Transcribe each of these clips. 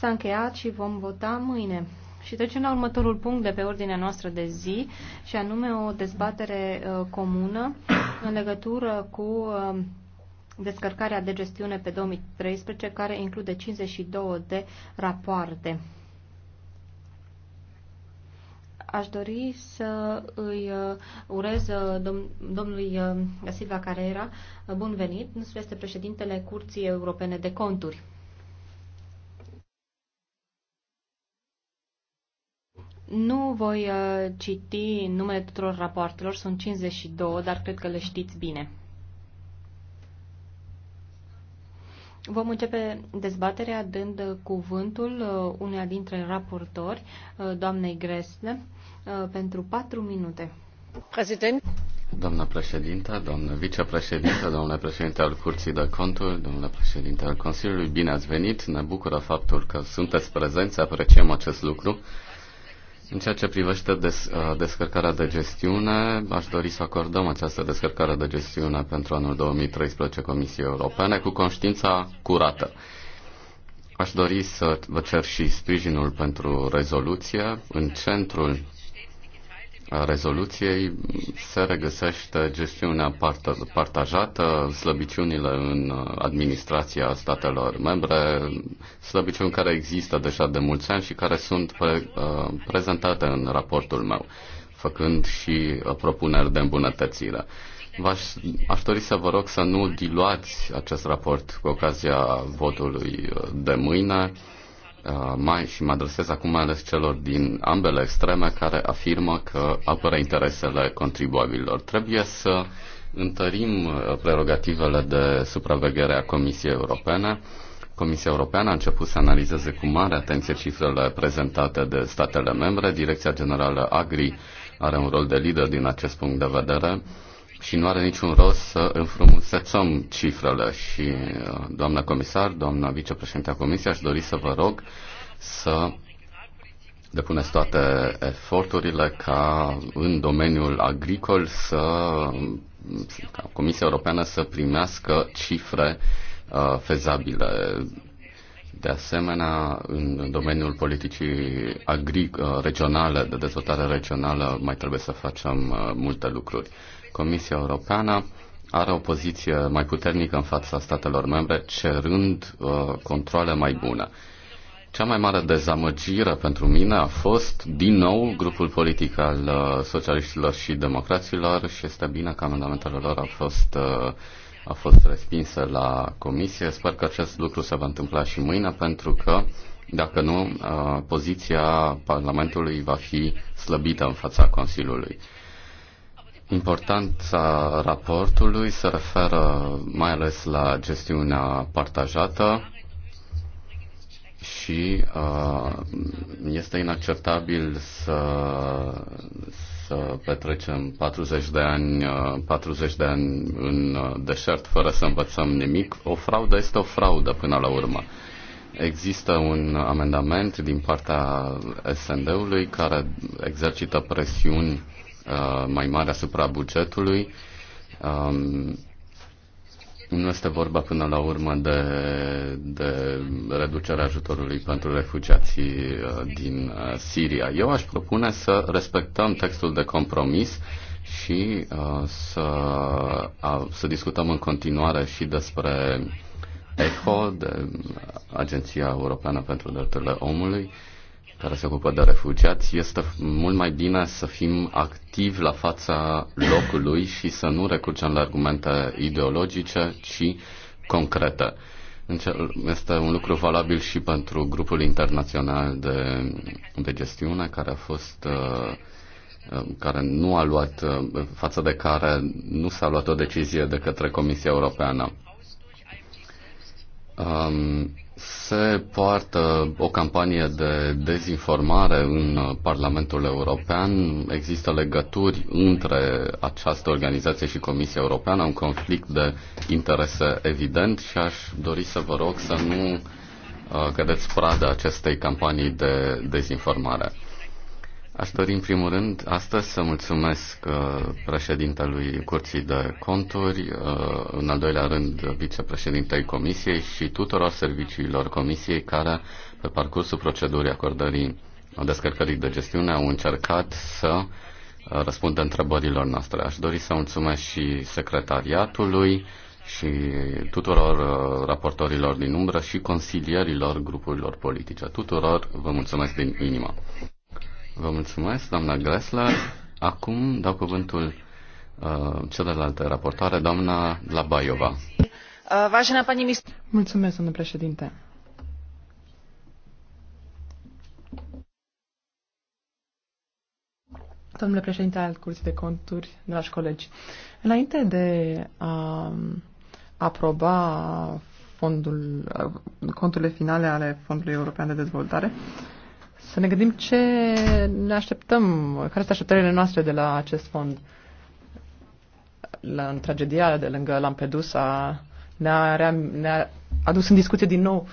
S-a încheiat și vom vota mâine. Și trecem la următorul punct de pe ordinea noastră de zi, și anume o dezbatere uh, comună în legătură cu uh, descărcarea de gestiune pe 2013, care include 52 de rapoarte. Aș dori să îi uh, urez uh, dom- domnului uh, Silva Carrera bun venit, nu este președintele Curții Europene de Conturi. Nu voi uh, citi numele tuturor rapoartelor, sunt 52, dar cred că le știți bine. Vom începe dezbaterea dând uh, cuvântul uh, uneia dintre raportori, doamnei Gresle, pentru patru minute. President. Doamna președintă, doamna vicepreședintă, doamna președinte al Curții de Conturi, doamna președinte al Consiliului, bine ați venit, ne bucură faptul că sunteți prezenți, apreciem acest lucru. În ceea ce privește des, uh, descărcarea de gestiune, aș dori să acordăm această descărcare de gestiune pentru anul 2013 Comisiei Europene cu conștiința curată. Aș dori să vă cer și sprijinul pentru rezoluție. În centrul rezoluției se regăsește gestiunea partajată, slăbiciunile în administrația statelor membre, slăbiciuni care există deja de mulți ani și care sunt pre, uh, prezentate în raportul meu, făcând și uh, propuneri de îmbunătățire. V-aș, aș dori să vă rog să nu diluați acest raport cu ocazia votului uh, de mâine Uh, mai și mă adresez acum mai ales celor din ambele extreme care afirmă că apără interesele contribuabililor. Trebuie să întărim uh, prerogativele de supraveghere a Comisiei Europene. Comisia Europeană a început să analizeze cu mare atenție cifrele prezentate de statele membre. Direcția Generală Agri are un rol de lider din acest punct de vedere și nu are niciun rost să înfrumusețăm cifrele. Și, uh, doamna comisar, doamna a comisiei, aș dori să vă rog să depuneți toate eforturile ca în domeniul agricol să ca Comisia Europeană să primească cifre uh, fezabile. De asemenea, în domeniul politicii agri- uh, regionale, de dezvoltare regională, mai trebuie să facem uh, multe lucruri. Comisia Europeană are o poziție mai puternică în fața statelor membre, cerând uh, controle mai bune. Cea mai mare dezamăgire pentru mine a fost, din nou, grupul politic al uh, socialiștilor și democraților și este bine că amendamentele lor au fost, uh, au fost respinse la comisie. Sper că acest lucru se va întâmpla și mâine, pentru că, dacă nu, uh, poziția Parlamentului va fi slăbită în fața Consiliului. Importanța raportului se referă mai ales la gestiunea partajată și uh, este inacceptabil să, să petrecem 40 de ani 40 de ani în deșert fără să învățăm nimic. O fraudă este o fraudă până la urmă. Există un amendament din partea SND-ului care exercită presiuni uh, Uh, mai mare asupra bugetului. Um, nu este vorba până la urmă de, de reducerea ajutorului pentru refugiații uh, din uh, Siria. Eu aș propune să respectăm textul de compromis și uh, să, uh, să discutăm în continuare și despre ECHO, de Agenția Europeană pentru Drepturile Omului, care se ocupă de refugiați, este mult mai bine să fim activi la fața locului și să nu recurgem la argumente ideologice, ci concrete. Este un lucru valabil și pentru grupul internațional de, de gestiune care a fost uh, uh, care nu a luat, uh, față de care nu s-a luat o decizie de către Comisia Europeană. Um, se poartă o campanie de dezinformare în Parlamentul European, există legături între această organizație și Comisia Europeană, un conflict de interese evident și aș dori să vă rog să nu uh, cădeți pradă acestei campanii de dezinformare. Aș dori în primul rând astăzi să mulțumesc uh, președintelui Curții de Conturi, uh, în al doilea rând vicepreședintei Comisiei și tuturor serviciilor Comisiei care, pe parcursul procedurii acordării descărcării de gestiune, au încercat să uh, răspundă întrebărilor noastre. Aș dori să mulțumesc și secretariatului și tuturor raportorilor din umbră și consilierilor grupurilor politice. Tuturor vă mulțumesc din inimă. Vă mulțumesc, doamna Gressler. Acum dau cuvântul uh, celelalte raportoare, doamna Labaiova. Uh, mulțumesc, domnule președinte. Domnule președinte al Curții de Conturi, dragi colegi, înainte de a um, aproba fondul, uh, conturile finale ale Fondului European de Dezvoltare, să ne gândim ce ne așteptăm, care sunt așteptările noastre de la acest fond. La, în tragedia de lângă Lampedusa ne-a, ne, ne -a adus în discuție din nou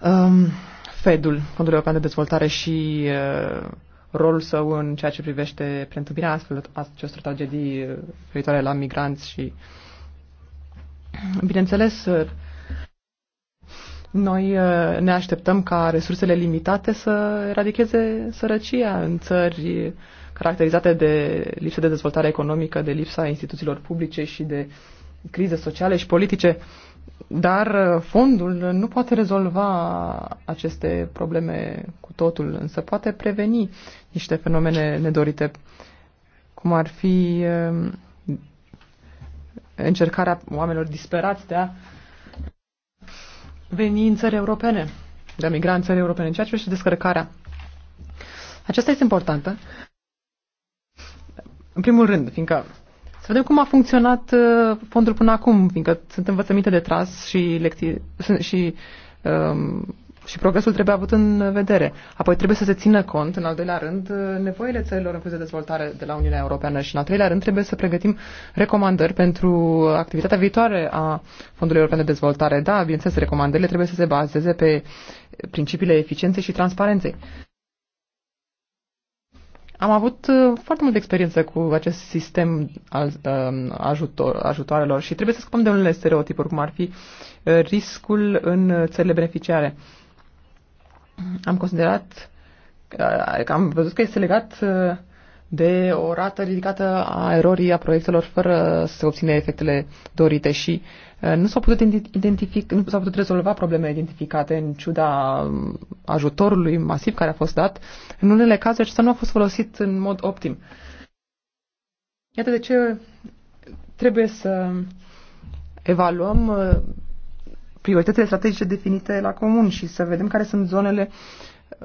um, Fedul, Fondul European de Dezvoltare și uh, rolul său în ceea ce privește preîntâmpirea astfel acestor tragedii uh, referitoare la migranți și, bineînțeles, uh, noi uh, ne așteptăm ca resursele limitate să eradicheze sărăcia în țări caracterizate de lipsă de dezvoltare economică, de lipsa instituțiilor publice și de crize sociale și politice, dar uh, fondul nu poate rezolva aceste probleme cu totul, însă poate preveni niște fenomene nedorite, cum ar fi uh, încercarea oamenilor disperați de a veni în țări europene, de a migra în țări europene, ceea ce și descărcarea. Aceasta este importantă. În primul rând, fiindcă să vedem cum a funcționat uh, fondul până acum, fiindcă sunt învățăminte de tras și, lecții, și um, și progresul trebuie avut în vedere. Apoi trebuie să se țină cont, în al doilea rând, nevoile țărilor în curs de dezvoltare de la Uniunea Europeană și, în al treilea rând, trebuie să pregătim recomandări pentru activitatea viitoare a Fondului European de Dezvoltare. Da, bineînțeles, recomandările trebuie să se bazeze pe principiile eficienței și transparenței. Am avut uh, foarte multă experiență cu acest sistem al uh, ajutor, ajutoarelor și trebuie să scăpăm de unele stereotipuri, cum ar fi uh, riscul în țările beneficiare am considerat că am văzut că este legat uh, de o rată ridicată a erorii a proiectelor fără să obține efectele dorite și uh, nu s-au putut, identific, nu s-au putut rezolva probleme identificate în ciuda um, ajutorului masiv care a fost dat. În unele cazuri acesta nu a fost folosit în mod optim. Iată de ce trebuie să evaluăm uh, prioritățile strategice definite la comun și să vedem care sunt zonele,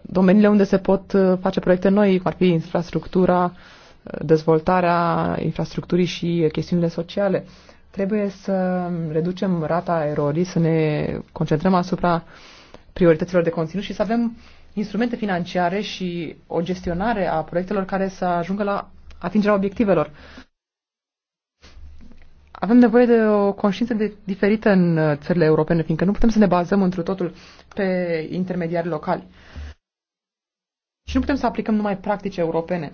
domeniile unde se pot uh, face proiecte noi, cum ar fi infrastructura, uh, dezvoltarea infrastructurii și chestiunile sociale. Trebuie să reducem rata erorii, să ne concentrăm asupra priorităților de conținut și să avem instrumente financiare și o gestionare a proiectelor care să ajungă la atingerea obiectivelor. Avem nevoie de o conștiință de, diferită în uh, țările europene, fiindcă nu putem să ne bazăm într totul pe intermediari locali. Și nu putem să aplicăm numai practici europene.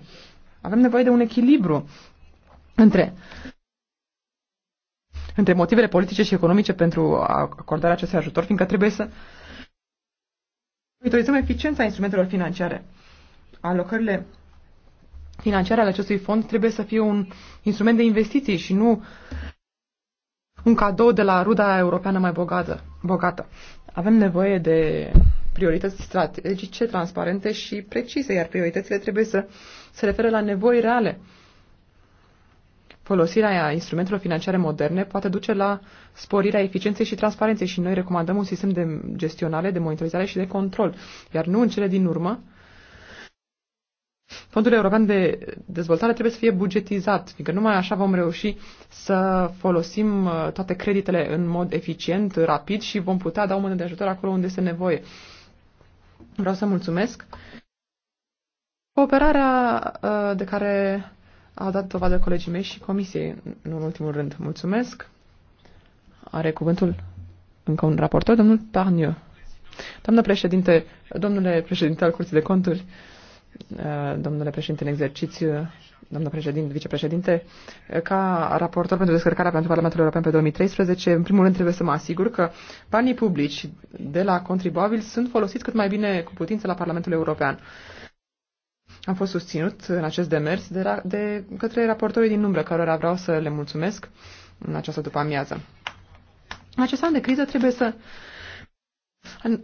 Avem nevoie de un echilibru între, între motivele politice și economice pentru acordarea acestui ajutor, fiindcă trebuie să monitorizăm eficiența instrumentelor financiare. Alocările financiare ale acestui fond trebuie să fie un instrument de investiții și nu un cadou de la ruda europeană mai bogată. bogată. Avem nevoie de priorități strategice, transparente și precise, iar prioritățile trebuie să se refere la nevoi reale. Folosirea instrumentelor financiare moderne poate duce la sporirea eficienței și transparenței și noi recomandăm un sistem de gestionare, de monitorizare și de control, iar nu în cele din urmă Fondul European de Dezvoltare trebuie să fie bugetizat, fiindcă numai așa vom reuși să folosim uh, toate creditele în mod eficient, rapid și vom putea da o mână de ajutor acolo unde este nevoie. Vreau să mulțumesc. Cooperarea uh, de care au dat dovadă colegii mei și comisiei, nu în ultimul rând. Mulțumesc. Are cuvântul încă un raportor, domnul Tarniu. Doamnă președinte, domnule președinte al Curții de Conturi, Uh, domnule președinte în exercițiu, domnule președinte, vicepreședinte, ca raportor pentru descărcarea pentru Parlamentul European pe 2013, în primul rând trebuie să mă asigur că banii publici de la contribuabil sunt folosiți cât mai bine cu putință la Parlamentul European. Am fost susținut în acest demers de, ra- de către raportorii din umbră, cărora vreau să le mulțumesc în această după amiază. În acest an de criză trebuie să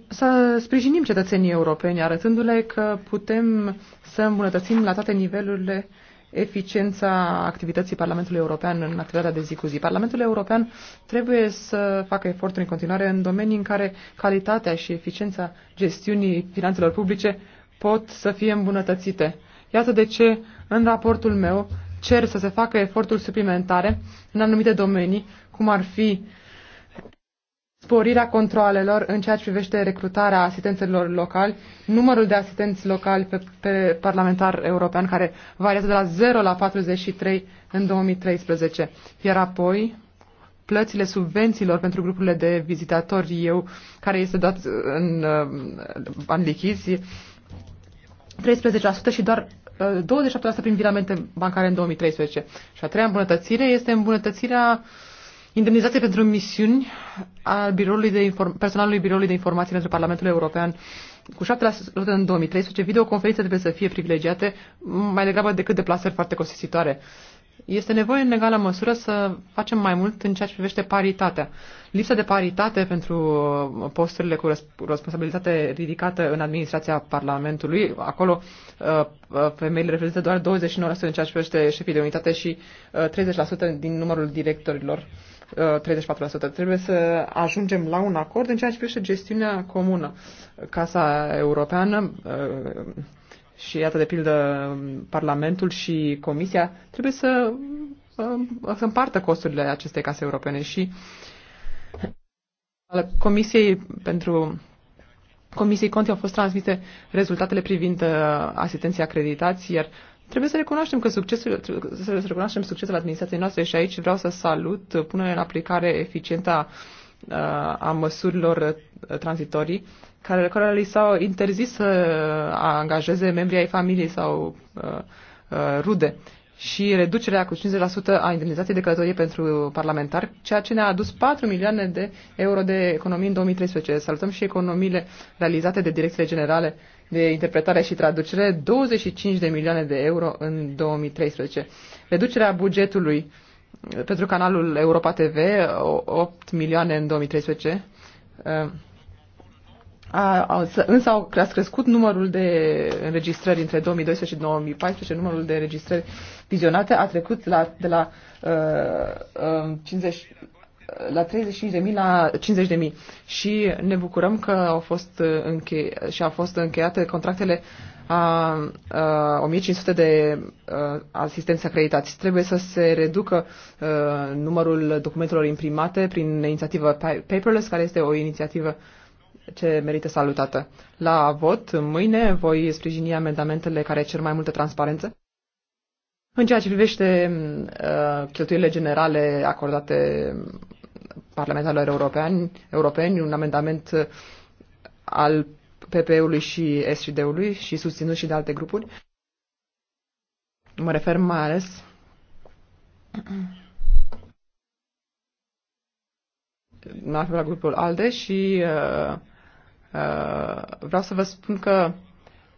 să sprijinim cetățenii europeni, arătându-le că putem să îmbunătățim la toate nivelurile eficiența activității Parlamentului European în activitatea de zi cu zi. Parlamentul European trebuie să facă eforturi în continuare în domenii în care calitatea și eficiența gestiunii finanțelor publice pot să fie îmbunătățite. Iată de ce, în raportul meu, cer să se facă eforturi suplimentare în anumite domenii, cum ar fi uh, sporirea controalelor în ceea ce privește recrutarea asistențelor locali, numărul de asistenți locali pe, pe parlamentar european, care variază de la 0 la 43 în 2013, iar apoi plățile subvențiilor pentru grupurile de vizitatori eu, care este dat în uh, bani lichizi, 13% și doar 27% uh, prin viramente bancare în 2013. Și a treia îmbunătățire este îmbunătățirea indemnizație pentru misiuni al biroului de inform- personalului Biroului de Informații pentru Parlamentul European cu 7% în 2013. Videoconferințe trebuie să fie privilegiate mai degrabă decât deplasări foarte costisitoare. Este nevoie în egală măsură să facem mai mult în ceea ce privește paritatea. Lipsa de paritate pentru uh, posturile cu responsabilitate ridicată în administrația Parlamentului, acolo uh, uh, femeile reprezintă doar 29% în ceea ce privește șefii de unitate și 30% din numărul directorilor 34%. Trebuie să ajungem la un acord în ceea ce privește gestiunea comună. Casa Europeană uh, și, iată, de pildă, Parlamentul și Comisia trebuie să, uh, să împartă costurile acestei case europene și al Comisiei pentru Comisiei Conti au fost transmise rezultatele privind uh, asistenții acreditați, iar Trebuie să recunoaștem că succesul, să recunoaștem succesul administrației noastre și aici vreau să salut punerea în aplicare eficientă a, a măsurilor uh, tranzitorii care, care li s-au interzis să uh, angajeze membrii ai familiei sau a, uh, a, rude și reducerea cu 50% a indemnizației de călătorie pentru parlamentari, ceea ce ne-a adus 4 milioane de euro de economii în 2013. Salutăm și economiile realizate de direcțiile generale de interpretare și traducere, 25 de milioane de euro în 2013. Reducerea bugetului uh, pentru canalul Europa TV, 8 uh, milioane în 2013 a, a, însă au, a crescut numărul de înregistrări între 2012 și 2014, numărul de înregistrări vizionate a trecut la, de la, uh, uh, um, 50, la 35.000 la 50.000 și ne bucurăm că au fost, uh, înche- și au fost încheiate contractele a, a uh, 1500 de a, uh, asistenți acreditați. Trebuie să se reducă a, numărul documentelor imprimate prin inițiativa Paperless, care este o inițiativă a, ce merită salutată. La vot, mâine, voi sprijini amendamentele care cer mai multă transparență. În ceea ce privește uh, cheltuielile generale acordate parlamentarilor europeani, europeni un amendament uh, al PPE-ului și SCD-ului și susținut și de alte grupuri. Mă refer mai ales la grupul ALDE și uh, Uh, vreau să vă spun că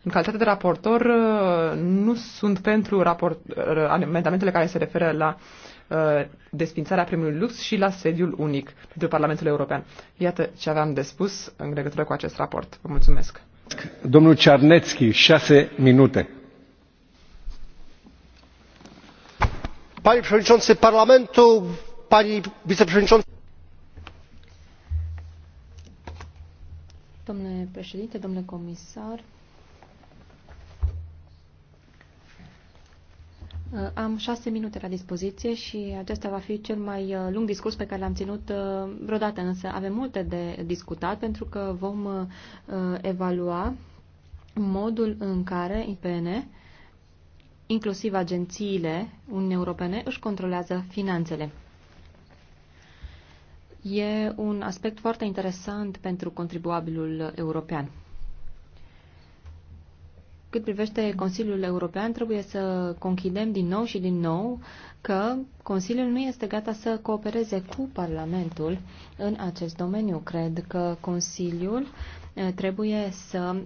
în calitate de raportor uh, nu sunt pentru raport, uh, amendamentele care se referă la desfințarea premiului Lux și la sediul unic pentru Parlamentul European. Iată ce aveam de spus în legătură cu acest raport. Vă mulțumesc. Domnul Cernețchi, șase minute. Pani Przewodniczący Parlamentu, Pani Wiceprzewodnicząca. Domnule președinte, domnule comisar, uh, Am șase minute la dispoziție și acesta va fi cel mai uh, lung discurs pe care l-am ținut uh, vreodată, însă avem multe de discutat pentru că vom evalua modul în care IPN, inclusiv agențiile Uniunii Europene, își controlează finanțele. E un aspect foarte interesant pentru contribuabilul european. Cât privește Consiliul European, trebuie să conchidem din nou și din nou că Consiliul nu este gata să coopereze cu Parlamentul în acest domeniu. Cred că Consiliul eh, trebuie să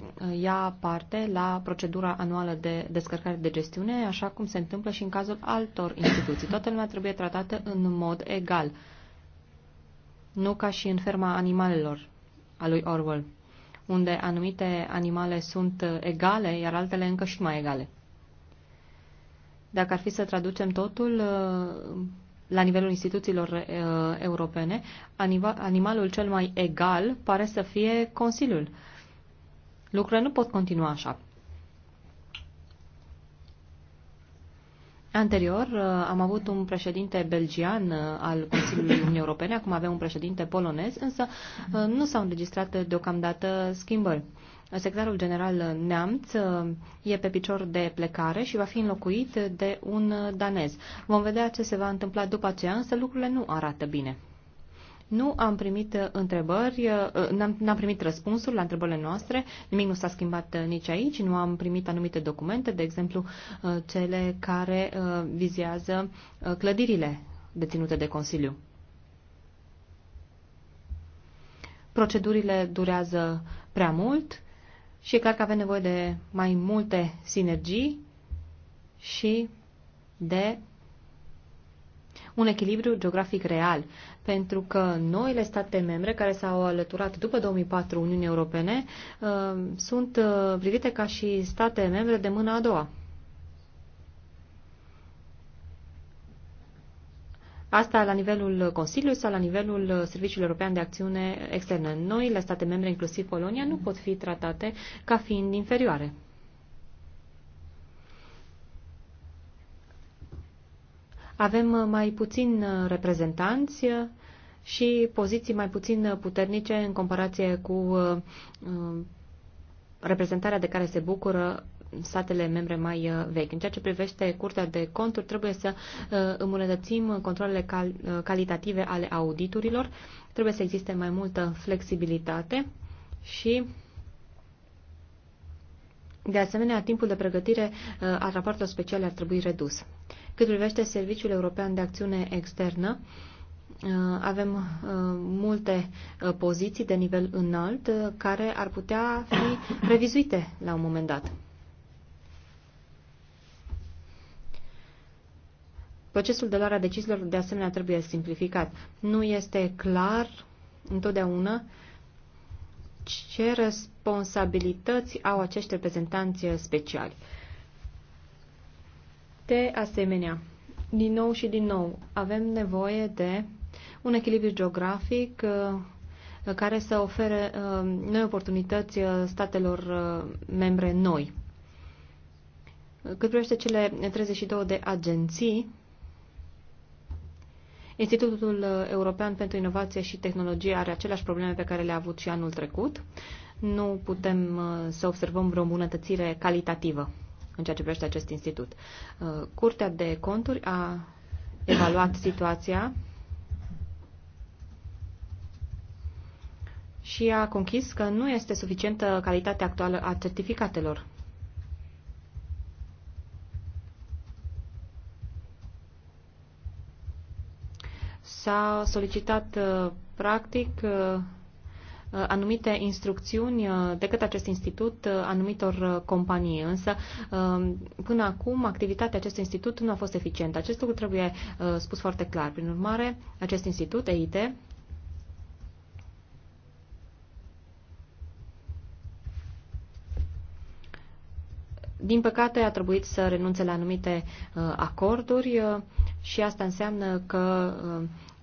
ia parte la procedura anuală de descărcare de gestiune, așa cum se întâmplă și în cazul altor instituții. Toată lumea trebuie tratată în mod egal nu ca și în ferma animalelor a lui Orwell, unde anumite animale sunt uh, egale, iar altele încă și mai egale. Dacă ar fi să traducem totul uh, la nivelul instituțiilor uh, europene, animalul cel mai egal pare să fie Consiliul. Lucrurile nu pot continua așa. Anterior uh, am avut un președinte belgian uh, al Consiliului Uniunii Europene, acum avem un președinte polonez, însă uh, nu s-au înregistrat deocamdată schimbări. Secretarul general Neamț e pe picior de plecare și va fi înlocuit de un danez. Vom vedea ce se va întâmpla după aceea, însă lucrurile nu arată bine. Nu am primit uh, întrebări, uh, uh, n-am, primit răspunsuri la întrebările noastre, nimic nu s-a schimbat nici aici, nu am primit anumite documente, de exemplu cele care vizează clădirile deținute de Consiliu. Procedurile durează prea mult și e clar că avem nevoie de mai multe sinergii și de un echilibru geografic real, pentru că noile state membre care s-au alăturat după 2004 Uniunii Europene uh, sunt uh, privite ca și state membre de mâna a doua. Asta la nivelul Consiliului sau la nivelul Serviciului European de Acțiune Externă. Noile state membre, inclusiv Polonia, nu pot fi tratate ca fiind inferioare. Avem uh, mai puțin uh, reprezentanți uh, și poziții mai puțin puternice în comparație cu reprezentarea de care se bucură statele membre mai vechi. În ceea ce privește Curtea de Conturi, trebuie să îmbunătățim controlele cal calitative ale auditurilor, trebuie să existe mai multă flexibilitate și de asemenea, timpul de pregătire al raportelor speciale ar trebui redus. Cât privește Serviciul European de Acțiune Externă, uh, avem uh, multe uh, poziții de nivel înalt care ar putea fi revizuite la un moment dat. Procesul de luare a deciziilor, de asemenea, trebuie simplificat. Nu este clar întotdeauna ce responsabilități au acești reprezentanți speciali. De asemenea, din nou și din nou, avem nevoie de un echilibru geografic uh, care să ofere uh, noi oportunități uh, statelor membre noi. Cât privește cele 32 de agenții, Institutul European pentru Inovație și Tehnologie are aceleași probleme pe care le-a avut și anul trecut. Nu putem să observăm vreo îmbunătățire calitativă în ceea ce privește acest institut. Uh, Curtea de conturi a evaluat situația și a conchis că nu este suficientă calitatea actuală a certificatelor. S-a solicitat uh, practic uh, Uh, anumite instrucțiuni uh, de către acest institut uh, anumitor companii, însă um, până acum activitatea acestui institut nu a fost eficientă. Acest lucru trebuie spus foarte clar. Prin urmare, acest institut, EIT, din păcate a trebuit să renunțe la anumite acorduri și asta înseamnă că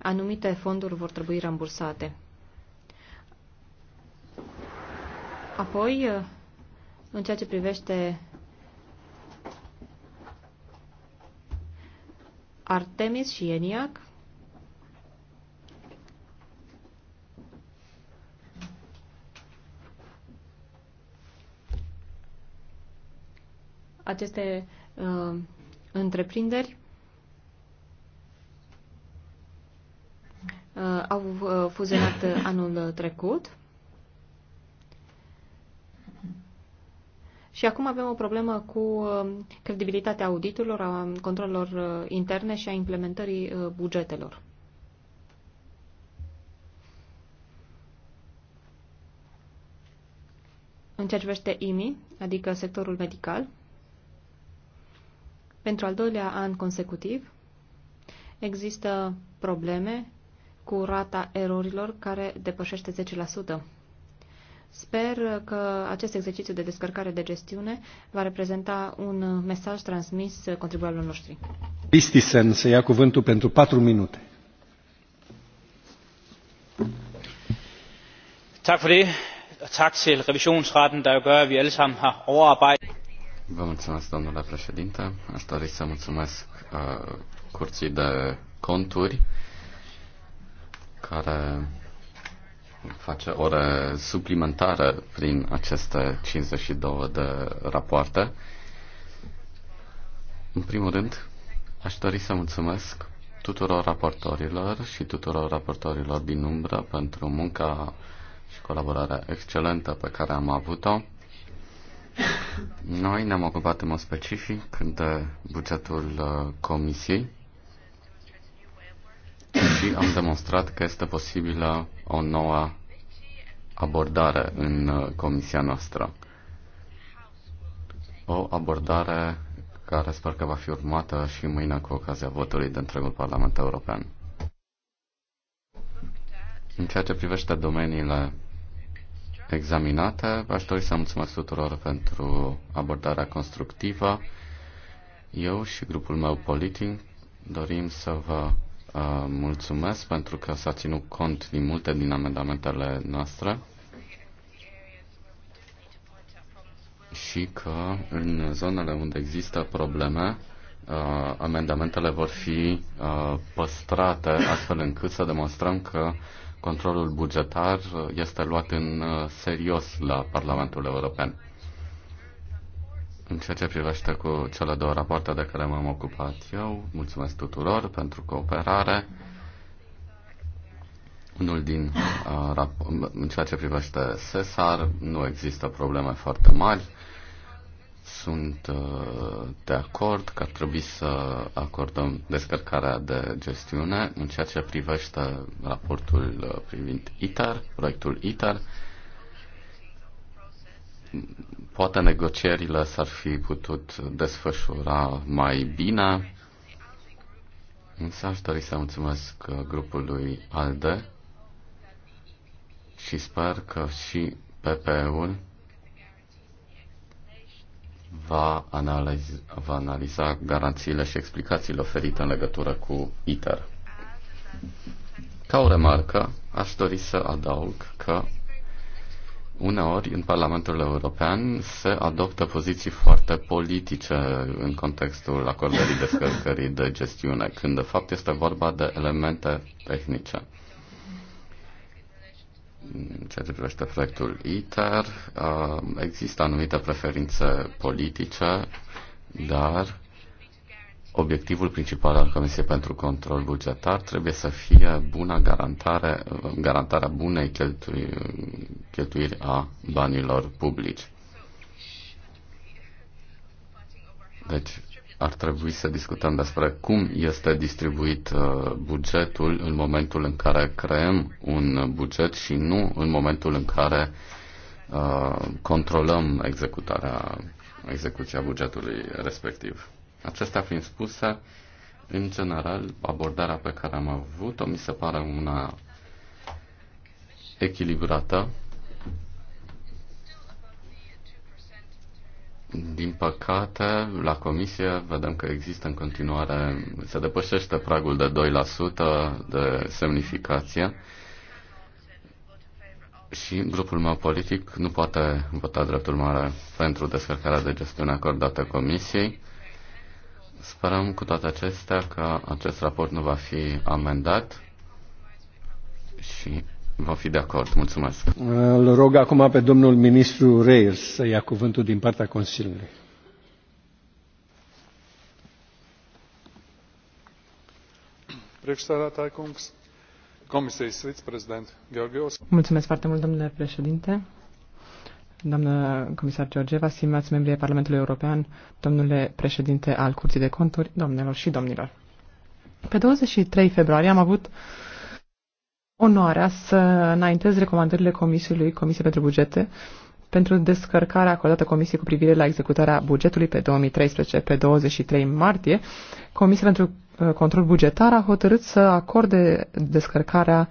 anumite fonduri vor trebui rambursate. Apoi, uh, în ceea ce privește Artemis și ENIAC, aceste uh, întreprinderi uh, au uh, fuzionat uh, anul trecut Și acum avem o problemă cu uh, credibilitatea auditurilor, a controlelor uh, interne și a implementării uh, bugetelor. În ceea ce privește IMI, adică sectorul medical, pentru al doilea an consecutiv există probleme cu rata erorilor care depășește 10%. Sper că acest exercițiu de descărcare de gestiune va reprezenta un mesaj transmis contribuabililor noștri. Pistisen să ia cuvântul pentru patru minute. Tak for det, og tak til revisionsretten, der jo gør, at vi alle sammen har overarbejdet. Vă mulțumesc, domnule președinte. Aș dori să mulțumesc uh, curții de conturi care face ore suplimentare prin aceste 52 de rapoarte. În primul rând, aș dori să mulțumesc tuturor raportorilor și tuturor raportorilor din umbră pentru munca și colaborarea excelentă pe care am avut-o. Noi ne-am ocupat în mod specific de bugetul uh, Comisiei și am demonstrat că este posibilă o nouă abordare în uh, comisia noastră. O abordare care sper că va fi urmată și mâine cu ocazia votului de întregul Parlament European. În ceea ce privește domeniile examinate, aș dori să mulțumesc tuturor pentru abordarea constructivă. Eu și grupul meu politic dorim să vă Uh, mulțumesc pentru că s-a ținut cont din multe din amendamentele noastre și că în zonele unde există probleme, uh, amendamentele vor fi uh, păstrate astfel încât să demonstrăm că controlul bugetar este luat în serios la Parlamentul European. În ceea ce privește cu cele două rapoarte de care m-am ocupat eu, mulțumesc tuturor pentru cooperare. Unul din, uh, în ceea ce privește SESAR, nu există probleme foarte mari. Sunt uh, de acord că ar trebui să acordăm descărcarea de gestiune. În ceea ce privește raportul uh, privind ITER, proiectul ITER, Poate negocierile s-ar fi putut desfășura mai bine, însă aș dori să mulțumesc grupului ALDE și sper că și PPE-ul va, analiza, va analiza garanțiile și explicațiile oferite în legătură cu ITER. Ca o remarcă, aș dori să adaug că Uneori, în Parlamentul European se adoptă poziții foarte politice în contextul acordării descărcării de gestiune, când de fapt este vorba de elemente tehnice. În ceea ce privește proiectul ITER, există anumite preferințe politice, dar Obiectivul principal al Comisiei pentru Control Bugetar trebuie să fie buna garantare, garantarea bunei cheltui, cheltuiri a banilor publici. Deci ar trebui să discutăm despre cum este distribuit uh, bugetul în momentul în care creăm un buget și nu în momentul în care uh, controlăm executarea, execuția bugetului respectiv. Acestea fiind spuse, în general, abordarea pe care am avut-o mi se pare una echilibrată. Din păcate, la comisie vedem că există în continuare, se depășește pragul de 2% de semnificație și grupul meu politic nu poate vota dreptul mare pentru descărcarea de gestiune acordată comisiei. Sperăm cu toate acestea că acest raport nu va fi amendat și va fi de acord. Mulțumesc. Îl rog acum pe domnul ministru Reyes să ia cuvântul din partea Consiliului. Mulțumesc foarte mult, domnule președinte. Doamnă comisar Georgeva, stimați membrii Parlamentului European, domnule președinte al Curții de Conturi, domnilor și domnilor. Pe 23 februarie am avut onoarea să înaintez recomandările Comisiei Comisie pentru Bugete, pentru descărcarea acordată Comisiei cu privire la executarea bugetului pe 2013. Pe 23 martie, Comisia pentru uh, Control Bugetar a hotărât să acorde descărcarea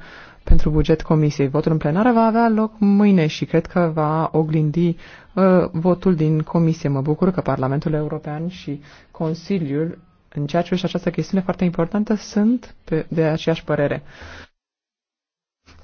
pentru buget comisiei. Votul în plenară va avea loc mâine și cred că va oglindi uh, votul din comisie. Mă bucur că Parlamentul European și Consiliul, în ceea ce privește această chestiune foarte importantă, sunt pe, de aceeași părere.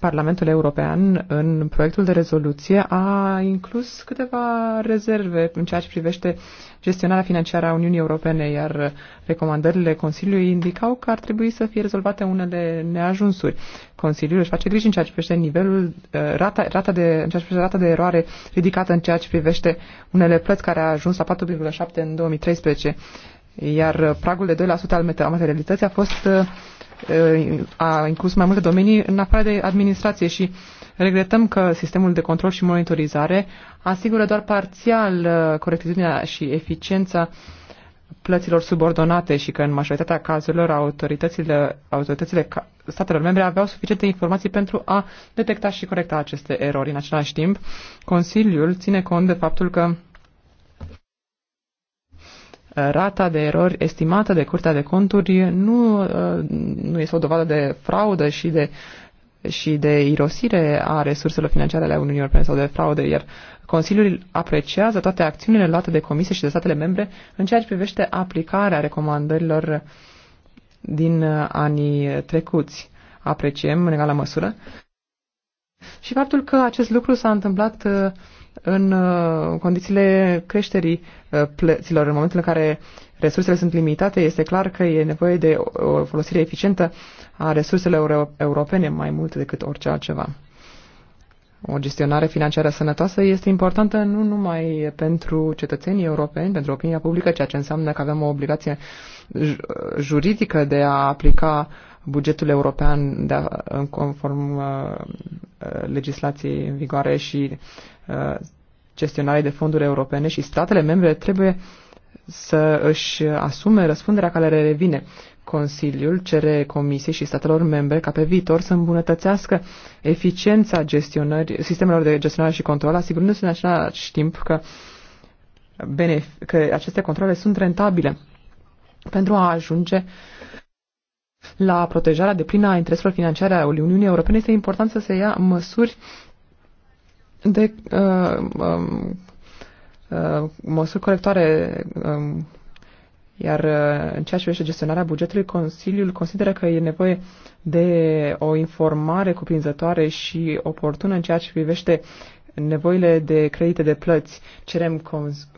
Parlamentul European, în proiectul de rezoluție, a inclus câteva rezerve în ceea ce privește gestionarea financiară a Uniunii Europene, iar recomandările Consiliului indicau că ar trebui să fie rezolvate unele neajunsuri. Consiliul își face griji în ceea ce privește nivelul, rata, rata, de, în ceea ce privește rata de eroare ridicată în ceea ce privește unele plăți care a ajuns la 4,7 în 2013, iar pragul de 2% al materialității a fost Uh, a inclus mai multe domenii în afară de administrație și regretăm că sistemul de control și monitorizare asigură doar parțial uh, corectitudinea și eficiența plăților subordonate și că în majoritatea cazurilor autoritățile, autoritățile statelor membre aveau suficiente informații pentru a detecta și corecta aceste erori. În același timp, Consiliul ține cont de faptul că rata de erori estimată de Curtea de Conturi nu, uh, nu este o dovadă de fraudă și de și de irosire a resurselor financiare ale Uniunii Europene sau de fraude, iar Consiliul apreciază toate acțiunile luate de Comisie și de statele membre în ceea ce privește aplicarea recomandărilor din uh, anii trecuți. Apreciem în egală măsură. Și faptul că acest lucru s-a întâmplat uh, în uh, condițiile creșterii uh, plăților, în momentul în care resursele sunt limitate, este clar că e nevoie de o folosire eficientă a resurselor europene mai mult decât orice altceva. O gestionare financiară sănătoasă este importantă nu numai pentru cetățenii europeni, pentru opinia publică, ceea ce înseamnă că avem o obligație juridică de a aplica bugetul european de a, în conform uh, legislației în vigoare și gestionare de fonduri europene și statele membre trebuie să își asume răspunderea care le revine. Consiliul cere Comisiei și statelor membre ca pe viitor să îmbunătățească eficiența gestionării, sistemelor de gestionare și control, asigurându-se în același timp că, că aceste controle sunt rentabile pentru a ajunge la protejarea de plină a intereselor financiare ale Uniunii Europene este important să se ia măsuri de uh, um, uh, măsuri corectoare. Um, iar uh, în ceea ce privește gestionarea bugetului, Consiliul consideră că e nevoie de o informare cuprinzătoare și oportună în ceea ce privește nevoile de credite de plăți. Cerem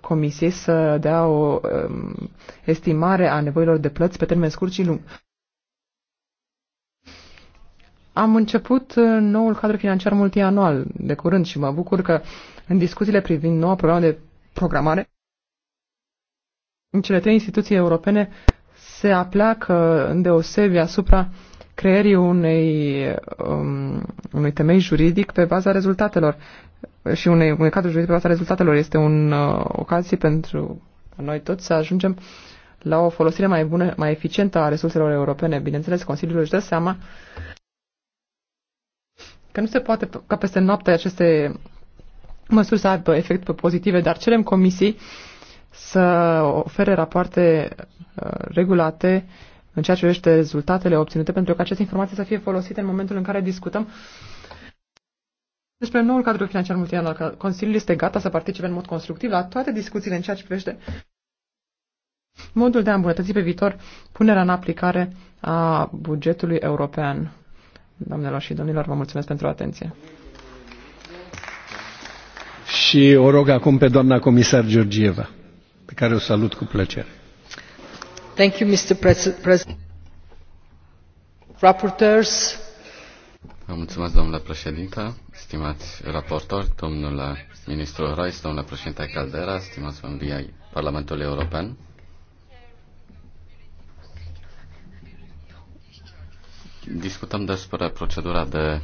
Comisiei să dea o um, estimare a nevoilor de plăți pe termen scurt și lung. Am început uh, noul cadru financiar multianual de curând și mă bucur că în discuțiile privind noua programă de programare, în cele trei instituții europene se apleacă îndeosebi asupra creierii unei, um, unui temei juridic pe baza rezultatelor și unei, unui cadru juridic pe baza rezultatelor. Este un, uh, ocazie pentru noi toți să ajungem la o folosire mai bună, mai eficientă a resurselor europene. Bineînțeles, Consiliul își dă seama că nu se poate ca peste noapte aceste măsuri să aibă efecte pozitive, dar cerem comisiei să ofere rapoarte uh, regulate în ceea ce privește rezultatele obținute, pentru că aceste informații să fie folosite în momentul în care discutăm despre noul cadru financiar multianual. Consiliul este gata să participe în mod constructiv la toate discuțiile în ceea ce privește modul de a îmbunătăți pe viitor punerea în aplicare a bugetului european. Doamnelor și domnilor, vă mulțumesc pentru atenție. Și o rog acum pe doamna comisar Georgieva, pe care o salut cu plăcere. Thank you, Mr. President. Rapporteurs. Vă mulțumesc, domnule președinte, stimați raportori, domnule ministru Reis, domnule președinte Caldera, stimați membrii ai Parlamentului European. Discutăm despre procedura de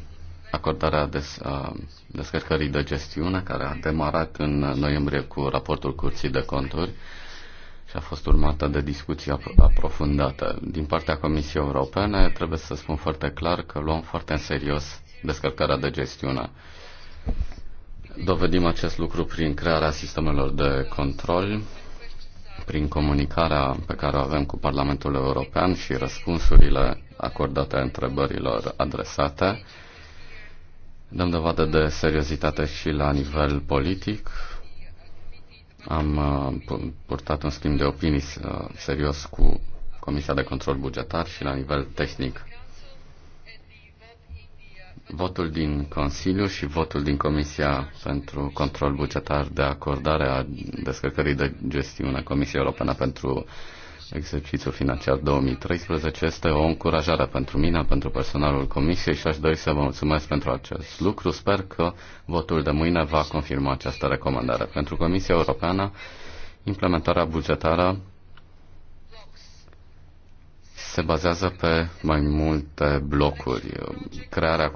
acordare des, a, descărcării de gestiune care a demarat în noiembrie cu raportul Curții de Conturi și a fost urmată de discuții aprofundate. Din partea Comisiei Europene trebuie să spun foarte clar că luăm foarte în serios descărcarea de gestiune. Dovedim acest lucru prin crearea sistemelor de control, prin comunicarea pe care o avem cu Parlamentul European și răspunsurile acordate întrebărilor adresate. Dăm dovadă de seriozitate și la nivel politic. Am uh, purtat un schimb de opinii uh, serios cu Comisia de Control Bugetar și la nivel tehnic. Votul din Consiliu și votul din Comisia pentru Control Bugetar de acordare a descărcării de gestiune Comisiei Europene pentru exercițiul financiar 2013 este o încurajare pentru mine, pentru personalul Comisiei și aș dori să vă mulțumesc pentru acest lucru. Sper că votul de mâine va confirma această recomandare. Pentru Comisia Europeană, implementarea bugetară se bazează pe mai multe blocuri. Crearea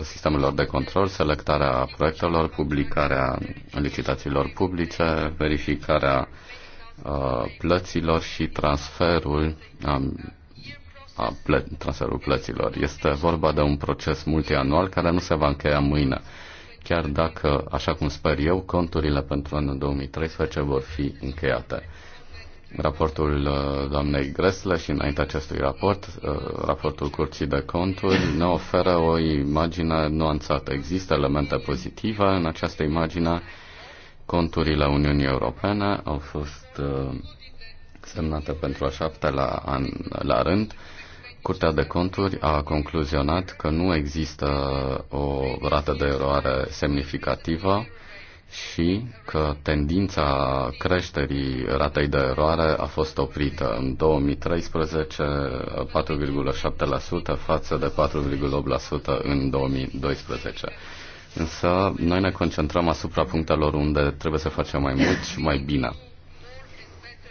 sistemelor de control, selectarea proiectelor, publicarea licitațiilor publice, verificarea Uh, plăților și transferul um, a plă- transferul plăților. Este vorba de un proces multianual care nu se va încheia mâine, chiar dacă, așa cum sper eu, conturile pentru anul 2013 vor fi încheiate. Raportul uh, doamnei Gresle și înainte acestui raport, uh, raportul Curții de Conturi ne oferă o imagine nuanțată. Există elemente pozitive în această imagine. Conturile Uniunii Europene au fost Uh, semnată pentru a șaptea la, an, la rând, Curtea de Conturi a concluzionat că nu există o rată de eroare semnificativă și că tendința creșterii ratei de eroare a fost oprită. În 2013, 4,7% față de 4,8% în 2012. Însă, noi ne concentrăm asupra punctelor unde trebuie să facem mai mult și mai bine.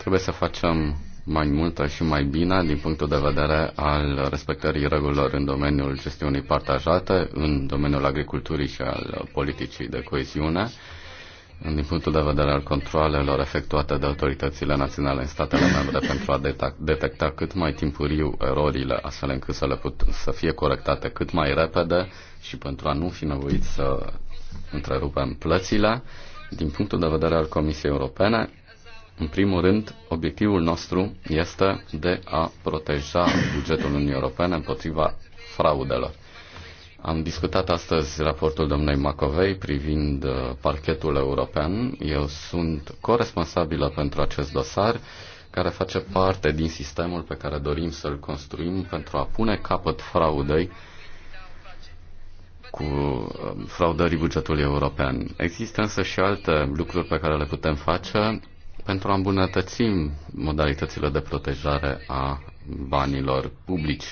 Trebuie să facem mai multă și mai bine din punctul de vedere al respectării regulilor în domeniul gestiunii partajate, în domeniul agriculturii și al politicii de coeziune, din punctul de vedere al controalelor efectuate de autoritățile naționale în statele membre pentru a detecta cât mai timpuriu erorile, astfel încât să, le put- să fie corectate cât mai repede și pentru a nu fi nevoit să întrerupem plățile. Din punctul de vedere al Comisiei Europene, în primul rând, obiectivul nostru este de a proteja bugetul Uniunii Europene împotriva fraudelor. Am discutat astăzi raportul domnului Macovei privind uh, parchetul european. Eu sunt coresponsabilă pentru acest dosar care face parte din sistemul pe care dorim să-l construim pentru a pune capăt fraudei cu uh, fraudării bugetului european. Există însă și alte lucruri pe care le putem face pentru a îmbunătăți modalitățile de protejare a banilor publici.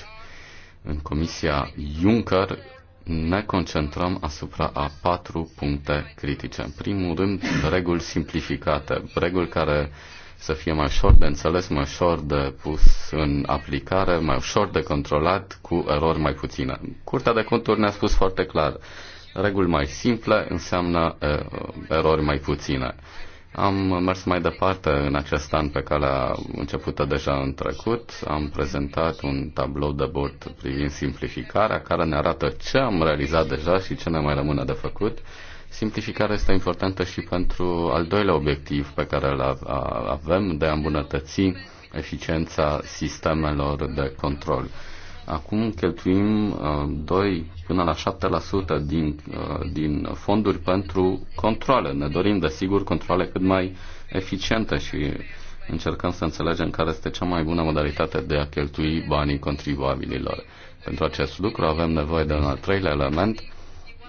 În Comisia Juncker ne concentrăm asupra a patru puncte critice. În primul rând, reguli simplificate, reguli care să fie mai ușor de înțeles, mai ușor de pus în aplicare, mai ușor de controlat, cu erori mai puține. Curtea de conturi ne-a spus foarte clar, reguli mai simple înseamnă eh, erori mai puține. Am mers mai departe în acest an pe calea începută deja în trecut. Am prezentat un tablou de bord privind simplificarea care ne arată ce am realizat deja și ce ne mai rămâne de făcut. Simplificarea este importantă și pentru al doilea obiectiv pe care îl avem de a îmbunătăți eficiența sistemelor de control. Acum cheltuim uh, 2 până la 7% din, uh, din fonduri pentru controle. Ne dorim, desigur, controle cât mai eficiente și încercăm să înțelegem care este cea mai bună modalitate de a cheltui banii contribuabililor. Pentru acest lucru avem nevoie de un al treilea element,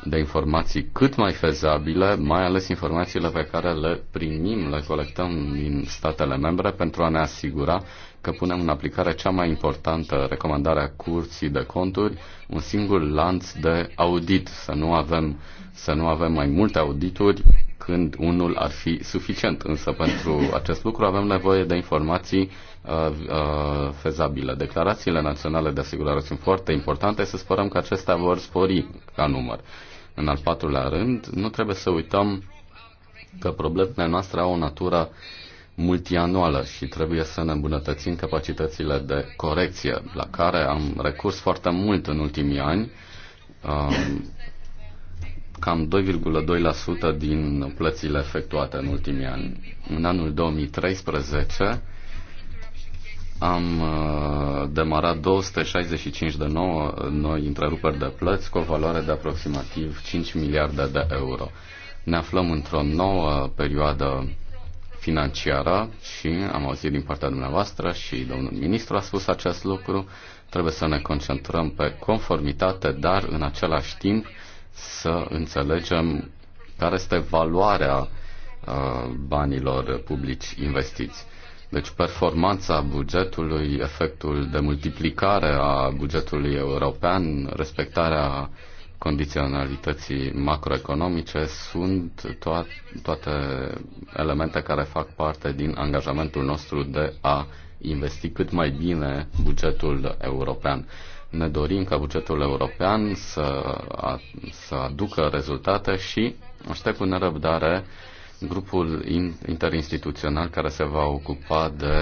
de informații cât mai fezabile, mai ales informațiile pe care le primim, le colectăm din statele membre pentru a ne asigura că punem în aplicare cea mai importantă recomandare a curții de conturi, un singur lanț de audit, să nu avem, să nu avem mai multe audituri când unul ar fi suficient. Însă pentru acest lucru avem nevoie de informații uh, uh, fezabile. Declarațiile naționale de asigurare sunt foarte importante, să sperăm că acestea vor spori ca număr. În al patrulea rând, nu trebuie să uităm că problemele noastre au o natură multianuală și trebuie să ne îmbunătățim capacitățile de corecție, la care am recurs foarte mult în ultimii ani. Cam 2,2% din plățile efectuate în ultimii ani. În anul 2013, am uh, demarat 265 de nouă, noi întreruperi de plăți cu o valoare de aproximativ 5 miliarde de euro. Ne aflăm într-o nouă perioadă financiară și am auzit din partea dumneavoastră și domnul ministru a spus acest lucru. Trebuie să ne concentrăm pe conformitate, dar în același timp să înțelegem care este valoarea uh, banilor publici investiți deci performanța bugetului, efectul de multiplicare a bugetului european, respectarea condiționalității macroeconomice sunt to- toate elemente care fac parte din angajamentul nostru de a investi cât mai bine bugetul european. Ne dorim ca bugetul european să, să aducă rezultate și aștept cu nerăbdare uh, grupul interinstituțional care se va ocupa de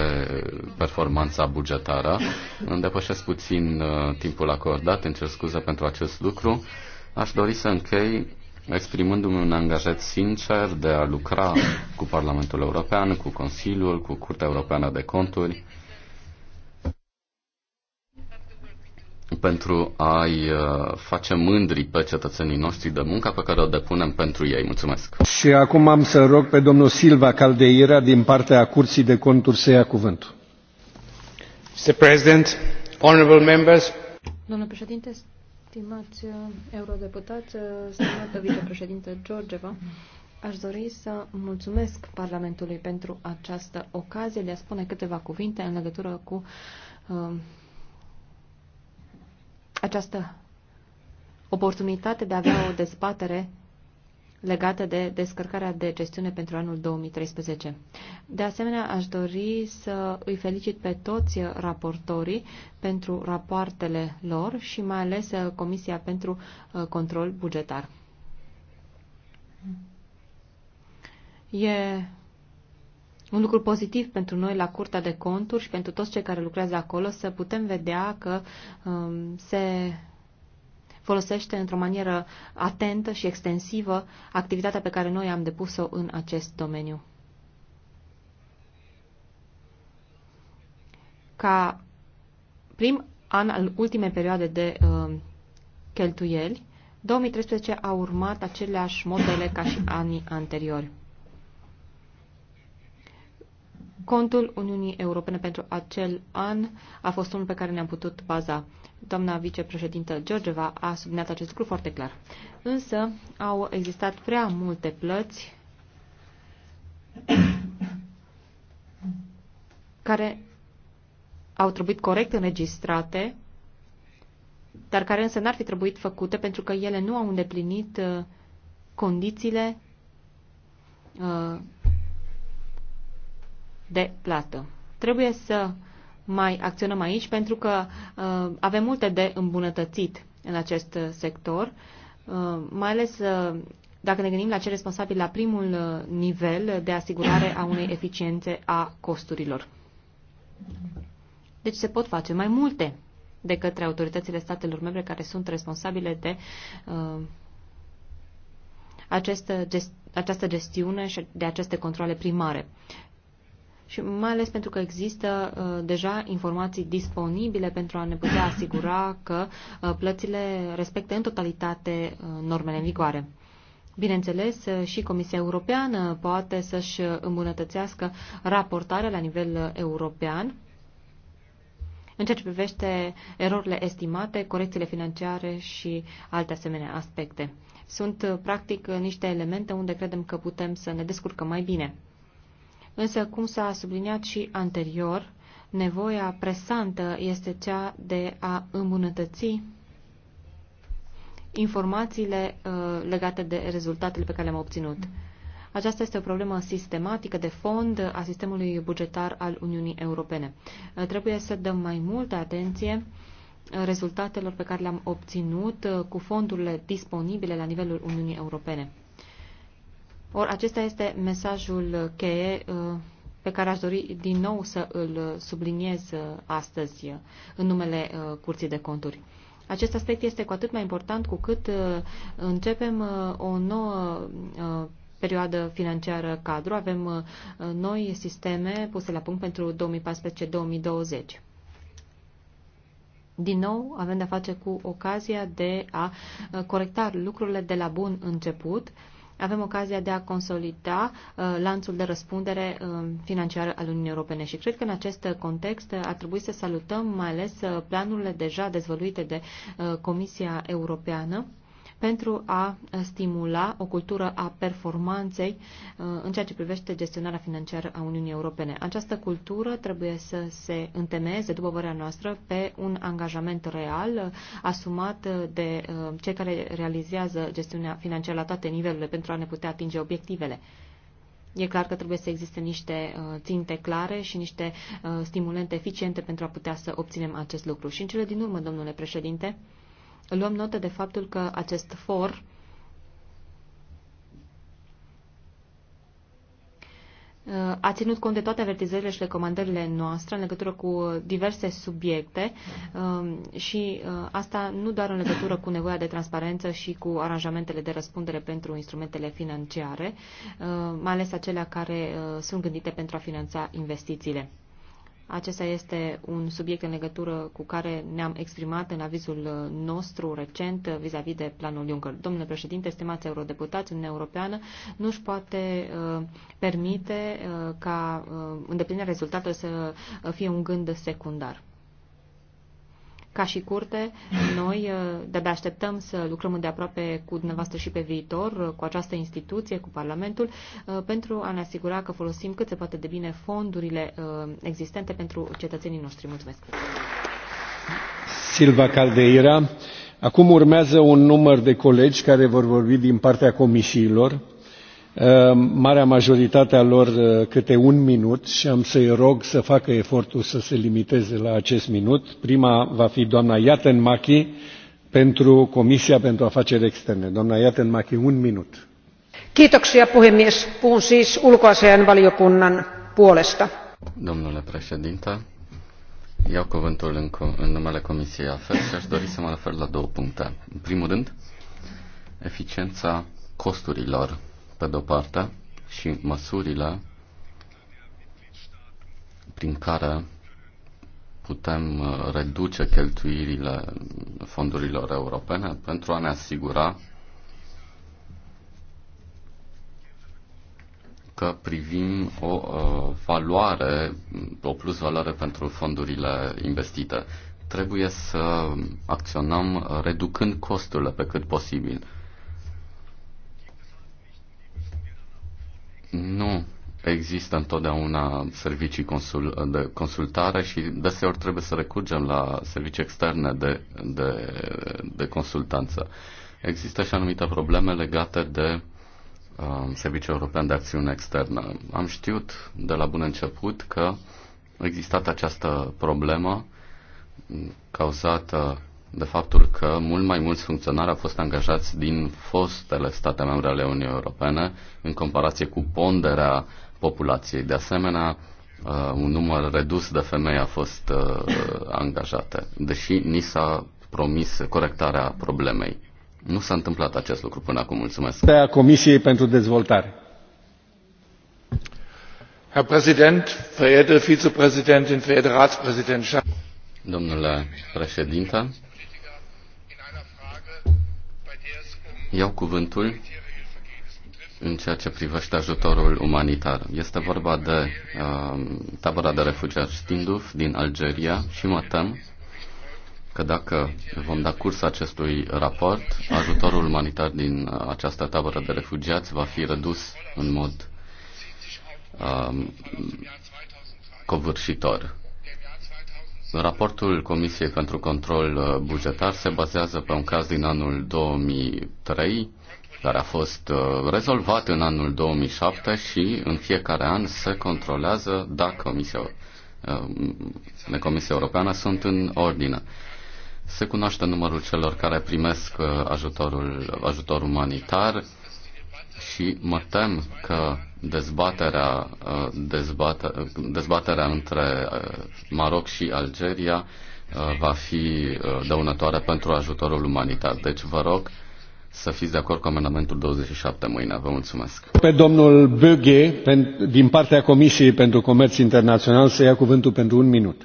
performanța bugetară. Îmi depășesc puțin uh, timpul acordat, îmi cer scuze pentru acest lucru. Aș dori să închei exprimându-mi un angajat sincer de a lucra cu Parlamentul European, cu Consiliul, cu Curtea Europeană de Conturi, pentru a-i uh, face mândri pe cetățenii noștri de munca pe care o depunem pentru ei. Mulțumesc! Și acum am să rog pe domnul Silva Caldeira din partea Curții de Conturi să ia cuvântul. Mr. President, honorable members. Domnul președinte, stimați uh, eurodeputați, uh, stimată vicepreședinte Georgeva, Aș dori să mulțumesc Parlamentului pentru această ocazie de a spune câteva cuvinte în legătură cu uh, această oportunitate de a avea o dezbatere legată de descărcarea de gestiune pentru anul 2013. De asemenea, aș dori să îi felicit pe toți raportorii pentru rapoartele lor și mai ales uh, Comisia pentru uh, Control Bugetar. E un lucru pozitiv pentru noi la Curtea de Conturi și pentru toți cei care lucrează acolo, să putem vedea că um, se folosește într-o manieră atentă și extensivă activitatea pe care noi am depus-o în acest domeniu. Ca prim an al ultimei perioade de uh, cheltuieli, 2013 a urmat aceleași modele ca și anii anteriori. Contul Uniunii Europene pentru acel an a fost unul pe care ne-am putut baza. Doamna vicepreședintă Georgeva a subliniat acest lucru foarte clar. Însă au existat prea multe plăți care au trebuit corect înregistrate, dar care însă n-ar fi trebuit făcute pentru că ele nu au îndeplinit uh, condițiile uh, de plată. Trebuie să mai acționăm aici pentru că uh, avem multe de îmbunătățit în acest sector, uh, mai ales uh, dacă ne gândim la ce responsabil la primul uh, nivel de asigurare a unei eficiențe a costurilor. Deci se pot face mai multe de către autoritățile statelor membre care sunt responsabile de uh, această, gest, această gestiune și de aceste controle primare și mai ales pentru că există uh, deja informații disponibile pentru a ne putea asigura că uh, plățile respectă în totalitate uh, normele în vigoare. Bineînțeles, uh, și Comisia Europeană poate să-și îmbunătățească raportarea la nivel uh, european în ceea ce privește erorile estimate, corecțiile financiare și alte asemenea aspecte. Sunt, uh, practic, niște elemente unde credem că putem să ne descurcăm mai bine. Însă, cum s-a subliniat și anterior, nevoia presantă este cea de a îmbunătăți informațiile uh, legate de rezultatele pe care le-am obținut. Aceasta este o problemă sistematică de fond a sistemului bugetar al Uniunii Europene. Uh, trebuie să dăm mai multă atenție uh, rezultatelor pe care le-am obținut uh, cu fondurile disponibile la nivelul Uniunii Europene. Or, acesta este mesajul cheie uh, pe care aș dori din nou să îl uh, subliniez uh, astăzi în numele Curții de Conturi. Acest aspect este cu atât mai important cu cât începem o nouă perioadă financiară cadru. Avem noi sisteme puse la punct pentru 2014-2020. Din nou, avem de-a face cu ocazia de a corecta lucrurile de la bun început, avem ocazia de a consolida uh, lanțul de răspundere uh, financiară al Uniunii Europene și cred că în acest context ar trebui să salutăm mai ales uh, planurile deja dezvăluite de Comisia Europeană pentru a stimula o cultură a performanței în ceea ce privește gestionarea financiară a Uniunii Europene. Această cultură trebuie să se întemeieze, după părerea noastră, pe un angajament real asumat de cei care realizează gestiunea financiară la toate nivelurile pentru a ne putea atinge obiectivele. E clar că trebuie să existe niște ținte clare și niște stimulente eficiente pentru a putea să obținem acest lucru. Și în cele din urmă, domnule președinte, luăm notă de faptul că acest for a ținut cont de toate avertizările și recomandările noastre în legătură cu diverse subiecte um, și uh, asta nu doar în legătură cu nevoia de transparență și cu aranjamentele de răspundere pentru instrumentele financiare, uh, mai ales acelea care uh, sunt gândite pentru a finanța investițiile. Acesta este un subiect în legătură cu care ne-am exprimat în avizul uh, nostru recent uh, vis-a-vis -vis de planul Juncker. Domnule președinte, stimați eurodeputați, Uniunea Europeană nu își poate uh, permite uh, ca uh, îndeplinirea rezultatelor să uh, fie un gând secundar. Ca și curte, noi uh, de-abia așteptăm să lucrăm îndeaproape cu dumneavoastră și pe viitor, uh, cu această instituție, cu Parlamentul, uh, pentru a ne asigura că folosim cât se poate de bine fondurile existente pentru cetățenii noștri. Mulțumesc! Silva Caldeira. Acum urmează un număr de colegi care vor vorbi din partea comisiilor Ehm, marea majoritate a lor eh, câte un minut și am să i rog să facă efortul să se limiteze la acest minut. Prima va fi doamna jtteenmki pentru Comisia pentru Afaceri Externe. Doamna jtteenmki un minut. Kiitoksia puhemies. Puhun siis ulkoasiainvaliokunnan puolesta. Domnule președinte, iau cuvântul în, în numele Comisiei AFER și aș dori să mă refer la două puncte. În primul rând, eficiența costurilor pe de-o parte, și măsurile prin care putem uh, reduce cheltuirile fondurilor europene pentru a ne asigura că privim o uh, valoare, o plus valoare pentru fondurile investite. Trebuie să acționăm reducând costurile pe cât posibil. Nu există întotdeauna servicii consul, de consultare și deseori trebuie să recurgem la servicii externe de, de, de consultanță. Există și anumite probleme legate de uh, Serviciul European de Acțiune Externă. Am știut de la bun început că a existat această problemă cauzată de faptul că mult mai mulți funcționari au fost angajați din fostele state membre ale Uniunii Europene în comparație cu ponderea populației. De asemenea, uh, un număr redus de femei a fost uh, angajate, deși ni s-a promis corectarea problemei. Nu s-a întâmplat acest lucru până acum. Mulțumesc. a Comisiei pentru Dezvoltare. Herr Präsident, verehrte Vizepräsidentin, verehrte Ratspräsidentschaft. Domnule președinte, Iau cuvântul în ceea ce privește ajutorul umanitar. Este vorba de uh, tabăra de refugiați Tinduf din Algeria și mă tem că dacă vom da curs acestui raport, ajutorul umanitar din uh, această tabără de refugiați va fi redus în mod uh, covârșitor. Raportul Comisiei pentru Control uh, Bugetar se bazează pe un caz din anul 2003, care a fost uh, rezolvat în anul 2007 și în fiecare an se controlează dacă Comisia, uh, de Comisia Europeană sunt în ordine. Se cunoaște numărul celor care primesc ajutorul, ajutor umanitar și mă tem că dezbaterea, uh, dezbaterea, dezbaterea între uh, Maroc și Algeria uh, va fi dăunătoare pentru ajutorul umanitar. Deci vă rog să fiți de acord cu amendamentul 27 mâine. Vă mulțumesc. Pe domnul Böge, din partea Comisiei pentru Comerț Internațional, să ia cuvântul pentru un minut.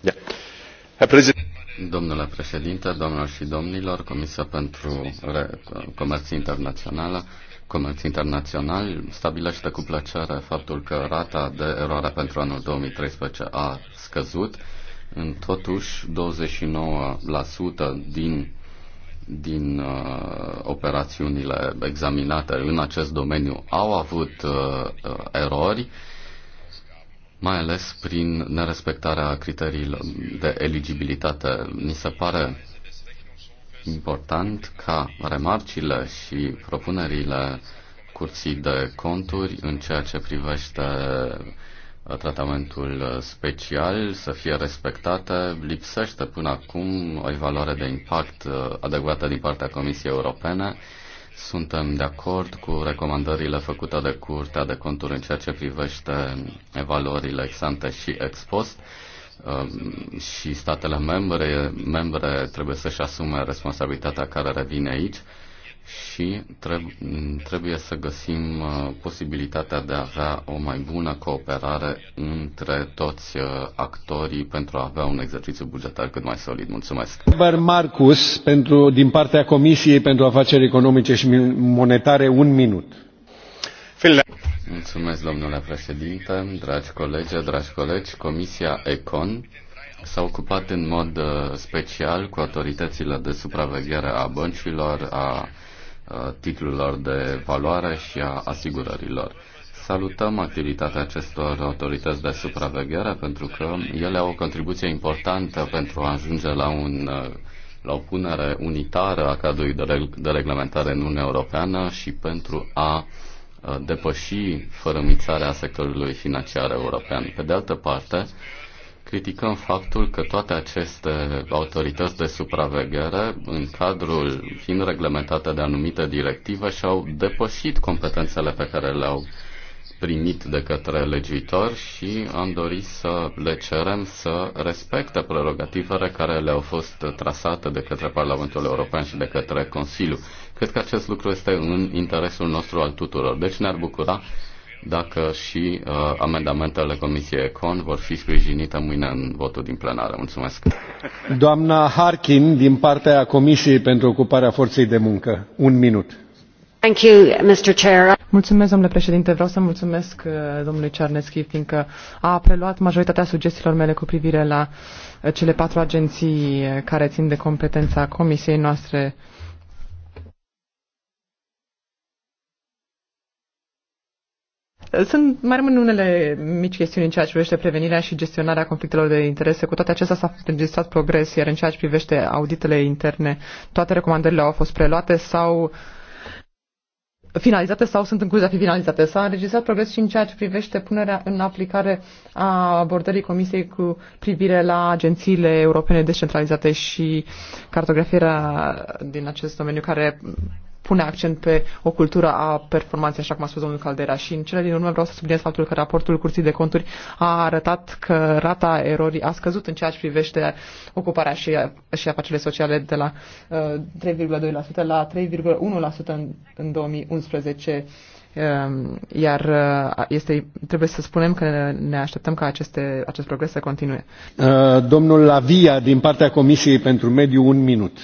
Yeah. Herr Präsident. Domnule președinte, domnilor și domnilor, Comisia pentru Comerț Internațional, Comerț Internațional stabilește cu plăcere faptul că rata de eroare pentru anul 2013 a scăzut, în totuși 29% din din uh, operațiunile examinate în acest domeniu au avut uh, uh erori mai ales prin nerespectarea criteriilor de eligibilitate. Mi se pare important ca remarcile și propunerile curții de conturi în ceea ce privește uh, tratamentul special să fie respectate. Lipsește până acum o evaluare de impact uh, adecvată din partea Comisiei Europene suntem de acord cu recomandările făcute de Curtea de Conturi în ceea ce privește evaluările ex-ante și ex-post um, și statele membre, membre trebuie să-și asume responsabilitatea care revine aici și trebuie să găsim uh, posibilitatea de a avea o mai bună cooperare între toți uh, actorii pentru a avea un exercițiu bugetar cât mai solid. Mulțumesc. Robert Marcus, pentru, din partea Comisiei pentru Afaceri Economice și Monetare, un minut. Mulțumesc, domnule președinte, dragi colegi, dragi colegi. Comisia ECON s-a ocupat în mod uh, special cu autoritățile de supraveghere a băncilor, a Uh, titlurilor de valoare și a asigurărilor. Salutăm activitatea acestor autorități de supraveghere pentru că ele au o contribuție importantă pentru a ajunge la, un, uh, la o punere unitară a cadrului de, reg- de reglementare în Uniunea Europeană și pentru a uh, depăși fărămițarea sectorului financiar european. Pe de altă parte, criticăm faptul că toate aceste autorități de supraveghere, în cadrul fiind reglementate de anumite directive, și-au depășit competențele pe care le-au primit de către legiuitor și am dorit să le cerem să respecte prerogativele care le-au fost trasate de către Parlamentul European și de către Consiliu. Cred că acest lucru este în interesul nostru al tuturor. Deci ne-ar bucura dacă și uh, amendamentele Comisiei Econ vor fi sprijinite mâine în votul din plenară. Mulțumesc. Doamna Harkin, din partea Comisiei pentru Ocuparea Forței de Muncă. Un minut. Thank you, Mr. Chair. Mulțumesc, domnule președinte. Vreau să mulțumesc uh, domnului Cernescu, fiindcă a preluat majoritatea sugestiilor mele cu privire la uh, cele patru agenții uh, care țin de competența Comisiei noastre uh, Sunt, mai rămân unele mici chestiuni în ceea ce privește prevenirea și gestionarea conflictelor de interese. Cu toate acestea s-a înregistrat progres, iar în ceea ce privește auditele interne, toate recomandările au fost preluate sau finalizate sau sunt în curs de a fi finalizate. S-a înregistrat progres și în ceea ce privește punerea în aplicare a abordării Comisiei cu privire la agențiile europene descentralizate și cartografierea din acest domeniu care pune accent pe o cultură a performanței, așa cum a spus domnul Caldera. Și în cele din urmă vreau să subliniez faptul că raportul Curții de Conturi a arătat că rata erorii a scăzut în ceea ce privește ocuparea și, și afacerile sociale de la uh, 3,2% la 3,1% în, în 2011 um, iar uh, este, trebuie să spunem că ne așteptăm ca aceste, acest progres să continue. Uh, domnul Lavia, din partea Comisiei pentru Mediu, un minut.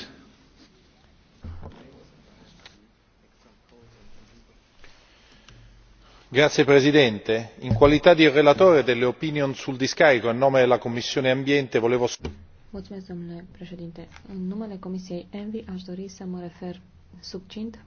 signor presidente onorevoli colleghi in qualità di relatore dell'opinione sul discarico a nome della commissione ambiente volevo. domnule președinte în numele comisiei envi aș dori să mă refer succint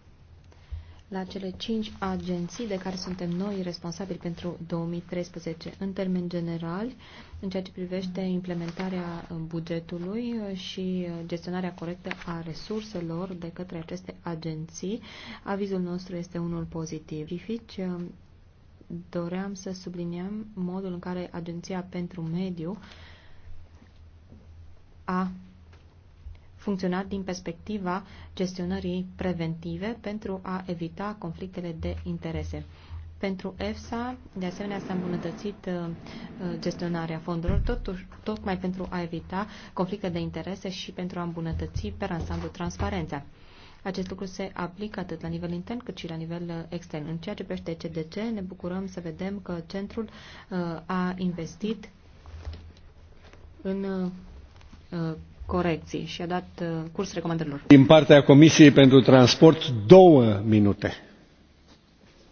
la cele cinci agenții de care suntem noi responsabili pentru 2013. În termeni generali, în ceea ce privește implementarea bugetului și gestionarea corectă a resurselor de către aceste agenții, avizul nostru este unul pozitiv. Fici doream să subliniem modul în care Agenția pentru Mediu a funcționat din perspectiva gestionării preventive pentru a evita conflictele de interese. Pentru EFSA, de asemenea, s-a îmbunătățit uh, uh, gestionarea fondurilor, totuși, tocmai pentru a evita conflicte de interese și pentru a îmbunătăți pe ansamblu transparența. Acest lucru se aplică atât la nivel intern cât și la nivel uh, extern. În ceea ce privește CDC, ne bucurăm să vedem că centrul uh, a investit în uh, corecții și a dat curs recomandărilor. Din partea Comisiei pentru Transport, două minute.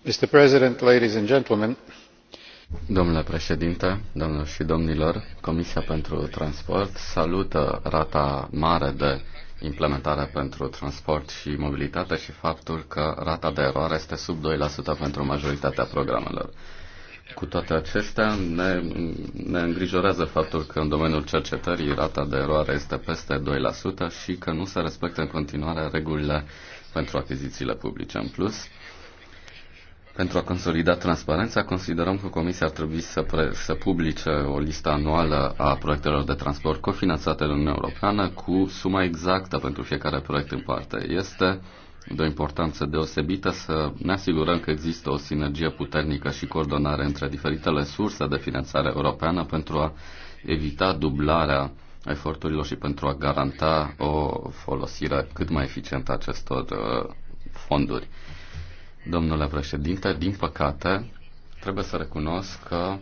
Mr. President, ladies and gentlemen, Domnule președinte, domnilor și domnilor, Comisia pentru Transport salută rata mare de implementarea pentru transport și mobilitate și faptul că rata de eroare este sub 2% pentru majoritatea programelor. Cu toate acestea, ne, ne îngrijorează faptul că în domeniul cercetării rata de eroare este peste 2% și că nu se respectă în continuare regulile pentru achizițiile publice. În plus, pentru a consolida transparența, considerăm că Comisia ar trebui să, pre- să publice o listă anuală a proiectelor de transport cofinanțate în Uniunea Europeană cu suma exactă pentru fiecare proiect în parte. Este de o importanță deosebită să ne asigurăm că există o sinergie puternică și coordonare între diferitele surse de finanțare europeană pentru a evita dublarea eforturilor și pentru a garanta o folosire cât mai eficientă a acestor uh, fonduri. Domnule președinte, din păcate, trebuie să recunosc că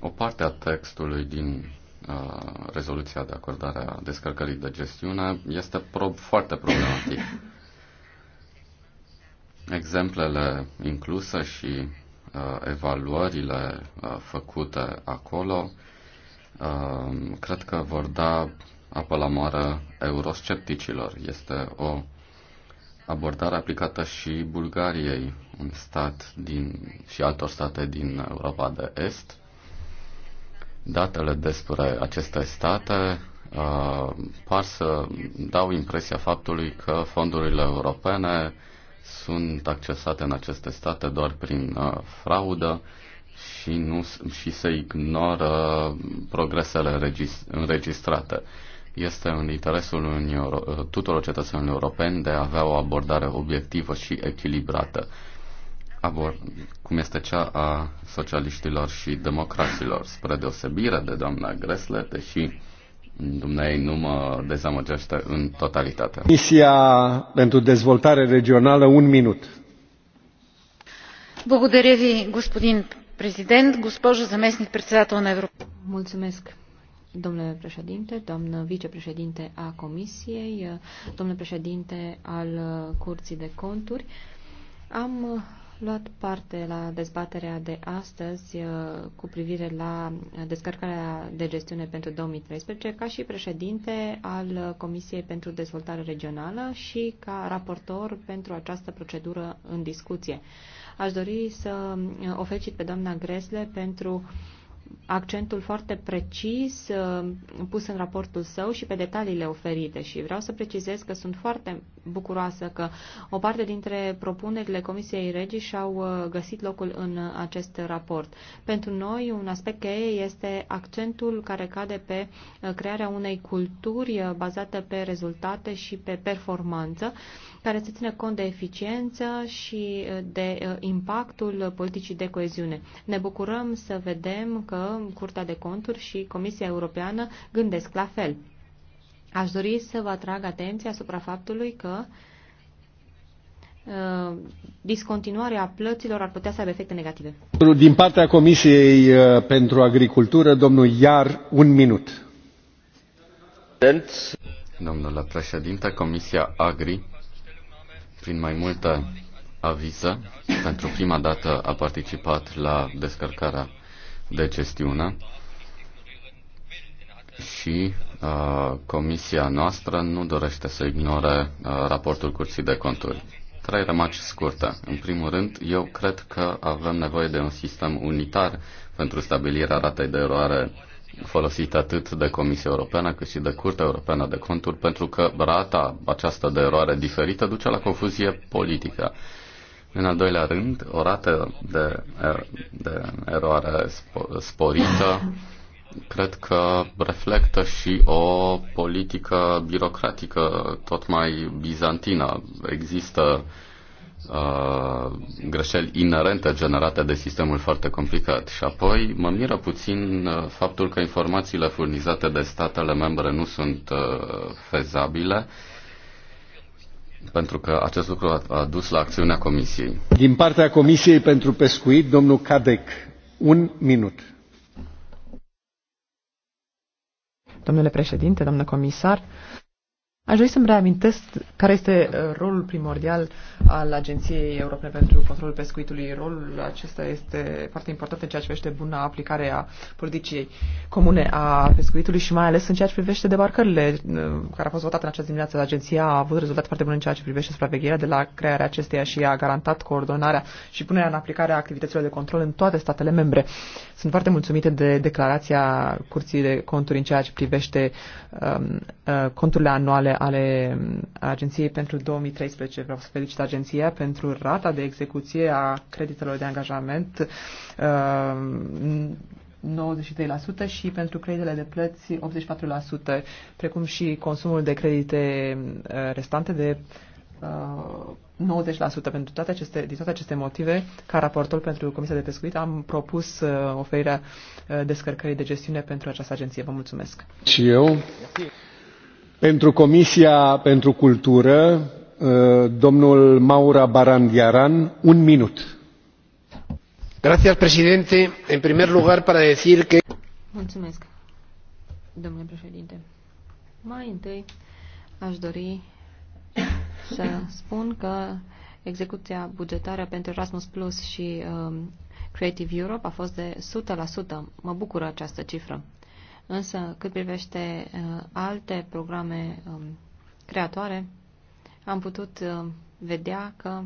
o parte a textului din uh, rezoluția de acordare a descărcării de gestiune este prob- foarte problematic. Exemplele incluse și uh, evaluările uh, făcute acolo uh, cred că vor da apă la moară euroscepticilor. Este o abordare aplicată și Bulgariei, un stat din, și altor state din Europa de Est. Datele despre aceste state uh, par să dau impresia faptului că fondurile europene sunt accesate în aceste state doar prin uh, fraudă și, nu, și se ignoră progresele înregistrate. Este în interesul Uniunii, tuturor cetățenilor europeni de a avea o abordare obiectivă și echilibrată, cum este cea a socialiștilor și democraților, spre deosebire de doamna Gresle, deși dumneai nu mă dezamăgește în totalitate. Misia pentru dezvoltare regională, un minut. Благодаря ви, господин президент, госпожо заместник председател на Европа. Mulțumesc, Domnule președinte, doamnă vicepreședinte a Comisiei, domnule președinte al Curții de Conturi, am luat parte la dezbaterea de astăzi uh, cu privire la descărcarea de gestiune pentru 2013 ca și președinte al Comisiei pentru Dezvoltare Regională și ca raportor pentru această procedură în discuție. Aș dori să uh, o felicit pe doamna Gresle pentru uh, accentul foarte precis uh, pus în raportul său și pe detaliile oferite și vreau să precizez că sunt foarte bucuroasă că o parte dintre propunerile Comisiei Regii și-au uh, găsit locul în acest raport. Pentru noi, un aspect cheie este accentul care cade pe uh, crearea unei culturi bazate pe rezultate și pe performanță, care să țină cont de eficiență și uh, de uh, impactul politicii de coeziune. Ne bucurăm să vedem că Curtea de Conturi și Comisia Europeană gândesc la fel. Aș dori să vă atrag atenția asupra faptului că uh, discontinuarea plăților ar putea să aibă efecte negative. Din partea Comisiei pentru Agricultură, domnul Iar, un minut. Domnule președinte, Comisia Agri prin mai multă aviză. Pentru prima dată a participat la descărcarea de gestiune și uh, comisia noastră nu dorește să ignore uh, raportul Curții de Conturi. Trei rămaci scurte. În primul rând, eu cred că avem nevoie de un sistem unitar pentru stabilirea ratei de eroare folosit atât de Comisia Europeană cât și de Curtea Europeană de Conturi, pentru că rata aceasta de eroare diferită duce la confuzie politică. În al doilea rând, o rată de, de eroare sporită cred că reflectă și o politică birocratică tot mai bizantină. Există Uh, greșeli inerente generate de sistemul foarte complicat. Și apoi mă miră puțin uh, faptul că informațiile furnizate de statele membre nu sunt uh, fezabile, pentru că acest lucru a, a dus la acțiunea Comisiei. Din partea Comisiei pentru Pescuit, domnul Cadec, un minut. Domnule președinte, domnule comisar, Aș dori să-mi reamintesc care este uh, rolul primordial al Agenției Europene pentru Controlul Pescuitului. Rolul acesta este foarte important în ceea ce privește buna aplicare a politicii comune a pescuitului și mai ales în ceea ce privește debarcările uh, care a fost votată în această dimineață. Agenția a avut rezultate foarte bune în ceea ce privește supravegherea de la crearea acesteia și a garantat coordonarea și punerea în aplicare a activităților de control în toate statele membre. Sunt foarte mulțumite de declarația Curții de Conturi în ceea ce privește um, uh, conturile anuale ale mm, agenției pentru 2013. Vreau să felicit agenția pentru rata de execuție a creditelor de angajament 93% uh, și pentru creditele de plăți 84%, precum și consumul de credite uh, restante de 90% uh, pentru toate aceste, din toate aceste motive, ca raportor pentru Comisia de Pescuit, am propus oferirea descărcării de gestiune pentru această agenție. Vă mulțumesc. Și eu. Pentru Comisia pentru Cultură, uh, domnul Maura Barandiaran, un minut. Mulțumesc, domnule președinte. Mai întâi aș dori să spun că execuția bugetară pentru Erasmus Plus și um, Creative Europe a fost de 100%. Mă bucură această cifră. Însă, cât privește uh, alte programe um, creatoare, am putut uh, vedea că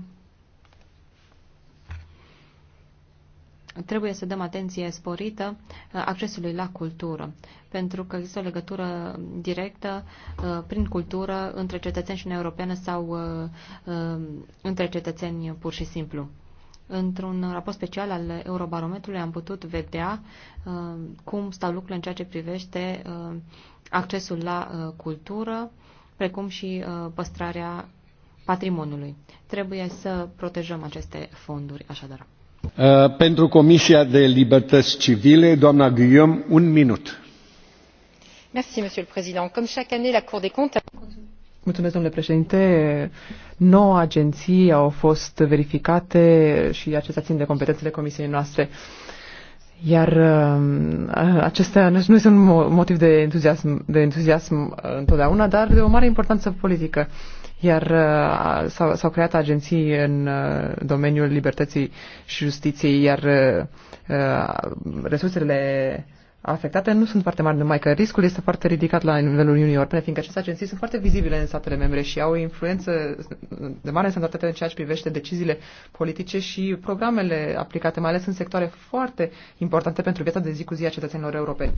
trebuie să dăm atenție sporită uh, accesului la cultură, pentru că există o legătură directă prin cultură între cetățeni și Uniunea Europeană sau între cetățeni pur și simplu. Într-un raport special al Eurobarometrului am putut vedea uh, cum stau lucrurile în ceea ce privește uh, accesul la uh, cultură, precum și păstrarea patrimoniului. Trebuie să protejăm aceste fonduri, așadar. Pentru Comisia de Libertăți Civile, doamna Guillaume, un minut. Mulțumesc, domnule președinte. Cum Comme chaque année, la Cour des comptes. Mulțumesc, domnule președinte. 9 agenții au fost verificate și acestea țin de competențele comisiei noastre. Iar uh, acestea nu sunt motiv de entuziasm, de entuziasm întotdeauna, dar de o mare importanță politică. Iar uh, s-au creat agenții în uh, domeniul libertății și justiției, iar resursele afectate nu sunt foarte mari, numai că riscul este foarte ridicat la nivelul Uniunii Europene, fiindcă aceste agenții sunt foarte vizibile în statele membre și au o influență de mare însemnătate în ceea ce privește deciziile politice și programele aplicate, mai ales în sectoare foarte importante pentru viața de zi cu zi a cetățenilor europeni.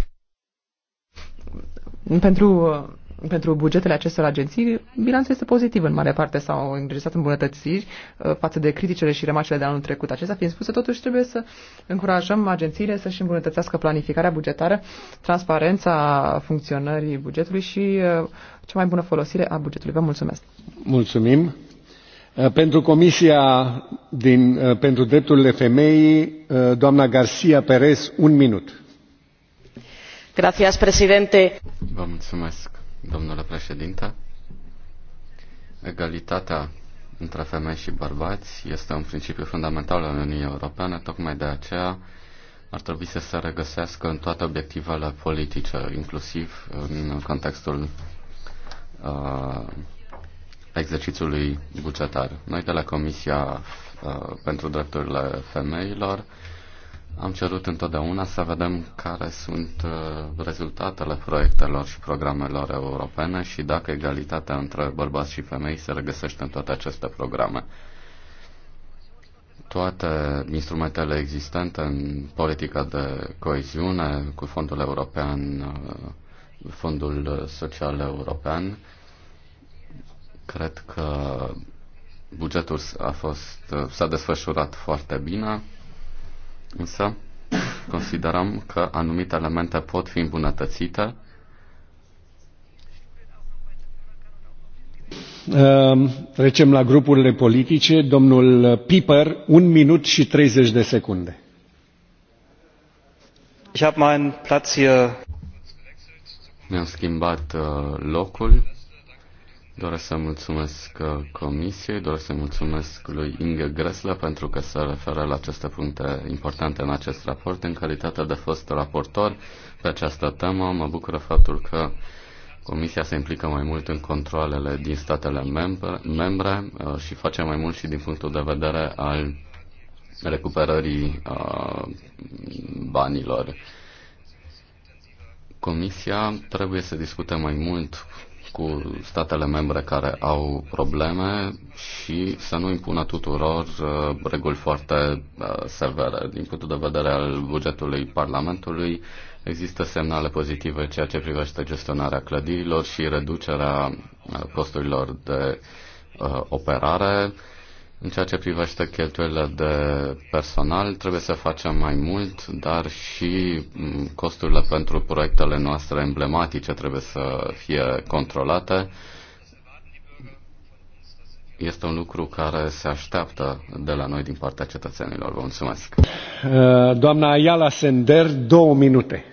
Pentru uh, pentru bugetele acestor agenții, bilanțul este pozitiv în mare parte, s-au înregistrat îmbunătățiri uh, față de criticile și remarcile de anul trecut. Acestea fiind spuse, totuși trebuie să încurajăm agențiile să-și îmbunătățească planificarea bugetară, transparența funcționării bugetului și uh, cea mai bună folosire a bugetului. Vă mulțumesc! Mulțumim! Uh, pentru Comisia din, pentru Drepturile Femeii, doamna Garcia Perez, un minut. Gracias, presidente. Vă mulțumesc, domnule președinte. Egalitatea între femei și bărbați este un principiu fundamental al Uniunii Europene, tocmai de aceea ar trebui să se regăsească în toate obiectivele politice, inclusiv în contextul uh, exercițiului bugetar. Noi de la Comisia uh, pentru Drepturile Femeilor am cerut întotdeauna să vedem care sunt uh, rezultatele proiectelor și programelor europene și dacă egalitatea între bărbați și femei se regăsește în toate aceste programe. Toate instrumentele existente în politica de coeziune, cu fondul european, uh, fondul social european, cred că bugetul a fost, uh, s-a desfășurat foarte bine Însă, considerăm că anumite elemente pot fi îmbunătățite. Uh, trecem la grupurile politice. Domnul Piper, un minut și 30 de secunde. Ich habe meinen Platz hier. Mi-am schimbat uh, locul. Doresc să mulțumesc uh, Comisiei, doresc să mulțumesc lui Inge Gresle pentru că se referă la aceste puncte importante în acest raport. În calitate de fost raportor pe această temă, mă bucură faptul că Comisia se implică mai mult în controlele din statele membre, membre uh, și face mai mult și din punctul de vedere al recuperării uh, banilor. Comisia trebuie să discute mai mult cu statele membre care au probleme și să nu impună tuturor uh, reguli foarte uh, severe. Din punctul de vedere al bugetului Parlamentului, există semnale pozitive ceea ce privește gestionarea clădirilor și reducerea uh, costurilor de operare în ceea ce privește cheltuielile de personal, trebuie să facem mai mult, dar și mm, costurile pentru proiectele noastre emblematice trebuie să fie controlate. Este un lucru care se așteaptă de la noi din partea cetățenilor. Vă mulțumesc. Uh, doamna Ayala Sender, două minute.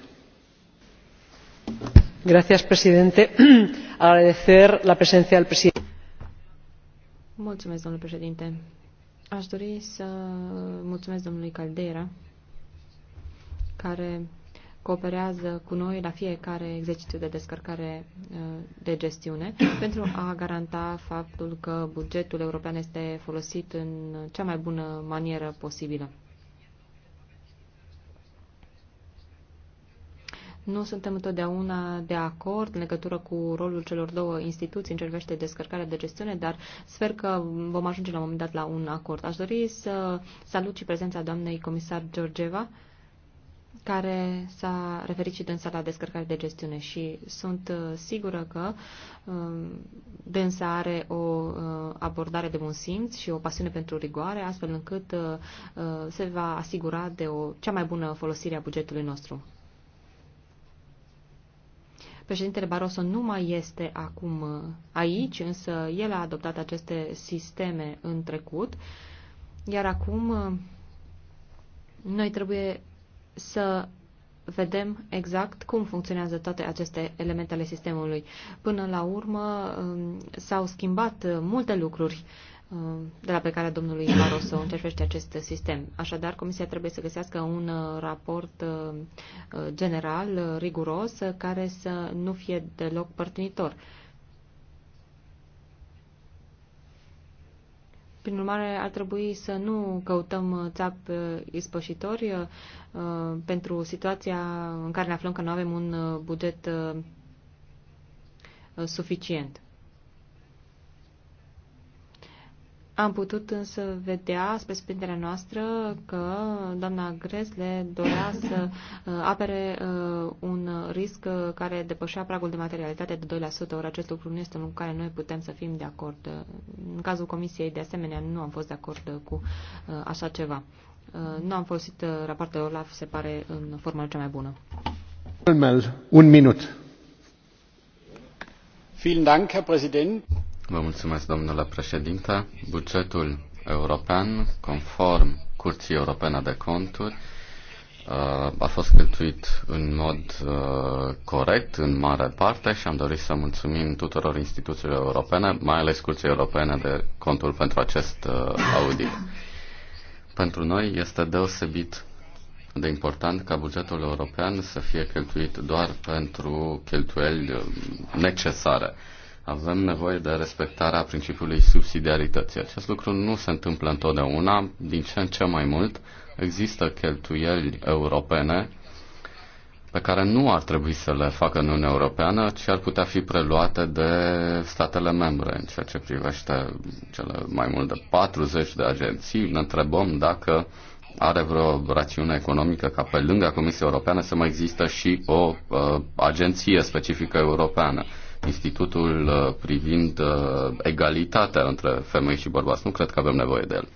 Gracias, presidente. Agradecer la presencia del presidente. Mulțumesc, domnule președinte. Aș dori să mulțumesc domnului Caldera, care cooperează cu noi la fiecare exercițiu de descărcare uh, de gestiune pentru a garanta faptul că bugetul european este folosit în cea mai bună manieră posibilă. Nu suntem întotdeauna de acord în legătură cu rolul celor două instituții în ce privește descărcarea de gestiune, dar sper că vom ajunge la un moment dat la un acord. Aș dori să salut și prezența doamnei comisar Georgeva, care s-a referit și dânsa la descărcare de gestiune și sunt uh, sigură că um, dânsa are o uh, abordare de bun simț și o pasiune pentru rigoare, astfel încât uh, se va asigura de o cea mai bună folosire a bugetului nostru. Președintele Barroso nu mai este acum uh, aici, însă el a adoptat aceste sisteme în trecut, iar acum uh, noi trebuie să vedem exact cum funcționează toate aceste elemente ale sistemului. Până la urmă um, s-au schimbat uh, multe lucruri Uh, de la plecarea domnului Ivaro să ce acest sistem. Așadar, Comisia trebuie să găsească un uh, raport uh, general, riguros, care să nu fie deloc părtinitor. Prin urmare, ar trebui să nu căutăm țap ispășitori pentru situația în care ne aflăm că nu avem un buget suficient. Am putut însă vedea, spre spinderea noastră, că doamna Gresle dorea să uh, apere uh, un risc uh, care depășea pragul de materialitate de 2%, ori acest lucru nu este un lucru care noi putem să fim de acord. În cazul Comisiei, de asemenea, nu am fost de acord cu așa ceva. Nu am folosit rapoartele OLAF, se pare, în forma cea mai bună. Un minut. Vielen Dank, Herr Präsident. Vă mulțumesc, domnule președinte. Bugetul european, conform Curții Europene de Conturi, uh, a fost cheltuit în mod uh, corect, în mare parte, și am dorit să mulțumim tuturor instituțiilor europene, mai ales Curții Europene de Conturi, pentru acest uh, audit. Pentru noi este deosebit de important ca bugetul european să fie cheltuit doar pentru cheltuieli necesare avem nevoie de respectarea principiului subsidiarității. Acest lucru nu se întâmplă întotdeauna, din ce în ce mai mult există cheltuieli europene pe care nu ar trebui să le facă în Uniunea Europeană, ci ar putea fi preluate de statele membre. În ceea ce privește cele mai mult de 40 de agenții, ne întrebăm dacă are vreo rațiune economică ca pe lângă Comisia Europeană să mai există și o uh, agenție specifică europeană institutul uh, privind uh, egalitatea între femei și bărbați. Nu cred că avem nevoie de el.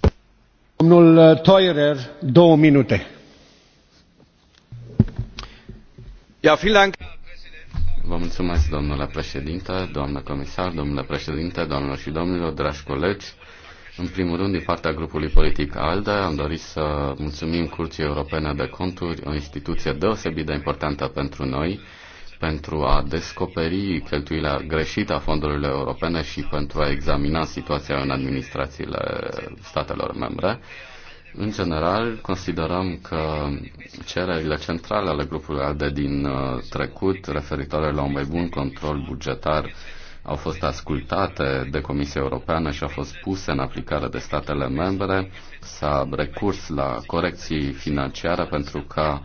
Domnul uh, Toirer, două minute. Ja, vielen Dank. Vă mulțumesc, domnule președinte, doamnă comisar, domnule președinte, doamnelor și domnilor, dragi colegi. În primul rând, din partea grupului politic ALDE, am dorit să mulțumim Curții Europene de Conturi, o instituție deosebit de importantă pentru noi, pentru a descoperi cheltuielile greșite a fondurilor europene și pentru a examina situația în administrațiile statelor membre. În general, considerăm că cererile centrale ale grupului ALDE din uh, trecut, referitoare la un mai bun control bugetar, au fost ascultate de Comisia Europeană și au fost puse în aplicare de statele membre. S-a recurs la corecții financiare pentru ca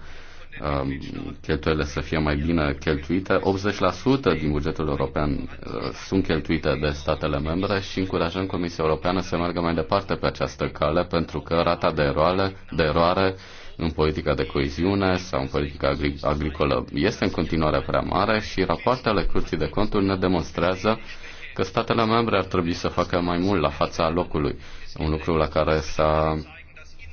Um, cheltuielile să fie mai bine cheltuite. 80% din bugetul european uh, sunt cheltuite de statele membre și încurajăm Comisia Europeană să meargă mai departe pe această cale, pentru că rata de eroare, de eroare în politica de coeziune sau în politica agricolă este în continuare prea mare și rapoartele Curții de Conturi ne demonstrează că statele membre ar trebui să facă mai mult la fața locului, un lucru la care s-a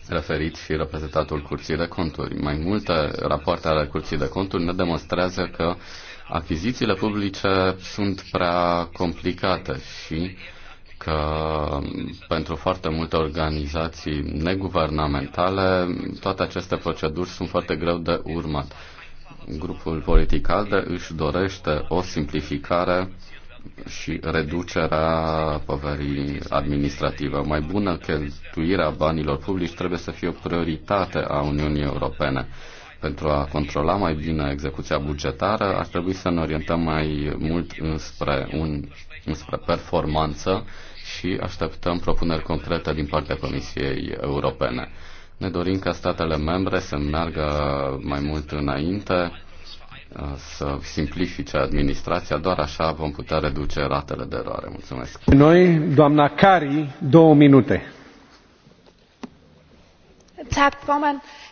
referit și reprezentatul Curții de Conturi. Mai multe rapoarte ale Curții de Conturi ne demonstrează că achizițiile publice sunt prea complicate și că pentru foarte multe organizații neguvernamentale toate aceste proceduri sunt foarte greu de urmat. Grupul politic ALDE își dorește o simplificare și reducerea poverii administrative. mai bună cheltuirea banilor publici trebuie să fie o prioritate a Uniunii Europene. Pentru a controla mai bine execuția bugetară, ar trebui să ne orientăm mai mult înspre, un, înspre performanță și așteptăm propuneri concrete din partea Comisiei Europene. Ne dorim ca statele membre să meargă mai mult înainte să simplifice administrația, doar așa vom putea reduce ratele de eroare. Mulțumesc. Noi, doamna Cari, două minute.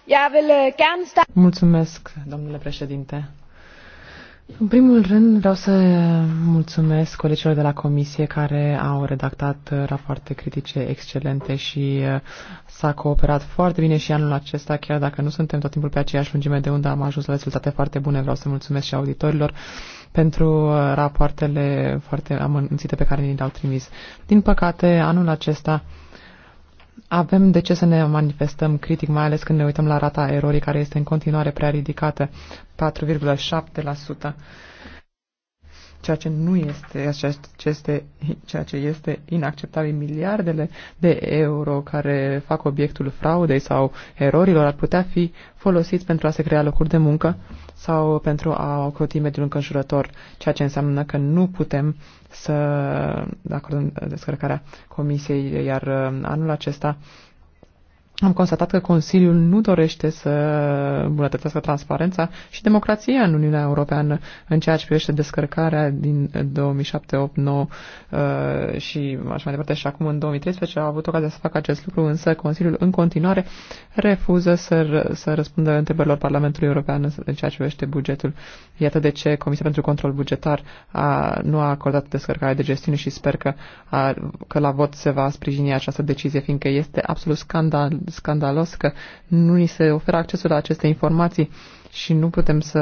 Øh, Mulțumesc, domnule președinte. În primul rând vreau să mulțumesc colegilor de la comisie care au redactat rapoarte critice excelente și uh, s-a cooperat foarte bine și anul acesta, chiar dacă nu suntem tot timpul pe aceeași lungime de unde am ajuns la rezultate foarte bune. Vreau să mulțumesc și auditorilor pentru uh, rapoartele foarte amănunțite pe care ni le-au trimis. Din păcate, anul acesta avem de ce să ne manifestăm critic, mai ales când ne uităm la rata erorii, care este în continuare prea ridicată, 4,7%, ceea ce nu este, ce este, ceea ce este inacceptabil. Miliardele de euro care fac obiectul fraudei sau erorilor ar putea fi folosiți pentru a se crea locuri de muncă sau pentru a ocroti mediul înconjurător, ceea ce înseamnă că nu putem să acordăm descărcarea comisiei, iar uh, anul acesta am constatat că Consiliul nu dorește să îmbunătățească transparența și democrația în Uniunea Europeană în ceea ce privește descărcarea din 2007, 8, 9 uh, și așa mai departe. Și acum în 2013 a avut ocazia să facă acest lucru, însă Consiliul în continuare refuză să, să răspundă întrebărilor Parlamentului European în ceea ce privește bugetul. Iată de ce Comisia pentru Control Bugetar a, nu a acordat descărcarea de gestiune și sper că, a, că la vot se va sprijini această decizie, fiindcă este absolut scandal scandalos că nu ni se oferă accesul la aceste informații și nu putem să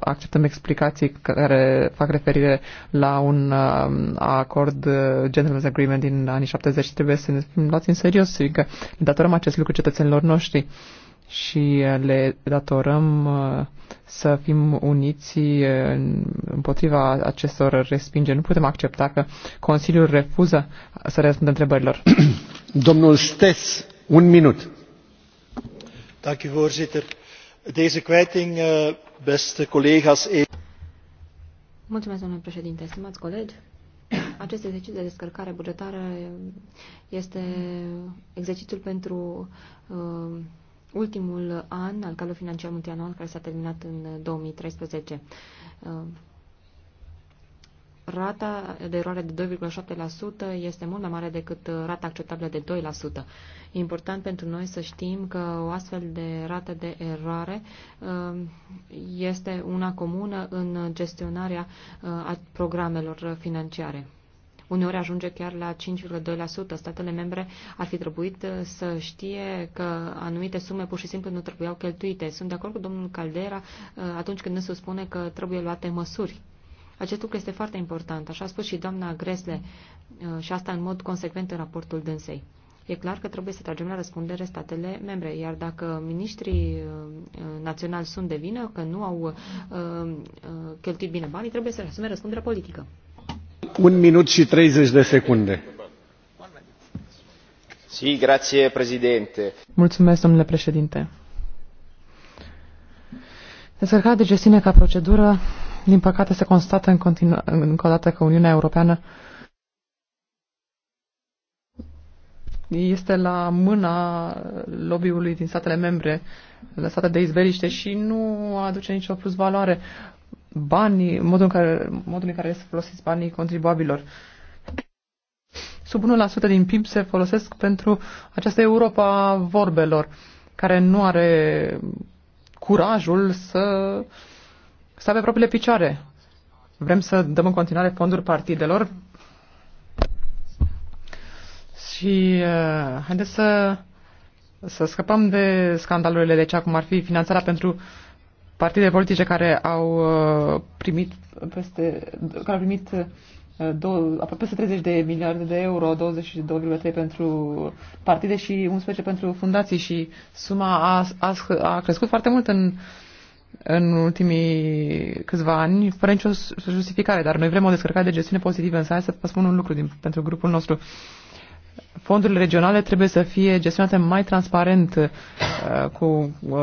acceptăm explicații care fac referire la un um, acord uh, Gentleman's Agreement din anii 70. Trebuie să ne luați în serios, le datorăm acest lucru cetățenilor noștri și le datorăm uh, să fim uniți uh, împotriva acestor respingeri. Nu putem accepta că Consiliul refuză să răspundă întrebărilor. Domnul Stes voorzitter deze kwijting eh, beste collega's domnule președinte stimați colegi acest exercițiu de descărcare bugetară este exercițiul pentru uh, ultimul an al cadrului financiar multianual care s-a terminat în 2013. Uh, eh, Rata de eroare de 2,7% este mult mai mare decât rata acceptabilă de 2%. E important pentru noi să știm că o astfel de rată de eroare um, este una comună în gestionarea uh, programelor financiare uneori ajunge chiar la 5,2%. Statele membre ar fi trebuit uh, să știe că anumite sume pur și simplu nu trebuiau cheltuite. Sunt de acord cu domnul Caldera uh, atunci când se spune că trebuie luate măsuri. Acest lucru este foarte important, așa a spus și doamna Gresle uh, și asta în mod consecvent în raportul dânsei. E clar că trebuie să tragem la răspundere statele membre, iar dacă ministrii uh, naționali sunt de vină că nu au uh, cheltuit bine banii, trebuie să asume răspunderea politică. Un minut și 30 de secunde. Si, grație, președinte. Mulțumesc, domnule președinte. Descărcarea de gestiune ca procedură din păcate, se constată în continu- încă o dată că Uniunea Europeană este la mâna lobby-ului din statele membre lăsate de izbeliște și nu aduce nicio plus valoare banii, modul în care, modul în care este folosiți banii contribuabilor. Sub 1% din PIB se folosesc pentru această Europa vorbelor, care nu are curajul să uh, sta pe propriile picioare. Vrem să dăm în continuare fonduri partidelor și uh, haideți să, să scăpăm de scandalurile de cea cum ar fi finanțarea pentru partide politice care au uh, primit peste, care au primit uh, do, peste 30 de miliarde de euro, 22,3 pentru partide și 11 pentru fundații și suma a, a, a crescut foarte mult în uh, în ultimii câțiva ani, fără nicio justificare, dar noi vrem o descărcare de gestiune pozitivă, însă hai să vă spun un lucru din, pentru grupul nostru. Fondurile regionale trebuie să fie gestionate mai transparent uh, cu uh,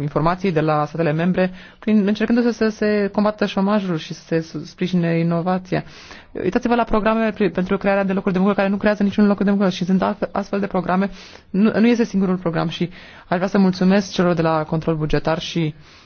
informații de la statele membre, prin, se să se combată șomajul și să se sprijine inovația. Uitați-vă la programe pentru crearea de locuri de muncă care nu creează niciun loc de muncă și sunt astfel de programe. Nu, nu este singurul program și aș vrea să mulțumesc celor de la control bugetar și uh,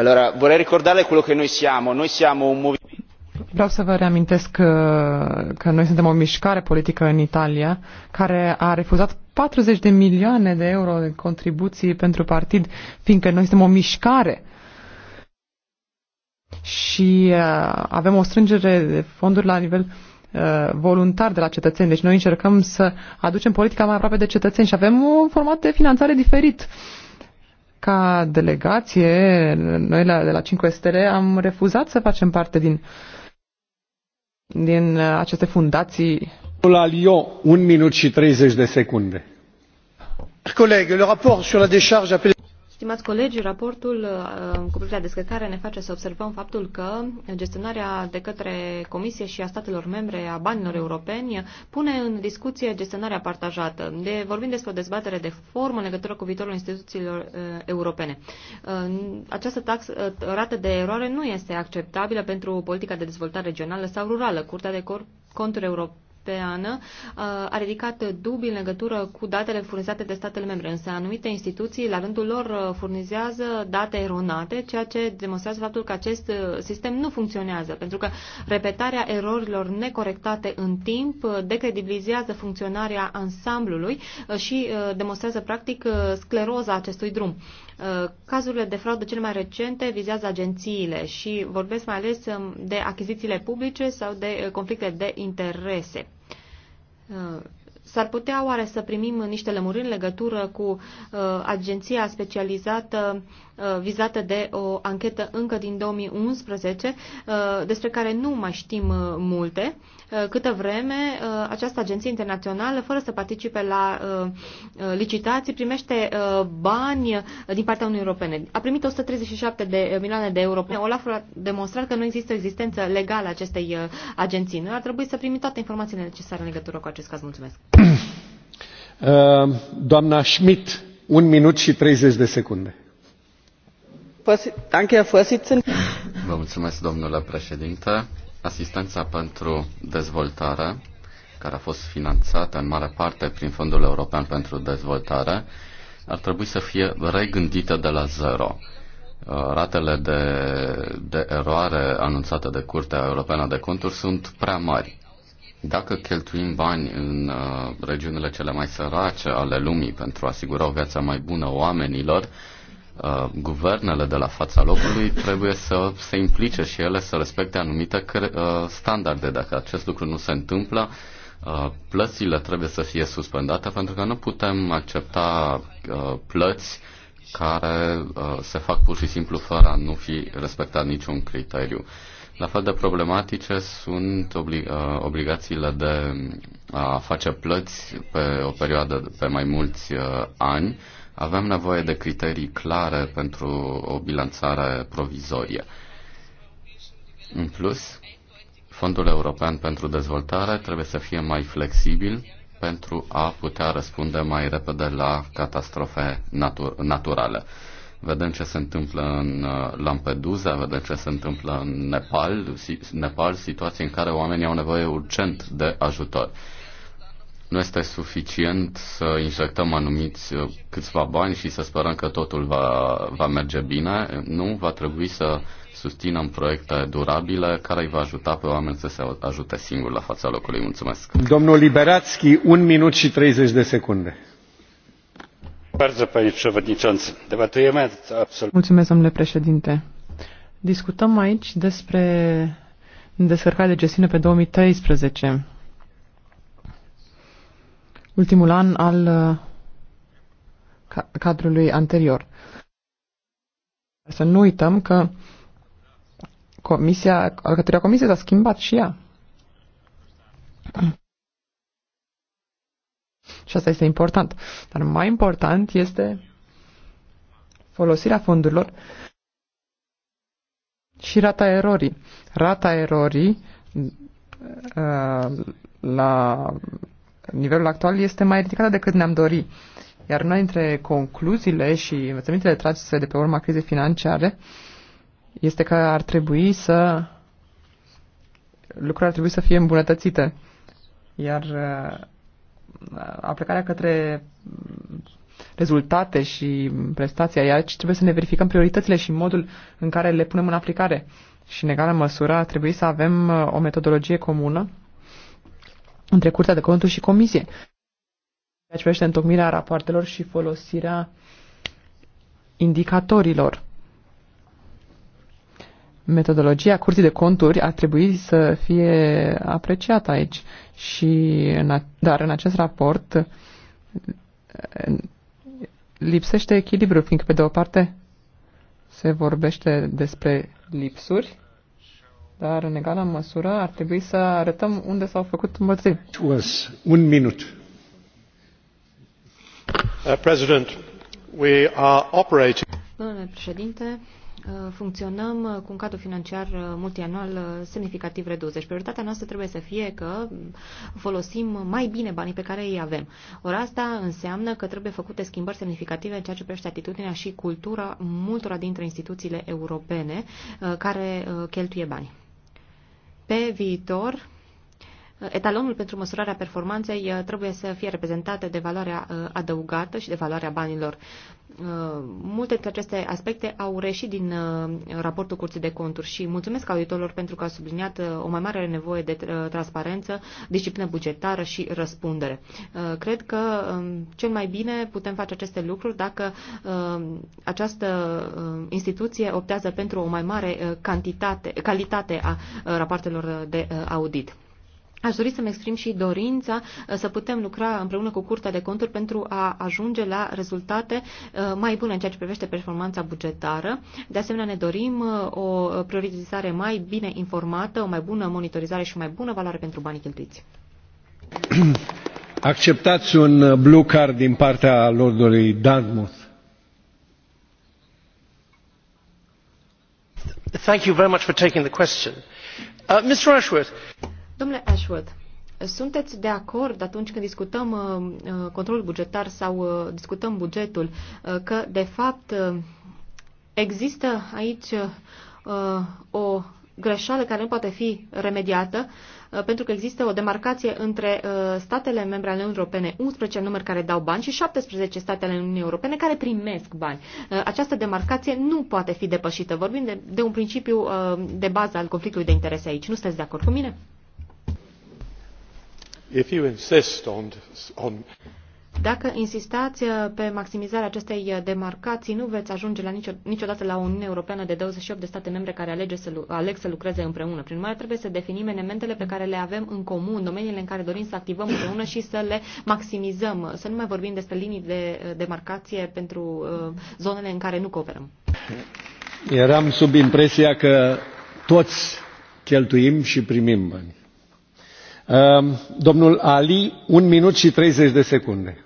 Allora, vorrei ricordarle quello che noi siamo. Noi siamo un movimento. Vreau să vă reamintesc că, uh, că noi suntem o mișcare politică în Italia care a refuzat 40 de milioane de euro de contribuții pentru partid, fiindcă noi suntem o mișcare și uh, avem o strângere de fonduri la nivel uh, voluntar de la cetățeni. Deci noi încercăm să aducem politica mai aproape de cetățeni și avem un format de finanțare diferit. Uh, ca delegație, noi la, de la 5 Stele am refuzat să facem parte din, din uh, aceste fundații. La Lyon, un minut și 30 de secunde. Coleg, le raport sur la décharge appelé... Stimați colegi, raportul uh, cu privire la descărcare ne face să observăm faptul că gestionarea de către Comisie și a statelor membre a banilor europeni pune în discuție gestionarea partajată. De, vorbim despre o dezbatere de formă în legătură cu viitorul instituțiilor uh, europene. Uh, această tax, uh, rată de eroare nu este acceptabilă pentru politica de dezvoltare regională sau rurală. Curtea de Conturi Europene Europeană uh, a ridicat dubii în legătură cu datele furnizate de statele membre, însă anumite instituții, la rândul lor, uh, furnizează date eronate, ceea ce demonstrează faptul că acest uh, sistem nu funcționează, pentru că repetarea erorilor necorectate în timp decredibilizează funcționarea ansamblului și demonstrează, practic, scleroza acestui drum. Cazurile de fraudă cele mai recente vizează agențiile și vorbesc mai ales um, de achizițiile publice sau de conflicte de interese. S-ar putea oare să primim niște lămuriri în legătură cu uh, agenția specializată Uh, vizată de o anchetă încă din 2011, uh, despre care nu mai știm uh, multe, câtă vreme această agenție internațională, fără să participe la licitații, primește bani din partea Uniunii Europene. A primit 137 de milioane de euro. Olaf a demonstrat că nu există existență legală a acestei agenții. Noi ar trebui să primim toate informațiile necesare în legătură cu acest caz. Mulțumesc. Doamna Schmidt, un minut și 30 de secunde. Vă mulțumesc, domnule președinte. Asistența pentru dezvoltare, care a fost finanțată în mare parte prin Fondul European pentru Dezvoltare, ar trebui să fie regândită de la zero. Uh, ratele de, de eroare anunțate de Curtea Europeană de Conturi sunt prea mari. Dacă cheltuim bani în uh, regiunile cele mai sărace ale lumii pentru a asigura o viață mai bună oamenilor, Uh, guvernele de la fața locului trebuie să se implice și ele să respecte anumite uh, standarde. Dacă acest lucru nu se întâmplă, uh, plățile trebuie să fie suspendate pentru că nu putem accepta plăți care se fac pur și simplu fără a nu fi respectat niciun criteriu. La fel de problematice sunt obli- obligațiile de a face plăți pe o perioadă pe mai mulți ani avem nevoie de criterii clare pentru o bilanțare provizorie. În plus, Fondul European pentru Dezvoltare trebuie să fie mai flexibil pentru a putea răspunde mai repede la catastrofe natur- naturale. Vedem ce se întâmplă în uh, Lampedusa, vedem ce se întâmplă în Nepal, Nepal, situații în care oamenii au nevoie urgent de ajutor. Nu este suficient să injectăm anumiți uh, câțiva bani și să sperăm că totul va, va merge bine. Nu, va trebui să susținem proiecte durabile care îi va ajuta pe oameni să se ajute singuri la fața locului. Mulțumesc. Domnul Liberațchi, un minut și 30 de secunde. Mulțumesc, domnule președinte. Discutăm aici despre descărcarea de gestiune pe 2013 ultimul an al uh, cadrului anterior. Să nu uităm că comisia, alcătuirea comisiei s-a schimbat și ea. Și asta este important. Dar mai important este folosirea fondurilor și rata erorii. Rata erorii uh, la nivelul actual este mai ridicat decât ne-am dori. Iar una dintre concluziile și învățămintele trase de pe urma crizei financiare este că ar trebui să lucrurile ar trebui să fie îmbunătățite. Iar uh, aplicarea către rezultate și prestația ea, ci trebuie să ne verificăm prioritățile și modul în care le punem în aplicare. Și în egală măsură trebuie să avem uh, o metodologie comună între Curtea de Conturi și Comisie. Ceea ce privește întocmirea rapoartelor și folosirea indicatorilor. Metodologia Curții de Conturi ar trebui să fie apreciată aici, și, dar în acest raport lipsește echilibru, fiindcă pe de o parte se vorbește despre lipsuri dar în egală măsură ar trebui să arătăm unde s-au făcut îmbătrâni. Un minut. Uh, Domnule președinte, uh, funcționăm uh, cu un cadru financiar multianual semnificativ redus. Deci prioritatea noastră trebuie să fie că folosim mai bine banii pe care îi avem. Ori asta înseamnă că trebuie făcute schimbări semnificative în ceea ce privește atitudinea și cultura multora dintre instituțiile europene care cheltuie bani pe viitor Etalonul pentru măsurarea performanței uh, trebuie să fie reprezentată de valoarea uh, adăugată și de valoarea banilor. Uh, multe dintre aceste aspecte au reșit din raportul Curții de Conturi și mulțumesc auditorilor pentru că au subliniat o mai mare nevoie de transparență, disciplină bugetară și răspundere. Cred că um, cel mai bine putem face aceste lucruri dacă um, această instituție optează pentru o mai mare cantitate, calitate a rapoartelor de audit. Aș dori să-mi exprim și dorința uh, să putem lucra împreună cu Curtea de Conturi pentru a ajunge la rezultate uh, mai bune în ceea ce privește performanța bugetară. De asemenea, ne dorim uh, o prioritizare mai bine informată, o mai bună monitorizare și o mai bună valoare pentru banii cheltuiți. Acceptați un blue card din partea lordului Dartmouth. Thank you very much for taking the question. Uh, Mr. Ashworth, Domnule Ashworth, sunteți de acord atunci când discutăm uh, uh, controlul bugetar sau uh, discutăm bugetul că, de fapt, există aici o greșeală care nu poate fi remediată, pentru că există o demarcație între statele membre ale Uniunii Europene, 11 număr care dau bani și 17 statele Uniunii Europene care primesc bani. Această demarcație nu poate fi depășită. Vorbim de, de un principiu de bază al conflictului de interese aici. Nu sunteți de acord cu mine? If you insist on, on... Dacă insistați uh, pe maximizarea acestei uh, demarcații, nu veți ajunge la nicio, niciodată la o Uniune Europeană de 28 de state membre care alege să, aleg să lucreze împreună. Prin urmare, trebuie să definim elementele pe care le avem în comun, domeniile în care dorim să activăm împreună și să le maximizăm. Să nu mai vorbim despre linii de uh, demarcație pentru zonele în care nu cooperăm. Eram sub impresia că toți cheltuim și primim bani. Ehm, domnul ali un minut și treizeci de secunde.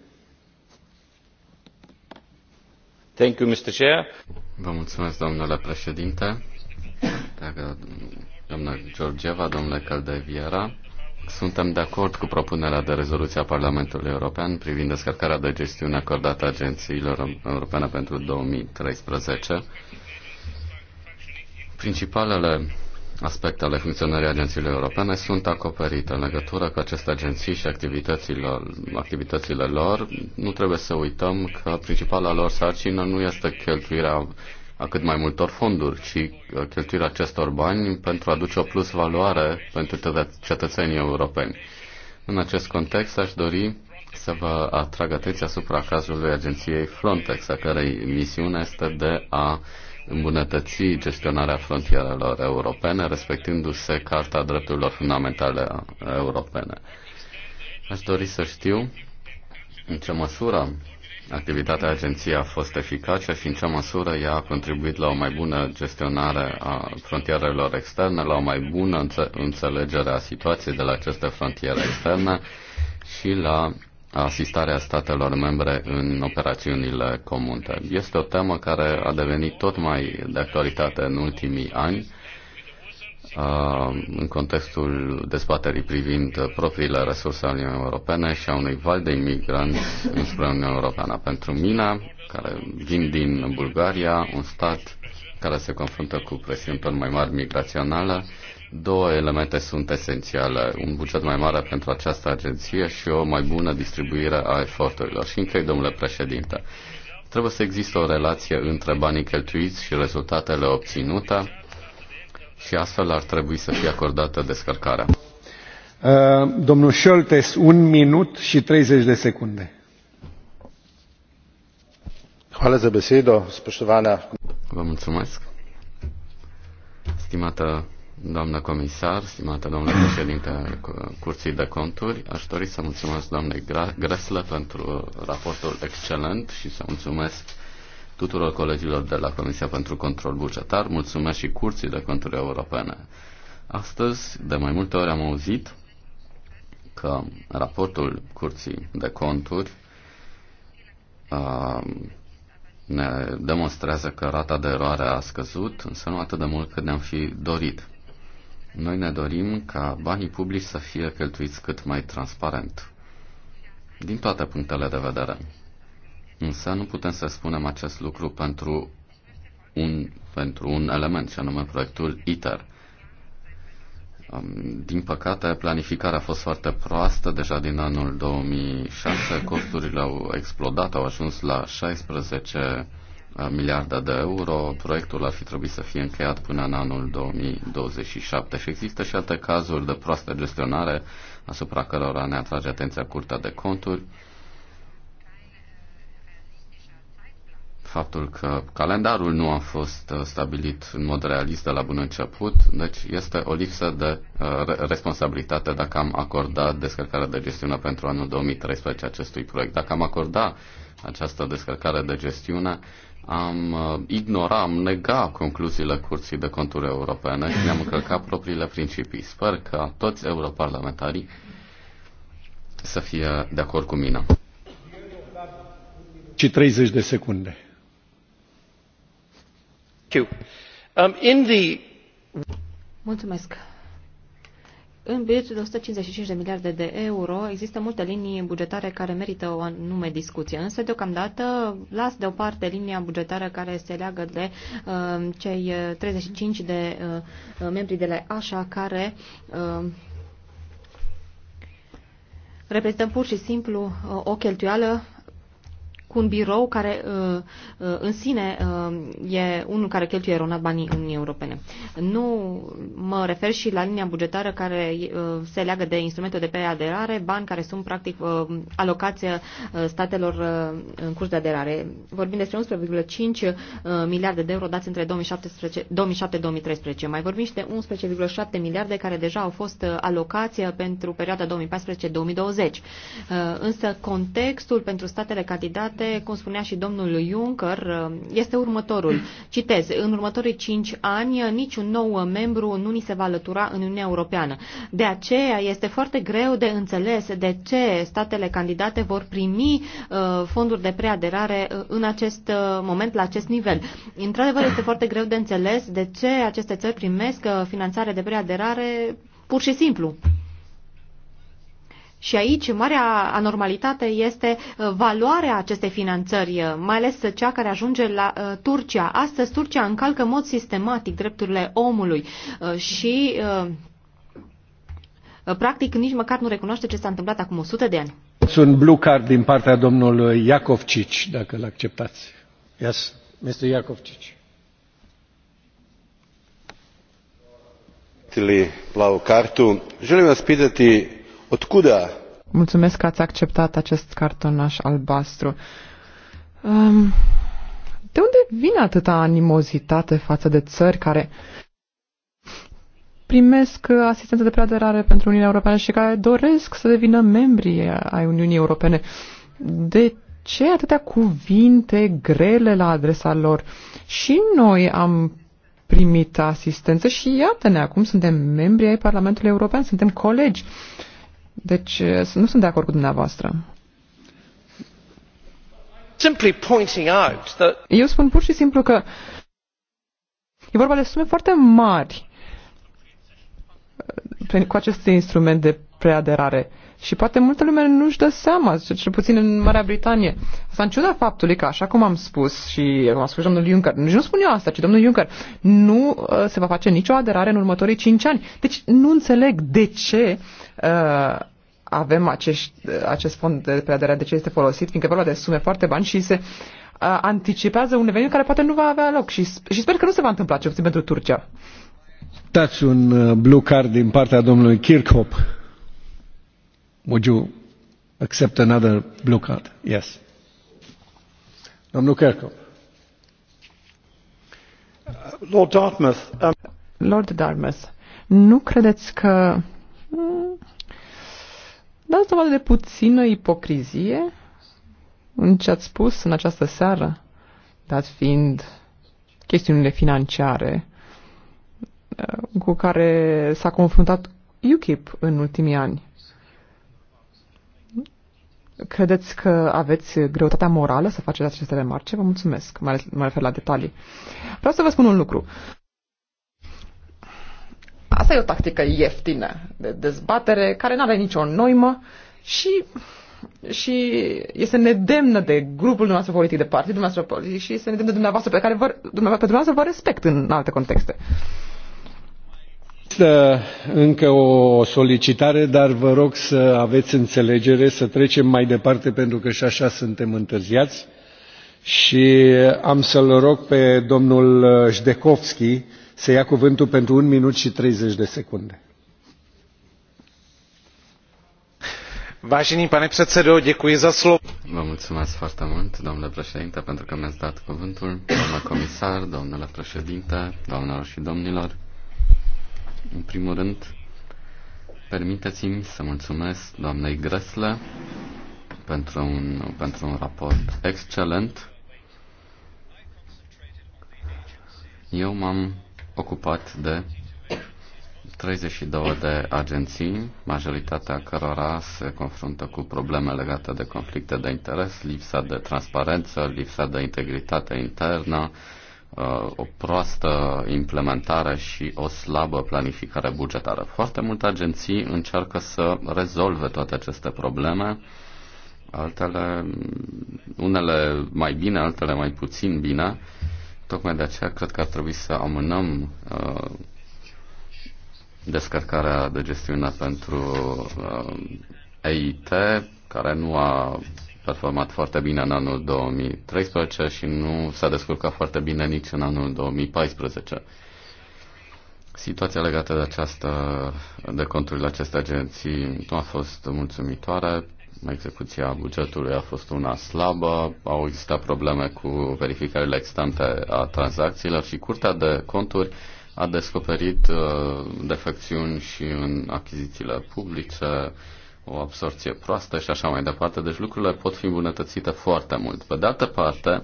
Vă mulțumesc, domnule președinte, dragă doamnă Georgieva, domnule Caldeviera. Suntem de acord cu propunerea de rezoluție a Parlamentului European privind descărcarea de gestiune acordată agențiilor europene pentru 2013. Principalele aspecte ale funcționării agențiilor europene sunt acoperite în legătură cu aceste agenții și activitățile, activitățile lor. Nu trebuie să uităm că principala lor sarcină nu este cheltuirea a cât mai multor fonduri, ci cheltuirea acestor bani pentru a aduce o plus valoare pentru cetățenii europeni. În acest context aș dori să vă atrag atenția asupra cazului agenției Frontex, a cărei misiune este de a uh, îmbunătăți gestionarea frontierelor europene, respectându-se Carta Drepturilor Fundamentale Europene. Aș dori să știu în ce măsură activitatea agenției a fost eficace și în ce măsură ea a contribuit la o mai bună gestionare a frontierelor externe, la o mai bună înțelegere a situației de la aceste frontiere externe și la asistarea statelor membre în operațiunile comune. Este o temă care a devenit tot mai de actualitate în ultimii ani uh, în contextul dezbaterii privind propriile resurse ale Uniunii Europene și a unui val de imigranți înspre Uniunea Europeană. Pentru mine, care vin din Bulgaria, un stat care se confruntă cu presiuni tot mai mari migraționale, Două elemente sunt esențiale. Un buget mai mare pentru această agenție și o mai bună distribuire a eforturilor. Și închei, domnule președinte, trebuie să există o relație între banii cheltuiți și rezultatele obținute și astfel ar trebui să fie acordată descărcarea. Uh, domnul Scholtes, un minut și 30 de secunde. Hvala za besedo, spoštovana. Vă mulțumesc. Stimată doamnă comisar, stimată doamnă președinte Curții de Conturi. Aș dori să mulțumesc doamnei Gresle pentru raportul excelent și să mulțumesc tuturor colegilor de la Comisia pentru Control Bugetar. Mulțumesc și Curții de Conturi Europene. Astăzi, de mai multe ori am auzit că raportul Curții de Conturi a, uh, ne demonstrează că rata de eroare a scăzut, însă nu atât de mult cât ne-am fi dorit. Noi ne dorim ca banii publici să fie cheltuiți cât mai transparent, din toate punctele de vedere. Însă nu putem să spunem acest lucru pentru un, pentru un element, și anume proiectul ITER. Din păcate, planificarea a fost foarte proastă deja din anul 2006, costurile au explodat, au ajuns la 16 miliarde de euro. Proiectul ar fi trebuit să fie încheiat până în anul 2027 și există și alte cazuri de proastă gestionare asupra cărora ne atrage atenția Curtea de Conturi. Faptul că calendarul nu a fost uh, stabilit în mod realist de la bun început, deci este o lipsă de uh, responsabilitate dacă am acordat descărcarea de gestiune pentru anul 2013 acestui proiect. Dacă am acordat această descărcare de gestiune, am uh, ignora, am nega concluziile Curții de Conturi Europene și ne-am încălcat propriile principii. Sper că toți europarlamentarii să fie de acord cu mine. Și 30 de secunde. Um, Mulțumesc. În bugetul de 155 de miliarde de euro există multe linii bugetare care merită o anume discuție, însă deocamdată las deoparte linia bugetară care se leagă de uh, cei 35 de uh, membri de la ASHA care uh, reprezintă pur și simplu uh, o cheltuială cu un birou care uh, uh, în sine uh, e unul care cheltuie eronat banii Uniunii Europene. Nu mă refer și la linia bugetară care se leagă de instrumentul de preaderare, bani care sunt practic alocația statelor în curs de aderare. Vorbim despre 11,5 miliarde de euro dați între 2007-2013. Mai vorbim și de 11,7 miliarde care deja au fost alocația pentru perioada 2014-2020. Însă contextul pentru statele candidate poate, cum spunea și domnul Juncker, uh, este următorul. Citez, în următorii cinci ani uh, niciun nou uh, membru nu ni se va alătura în Uniunea Europeană. De aceea este foarte greu de înțeles de ce statele candidate vor primi fonduri de preaderare în acest moment, la acest nivel. Într-adevăr, este foarte greu de înțeles de ce aceste țări primesc finanțare de preaderare pur și simplu. Și aici marea anormalitate este uh, valoarea acestei finanțări, uh, mai ales cea care ajunge la uh, Turcia. Astăzi Turcia încalcă în mod sistematic drepturile omului și practic nici măcar nu recunoaște ce s-a întâmplat acum 100 de ani. Sunt blue card din partea domnului Iacovcic, dacă îl acceptați. Yes, Mr. Iacovcic. Plavu kartu. Želim vas pitati Откуда? Mulțumesc că ați acceptat acest cartonaș albastru. Um, de unde vine atâta animozitate față de țări care primesc asistență de preaderare pentru Uniunea Europeană și care doresc să devină membri ai Uniunii Europene? De ce atâtea cuvinte grele la adresa lor? Și noi am primit asistență și iată-ne, acum suntem membri ai Parlamentului European, suntem colegi. Deci eh, nu sunt de acord cu dumneavoastră. Eu spun pur și simplu că e vorba de sume foarte mari eh, cu acest instrument de preaderare. Și poate multă lume nu-și dă seama, cel puțin în Marea Britanie. Asta în ciuda faptului că, așa cum am spus și cum a spus domnul Juncker, nici nu spun eu asta, ci domnul Juncker, nu uh, se va face nicio aderare în următorii cinci ani. Deci nu înțeleg de ce uh, avem acești, uh, acest fond de preaderare, de ce este folosit, fiindcă vorba de sume foarte bani și se uh, anticipează un eveniment care poate nu va avea loc și, și sper că nu se va întâmpla, ce puțin pentru Turcia. Dați un uh, blue card din partea domnului Kirchhoff. Would you accept another blue card? Yes. Domnul Kirkhope. Uh, Lord Dartmouth. Um... Lord Dartmouth, nu credeți că hmm, dați dovadă de puțină ipocrizie în ce ați spus în această seară, dat fiind chestiunile financiare uh, cu care s-a confruntat UKIP în ultimii ani? Credeți că aveți greutatea morală să faceți aceste remarce? Vă mulțumesc, mai ales, mă refer la detalii. Vreau să vă spun un lucru. Asta e o tactică ieftină de dezbatere care nu are nicio noimă și, și este nedemnă de grupul dumneavoastră politic, de partid, dumneavoastră politic și este nedemnă de dumneavoastră pe care vă, dumneavoastră, pe dumneavoastră vă respect în alte contexte. Uh, Există uh, încă o solicitare, dar vă rog să aveți înțelegere, să trecem mai departe, pentru că și așa suntem întârziați. Și am să-l rog pe domnul Jdekovski uh, să ia cuvântul pentru un minut și 30 de secunde. Vážený pane předsedo, děkuji za slovo. Vă mulțumesc foarte mult, domnule președinte, pentru că mi-ați dat cuvântul, doamna comisar, domnule președinte, doamnelor și domnilor. În primul rând, permiteți-mi să mulțumesc doamnei Gresle pentru un, pentru un raport excelent. Eu m-am ocupat de 32 de agenții, majoritatea cărora se confruntă cu probleme legate de conflicte de interes, lipsa de transparență, lipsa de integritate internă, Uh, o proastă implementare și o slabă planificare bugetară. Foarte multe agenții încearcă să rezolve toate aceste probleme, altele, unele mai bine, altele mai puțin bine. Tocmai de aceea cred că ar trebui să amânăm uh, descărcarea de gestiune pentru uh, EIT, care nu a performat foarte bine în anul 2013 și nu s-a descurcat foarte bine nici în anul 2014. Situația legată de această, de conturile acestei agenții nu a fost mulțumitoare. Execuția bugetului a fost una slabă, au existat probleme cu verificările extante a tranzacțiilor și Curtea de Conturi a descoperit uh, defecțiuni și în achizițiile publice, o absorție proastă și așa mai departe. Deci lucrurile pot fi îmbunătățite foarte mult. Pe de altă parte,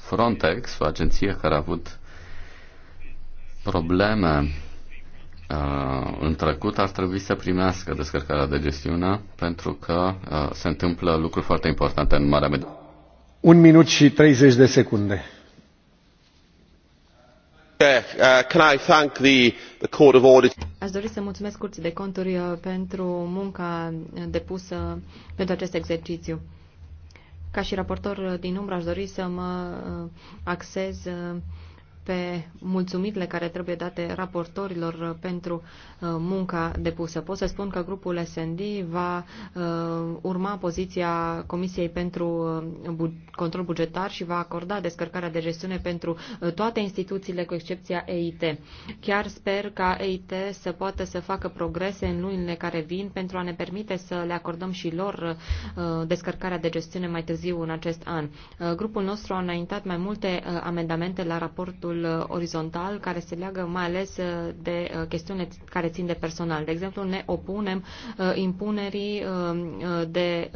Frontex, o agenție care a avut probleme uh, în trecut, ar trebui să primească descărcarea de gestiune pentru că uh, se întâmplă lucruri foarte importante în Marea Mediterană. Un minut și 30 de secunde. Uh, aș dori să mulțumesc Curții de Conturi uh, pentru munca depusă pentru acest exercițiu. Ca și raportor uh, din umbră aș dori să mă axez pe mulțumirile care trebuie date raportorilor pentru uh, munca depusă. Pot să spun că grupul SND va uh, urma poziția Comisiei pentru uh, Control Bugetar și va acorda descărcarea de gestiune pentru toate instituțiile, cu excepția EIT. Chiar sper ca EIT să poată să facă progrese în lunile care vin pentru a ne permite să le acordăm și lor descărcarea de gestiune mai târziu în acest an. Grupul nostru a înaintat mai multe amendamente la raportul aspectul uh, orizontal care se leagă mai ales uh, de uh, chestiune care țin de personal. De exemplu, ne opunem impunerii de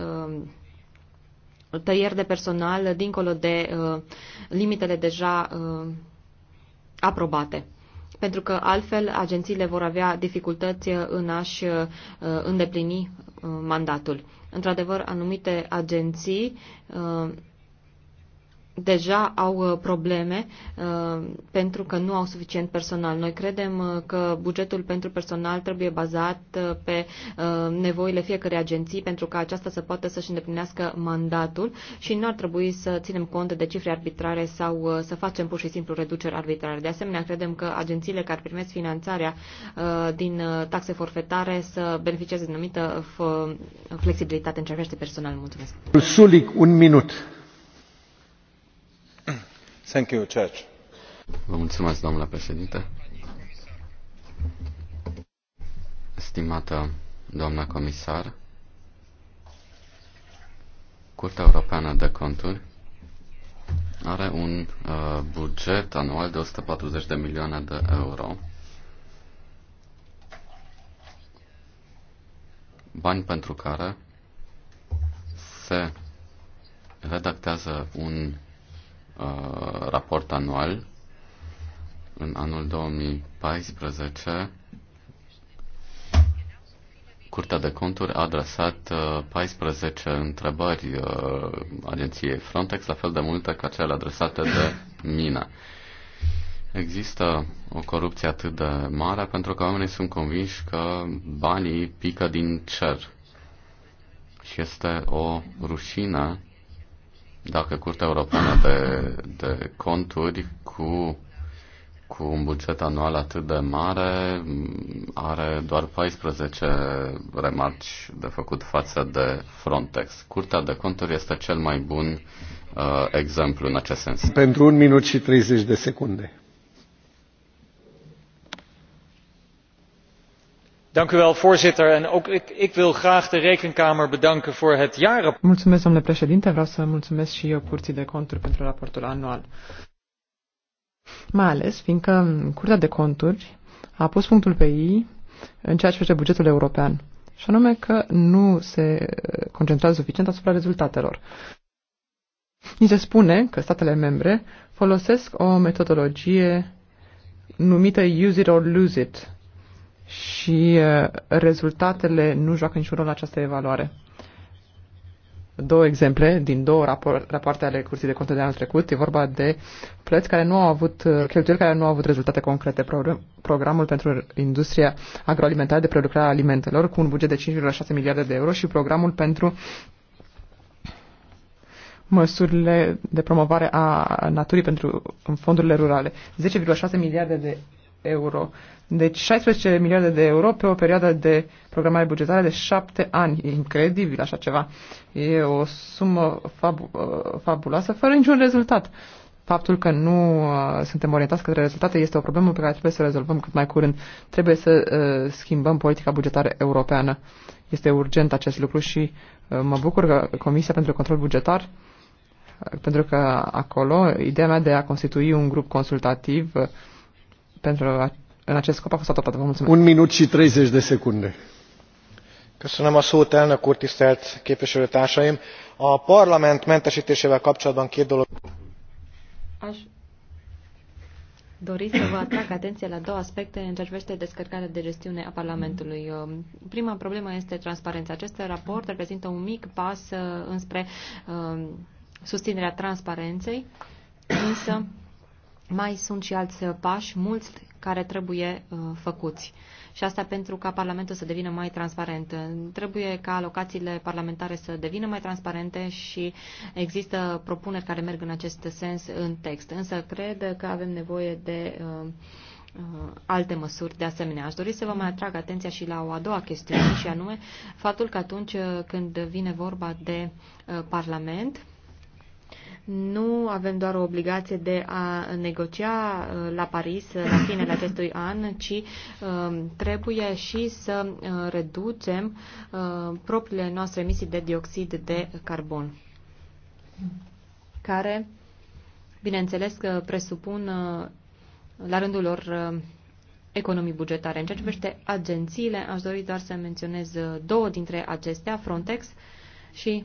tăieri de personal dincolo de limitele deja aprobate pentru că altfel agențiile vor avea dificultăți în a-și îndeplini mandatul. Într-adevăr, anumite agenții deja au uh, probleme uh, pentru că nu au suficient personal. Noi credem uh, că bugetul pentru personal trebuie bazat pe nevoile fiecărei agenții pentru ca aceasta să poată să-și îndeplinească mandatul și nu ar trebui să ținem cont de cifre arbitrare sau să facem pur și simplu reduceri arbitrare. De asemenea, credem că agențiile care primesc finanțarea din taxe forfetare să beneficieze de anumită flexibilitate în ce privește personal. Mulțumesc. Sulic, un minut. Vă mulțumesc, domnule președinte. Stimată doamna comisar, Curtea Europeană de Conturi are un uh, buget anual de 140 de milioane de euro. Bani pentru care se redactează un Uh, raport anual. În anul 2014, Curtea de Conturi a adresat 14 uh, întrebări uh, agenției Frontex, la fel de multe ca cele adresate de mine. Există o corupție atât de mare pentru că oamenii sunt convinși că banii pică din cer. Și este o rușină dacă Curtea Europeană de, de Conturi cu, cu un buget anual atât de mare are doar 14 remarci de făcut față de Frontex. Curtea de Conturi este cel mai bun uh, exemplu în acest sens. Pentru un minut și 30 de secunde. voorzitter ook ik wil graag de rekenkamer bedanken voor het jaarverslag. domnule mulțumesc și eu raportul anual mai ales de a pus punctul pe i în ceea ce privește bugetul european și anume că nu se uh, concentrează suficient asupra rezultatelor. Ni se spune că statele membre folosesc o metodologie numită use it or lose it, și uh, rezultatele nu joacă niciun rol în această evaluare. Două exemple din două rapoarte ale Curții de Conte de anul trecut. E vorba de plăți care nu au avut, uh, cheltuieli care nu au avut rezultate concrete. Programul pentru industria agroalimentară de prelucrare a alimentelor cu un buget de 5,6 miliarde de euro și programul pentru măsurile de promovare a naturii pentru fondurile rurale. 10,6 miliarde de euro. Deci 16 miliarde de euro pe o perioadă de programare bugetară de șapte ani. E incredibil așa ceva. E o sumă fabu- uh, fabuloasă, fără niciun rezultat. Faptul că nu uh, suntem orientați către rezultate este o problemă pe care trebuie să rezolvăm cât mai curând. Trebuie să uh, schimbăm politica bugetară europeană. Este urgent acest lucru și uh, mă bucur că Comisia pentru Control Bugetar uh, pentru că acolo ideea mea de a constitui un grup consultativ uh, pentru a, în acest scop a fost adoptată. Vă mulțumesc. Un minut și 30 de secunde. Köszönöm a szót, elnök úr, tisztelt képviselőtársaim! A parlament mentesítésével kapcsolatban két dolog... Aș dori să vă atrag atenția la două aspecte în ceea ce privește descărcarea de gestiune a Parlamentului. Prima problemă este transparența. Acest raport reprezintă un mic pas uh, înspre uh, susținerea transparenței, însă mai sunt și alți pași, mulți care trebuie uh, făcuți. Și asta pentru ca Parlamentul să devină mai transparent. Trebuie ca alocațiile parlamentare să devină mai transparente și există propuneri care merg în acest sens în text. Însă cred că avem nevoie de uh, uh, alte măsuri de asemenea. Aș dori să vă mai atrag atenția și la o a doua chestiune, și anume faptul că atunci când vine vorba de uh, Parlament, nu avem doar o obligație de a negocia uh, la Paris uh, la finele acestui an, ci uh, trebuie și să reducem propriile noastre emisii de dioxid de carbon, care, bineînțeles, că presupun la rândul lor economii bugetare. În ceea ce privește agențiile, aș dori doar să menționez două dintre acestea, Frontex și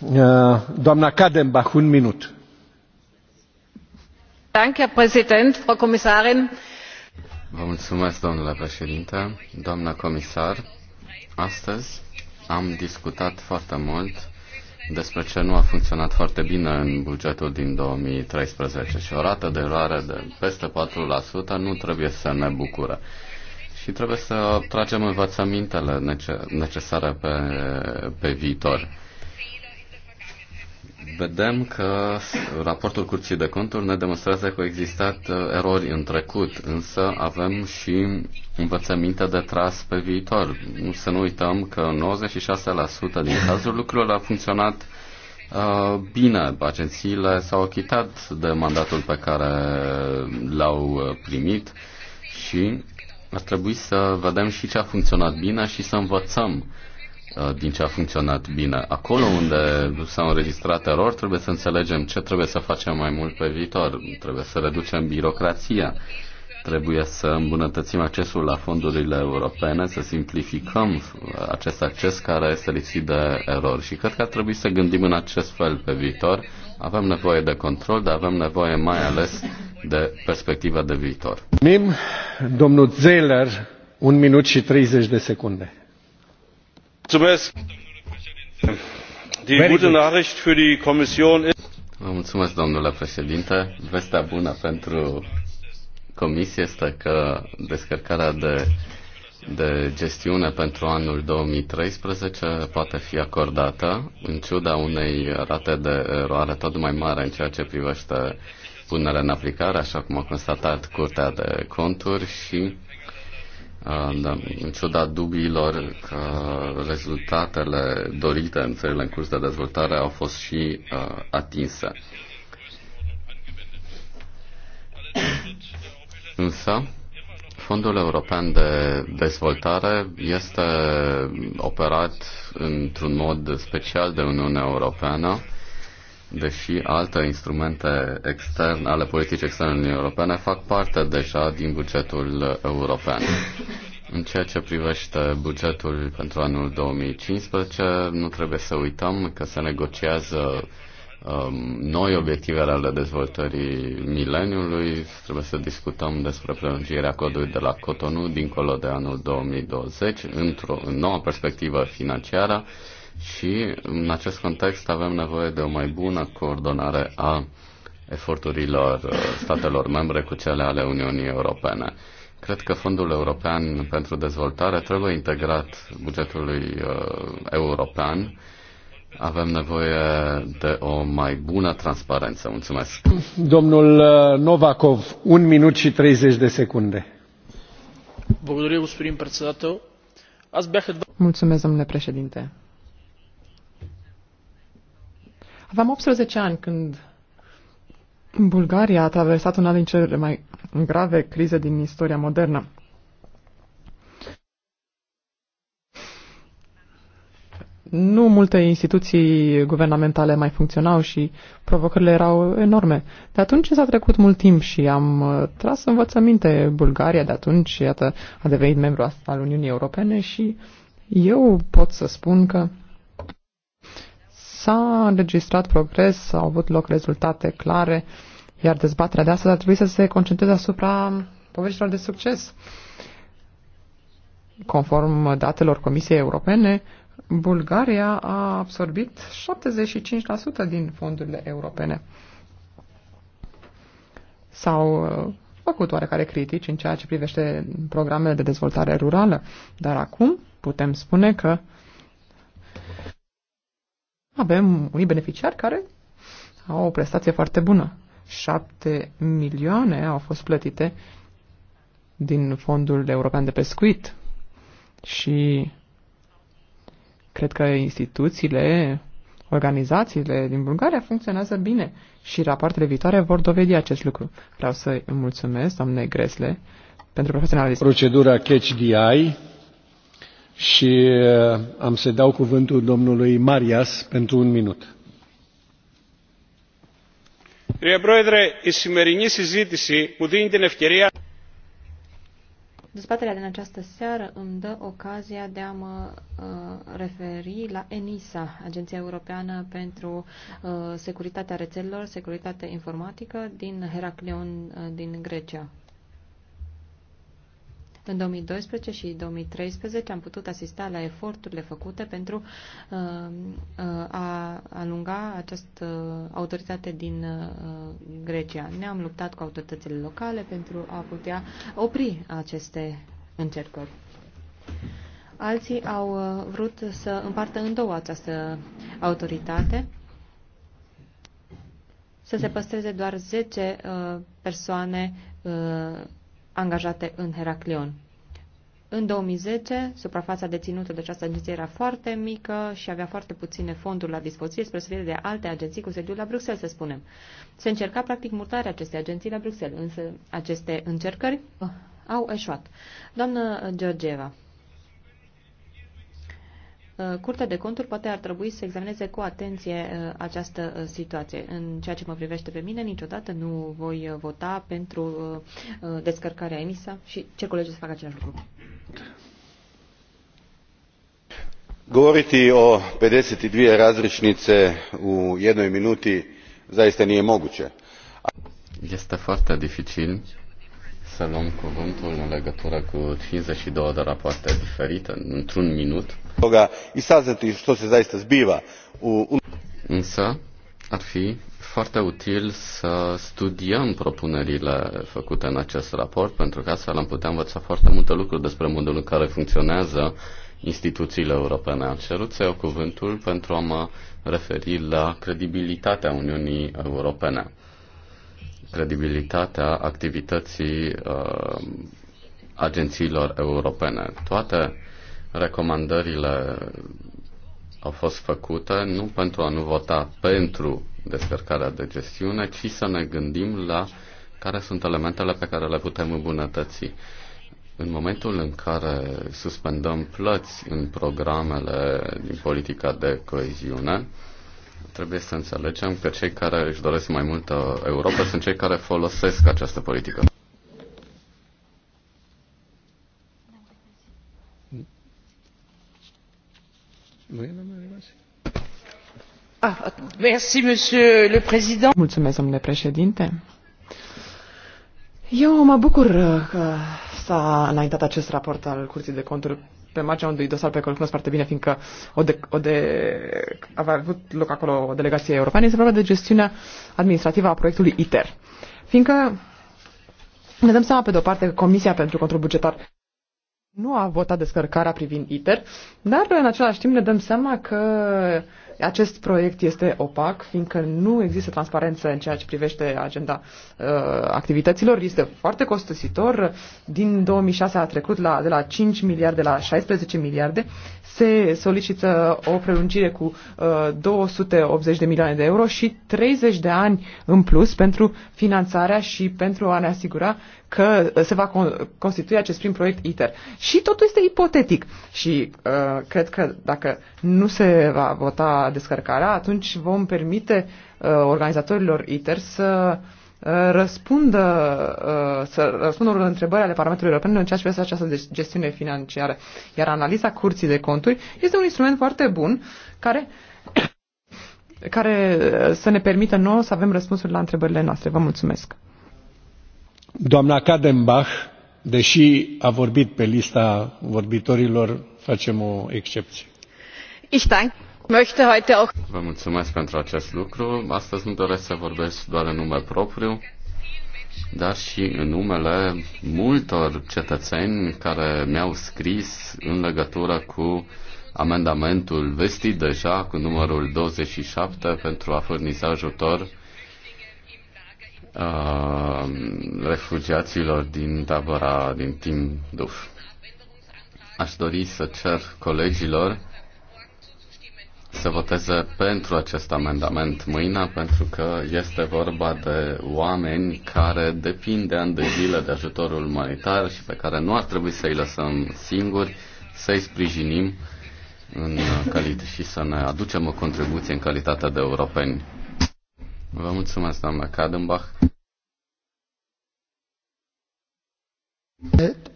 Uh, doamna kadenbach un minut. herr präsident frau kommissarin! Vă mulțumesc, domnule președinte, doamna comisar. Astăzi am discutat foarte mult despre ce nu a funcționat foarte bine în bugetul din 2013 și o rată de eroare de peste 4% nu trebuie să ne bucure. Și trebuie să tragem învățămintele necesare pe, pe viitor vedem că raportul Curții de Conturi ne demonstrează că au existat uh, erori în trecut, însă avem și învățăminte de tras pe viitor. Să nu uităm că 96% din cazul lucrurilor a funcționat uh, bine. Agențiile s-au achitat de mandatul pe care l-au uh, primit și ar trebui să vedem și ce a funcționat bine și să învățăm uh, Uh, din ce a funcționat bine. Acolo unde s-au înregistrat erori, trebuie să înțelegem ce trebuie să facem mai mult pe viitor. Trebuie să reducem birocrația, trebuie să îmbunătățim accesul la fondurile europene, să simplificăm uh, acest acces care este lipsit de erori. Și cred că ar trebui să gândim în acest fel pe viitor. Avem nevoie de control, dar avem nevoie mai ales de perspectiva de viitor. Mim, domnul Zeller, un minut și 30 de secunde Vă mulțumesc, domnule președinte. Vestea bună pentru comisie este că descărcarea de, de gestiune pentru anul 2013 poate fi acordată în ciuda unei rate de eroare tot mai mare în ceea ce privește punerea în aplicare, așa cum a constatat Curtea de Conturi și Uh, da, în ciuda dubiilor că rezultatele dorite în țările în curs de dezvoltare au fost și uh, atinse. Însă, Fondul European de Dezvoltare este operat într-un mod special de Uniunea Europeană deși alte instrumente externe ale politicii externe Uniunii Europene fac parte deja din bugetul european. În ceea ce privește bugetul pentru anul 2015, nu trebuie să uităm că se negociază um, noi obiective ale dezvoltării mileniului. Trebuie să discutăm despre prelungirea codului de la Cotonou dincolo de anul 2020 într-o nouă perspectivă financiară și în acest context avem nevoie de o mai bună coordonare a eforturilor uh, statelor membre cu cele ale Uniunii Europene. Cred că Fondul European pentru Dezvoltare trebuie integrat bugetului uh, european. Avem nevoie de o mai bună transparență. Mulțumesc. Domnul uh, Novakov, un minut și 30 de secunde. Mulțumesc, domnule președinte. Aveam 18 ani când Bulgaria a traversat una din cele mai grave crize din istoria modernă. Nu multe instituții guvernamentale mai funcționau și provocările erau enorme. De atunci s-a trecut mult timp și am uh, tras învățăminte. Bulgaria de atunci, iată, a devenit membru al Uniunii Europene și eu pot să spun că s-a înregistrat progres, au avut loc rezultate clare, iar dezbaterea de astăzi ar trebui să se concentreze asupra poveștilor de succes. Conform datelor Comisiei Europene, Bulgaria a absorbit 75% din fondurile europene. S-au uh, făcut oarecare critici în ceea ce privește programele de dezvoltare rurală, dar acum putem spune că uh, avem unii beneficiari care au o prestație foarte bună. 7 milioane au fost plătite din Fondul European de Pescuit și cred că instituțiile, organizațiile din Bulgaria funcționează bine și rapoartele viitoare vor dovedi acest lucru. Vreau să-i mulțumesc, doamne Gresle, pentru profesionalism. Procedura Catch the Eye și uh, am să dau cuvântul domnului Marias pentru un minut. Dezbaterea din această seară îmi dă ocazia de a mă uh, referi la ENISA, Agenția Europeană pentru uh, Securitatea Rețelelor, Securitatea Informatică din Heraclion uh, din Grecia. În 2012 și 2013 am putut asista la eforturile făcute pentru uh, uh, a alunga această autoritate din uh, Grecia. Ne-am luptat cu autoritățile locale pentru a putea opri aceste încercări. Alții au vrut să împartă în două această autoritate, să se păstreze doar 10 persoane angajate în Heraclion. În 2010, suprafața deținută de această agenție era foarte mică și avea foarte puține fonduri la dispoziție, spre osebire de alte agenții cu sediul la Bruxelles, să spunem. Se încerca practic mutarea acestei agenții la Bruxelles, însă aceste încercări oh, au eșuat. Doamnă Georgieva, Uh, Curtea de conturi poate ar trebui să examineze cu atenție uh, această uh, situație. În ceea ce mă privește pe mine, niciodată nu voi vota pentru descărcarea emisă și cer colegii să facă același lucru. Govoriti o 52 razrișnice u jednoj minuti zaista nije moguće. Este foarte dificil să luăm cuvântul în legătură cu 52 de rapoarte diferite într-un minut toga i saznati što se zaista zbiva u... Însă ar fi foarte util să studiem propunerile făcute în acest raport, pentru că astfel am putea învăța foarte multe lucruri despre modul în care funcționează instituțiile europene. Am cerut să iau cuvântul pentru a mă referi la credibilitatea Uniunii Europene, credibilitatea activității uh, agențiilor europene. Toate recomandările au fost făcute nu pentru a nu vota pentru descărcarea de gestiune, ci să ne gândim la care sunt elementele pe care le putem îmbunătăți. În momentul în care suspendăm plăți în programele din politica de coeziune, trebuie să înțelegem că cei care își doresc mai multă Europa sunt cei care folosesc această politică. Ah, Mulțumesc, domnule președinte. Eu mă bucur uh, că s-a înaintat acest raport al Curții de Conturi pe marginea unui dosar pe care îl cunosc foarte bine, fiindcă o de, o de, avea avut loc acolo o delegație europeană. Este vorba de gestiunea administrativă a proiectului ITER. Fiindcă ne dăm seama, pe de-o parte, că Comisia pentru Control Bugetar nu a votat descărcarea privind ITER, dar în același timp ne dăm seama că acest proiect este opac, fiindcă nu există transparență în ceea ce privește agenda uh, activităților. Este foarte costisitor. Din 2006 a trecut la, de la 5 miliarde la 16 miliarde se solicită o prelungire cu uh, 280 de milioane de euro și 30 de ani în plus pentru finanțarea și pentru a ne asigura că uh, se va con- constitui acest prim proiect ITER. Și totul este ipotetic și uh, cred că dacă nu se va vota descărcarea, atunci vom permite uh, organizatorilor ITER să uh, Uh, răspundă, uh, să răspundă unor întrebări ale parametrului European în ceea ce privește această gestiune financiară. Iar analiza curții de conturi este un instrument foarte bun care, care uh, să ne permită nouă să avem răspunsuri la întrebările noastre. Vă mulțumesc. Doamna Kadenbach, deși a vorbit pe lista vorbitorilor, facem o excepție. Ich danke Vă mulțumesc pentru acest lucru. Astăzi nu doresc să vorbesc doar în nume propriu, dar și în numele multor cetățeni care mi-au scris în legătură cu amendamentul vestit deja cu numărul 27 pentru a furniza ajutor a, uh, refugiaților din tabăra din Timduf. Aș dori să cer colegilor să voteze pentru acest amendament mâine, pentru că este vorba de oameni care depind de ani de zile de ajutorul umanitar și pe care nu ar trebui să-i lăsăm singuri, să-i sprijinim în calitate și să ne aducem o contribuție în calitate de europeni. Vă mulțumesc, doamna Kadenbach.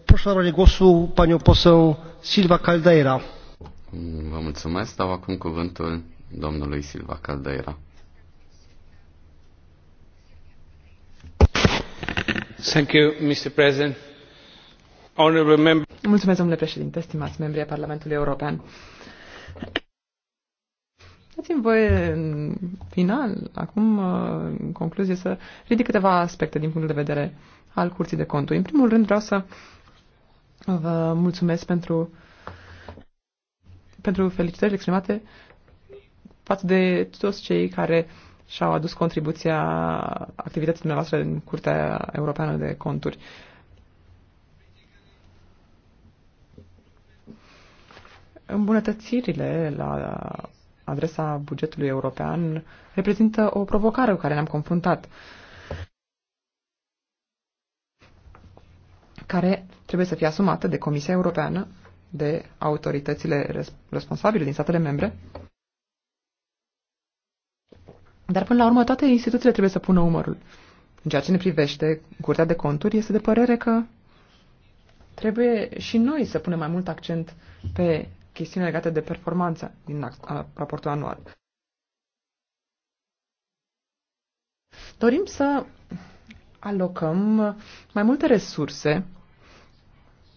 Proszę de gosu, paniu panią Silva Caldeira. Vă mulțumesc. Dau acum cuvântul domnului Silva Caldeira. Thank you, Mr. President. Mulțumesc, domnule președinte, stimați membri ai Parlamentului European. Dați-mi voie în final, acum, uh, în concluzie, să ridic câteva aspecte din punctul de vedere al Curții de Conturi. În primul rând vreau să vă mulțumesc pentru uh, pentru felicitările exprimate față de toți cei care și-au adus contribuția activității dumneavoastră în Curtea Europeană de Conturi. Îmbunătățirile la adresa bugetului european reprezintă o provocare cu care ne-am confruntat, care trebuie să fie asumată de Comisia Europeană de autoritățile responsabile din statele membre. Dar până la urmă toate instituțiile trebuie să pună umărul. În ceea ce ne privește, Curtea de Conturi este de părere că trebuie și noi să punem mai mult accent pe chestiuni legate de performanță din raportul anual. Dorim să alocăm mai multe resurse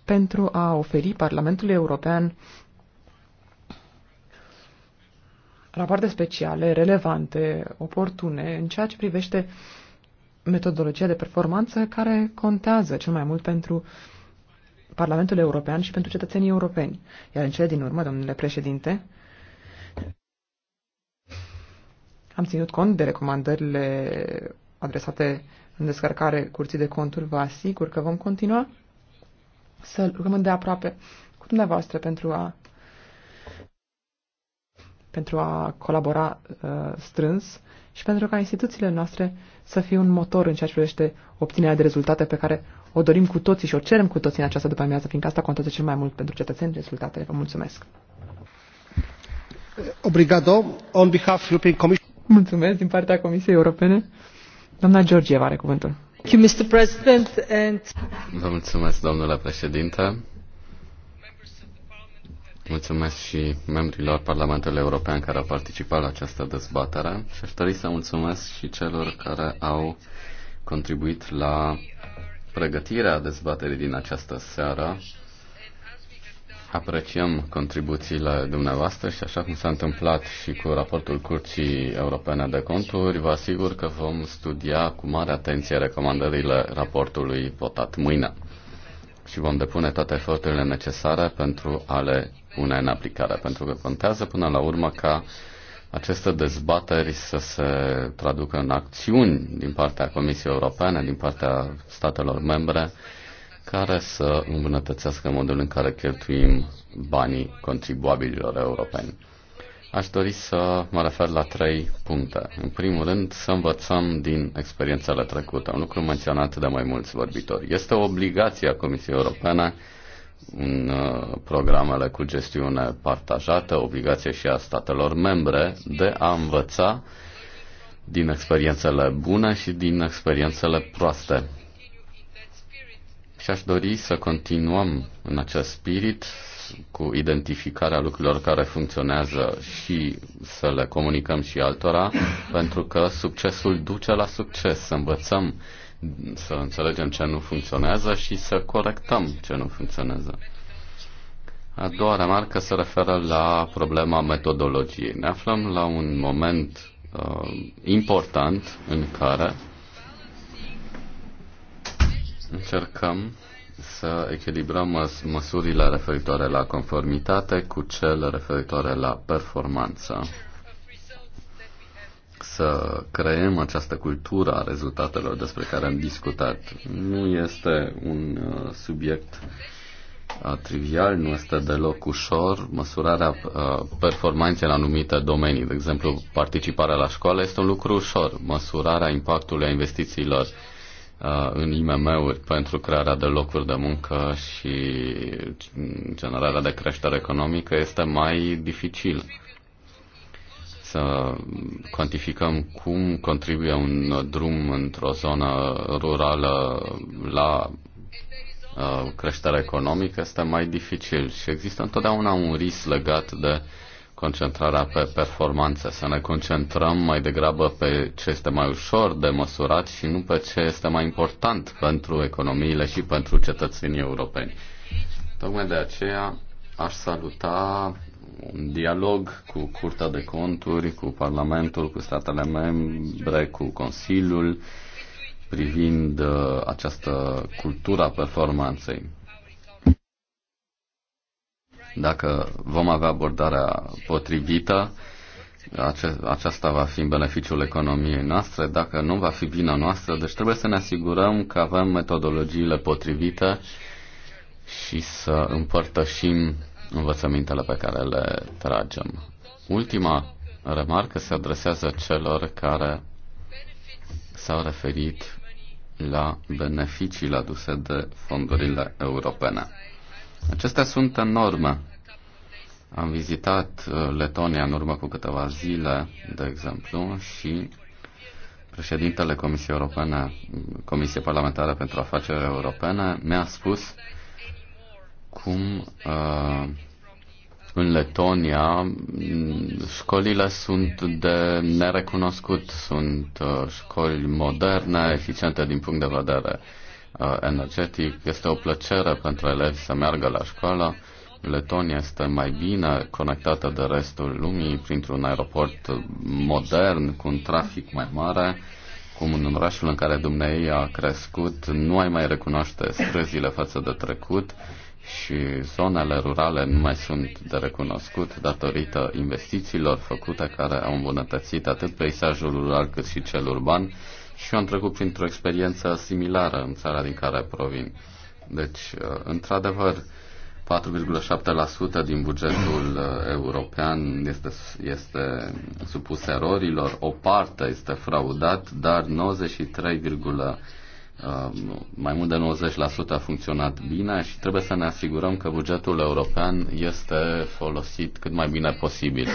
pentru a oferi Parlamentului European rapoarte speciale, relevante, oportune, în ceea ce privește metodologia de performanță care contează cel mai mult pentru Parlamentul European și pentru cetățenii europeni. Iar în cele din urmă, domnule președinte, am ținut cont de recomandările adresate în descărcare curții de conturi. Vă asigur că vom continua să lucrăm de aproape cu dumneavoastră pentru a pentru a colabora uh, strâns și pentru ca instituțiile noastre să fie un motor în ceea ce privește obținerea de rezultate pe care o dorim cu toții și o cerem cu toții în această după amiază, fiindcă asta contează cel mai mult pentru cetățeni rezultatele. Vă mulțumesc! Obrigado. On behalf European Commission. Mulțumesc din partea Comisiei Europene. Doamna Georgieva are cuvântul mulțumesc, domnule președinte. Mulțumesc și membrilor Parlamentului European care au participat la această dezbatere și aș dori să mulțumesc și celor care au contribuit la pregătirea dezbaterii din această seară Apreciem contribuțiile dumneavoastră și așa cum s-a întâmplat și cu raportul Curții Europene de Conturi, vă asigur că vom studia cu mare atenție recomandările raportului votat mâine și vom depune toate eforturile necesare pentru a le pune în aplicare, pentru că contează până la urmă ca aceste dezbateri să se traducă în acțiuni din partea Comisiei Europene, din partea statelor membre, care să îmbunătățească modul în care cheltuim banii contribuabililor europeni. Aș dori să mă refer la trei puncte. În primul rând, să învățăm din experiențele trecute, un lucru menționat de mai mulți vorbitori. Este o obligație a Comisiei Europene în uh, programele cu gestiune partajată, obligație și a statelor membre de a învăța din experiențele bune și din experiențele proaste și aș dori să continuăm în acest spirit cu identificarea lucrurilor care funcționează și să le comunicăm și altora, pentru că succesul duce la succes, să învățăm, să înțelegem ce nu funcționează și să corectăm ce nu funcționează. A doua remarcă se referă la problema metodologiei. Ne aflăm la un moment uh, important în care Încercăm să echilibrăm măs- măsurile referitoare la conformitate cu cele referitoare la performanță. Să creăm această cultură a rezultatelor despre care am discutat. Nu este un uh, subiect uh, trivial, nu este deloc ușor. Măsurarea uh, performanței la anumite domenii, de exemplu participarea la școală, este un lucru ușor. Măsurarea impactului a investițiilor Uh, în IMM-uri pentru crearea de locuri de muncă și generarea de creștere economică este mai dificil să cuantificăm cum contribuie un drum într-o zonă rurală la uh, creșterea economică este mai dificil și există întotdeauna un risc legat de concentrarea pe performanță, să ne concentrăm mai degrabă pe ce este mai ușor de măsurat și nu pe ce este mai important pentru economiile și pentru cetățenii europeni. Tocmai de aceea aș saluta un dialog cu Curtea de Conturi, cu Parlamentul, cu statele membre, cu Consiliul privind uh, această cultură a performanței dacă vom avea abordarea potrivită, aceasta va fi în beneficiul economiei noastre, dacă nu va fi vina noastră, deci trebuie să ne asigurăm că avem metodologiile potrivite și să împărtășim învățămintele pe care le tragem. Ultima remarcă se adresează celor care s-au referit la beneficiile aduse de fondurile europene. Acestea sunt enorme. Am vizitat uh, Letonia în urmă cu câteva zile, de exemplu, și președintele Comisiei Europene, Comisie Parlamentară pentru Afaceri Europene, mi-a spus cum uh, în Letonia mm, școlile sunt de nerecunoscut, sunt uh, școli moderne, eficiente din punct de vedere uh, Uh, energetic. Este o plăcere pentru elevi să meargă la școală. Letonia este mai bine conectată de restul lumii printr-un aeroport modern, cu un trafic mai mare, cum în orașul în care dumnei a crescut, nu ai mai recunoaște străzile față de trecut și zonele rurale nu mai sunt de recunoscut datorită investițiilor făcute care au îmbunătățit atât peisajul rural cât și cel urban și eu am trecut printr-o experiență similară în țara din care provin. Deci, uh, într-adevăr, 4,7% din bugetul uh, european este, este supus erorilor, o parte este fraudat, dar 93, uh, mai mult de 90% a funcționat bine și trebuie să ne asigurăm că bugetul european este folosit cât mai bine posibil.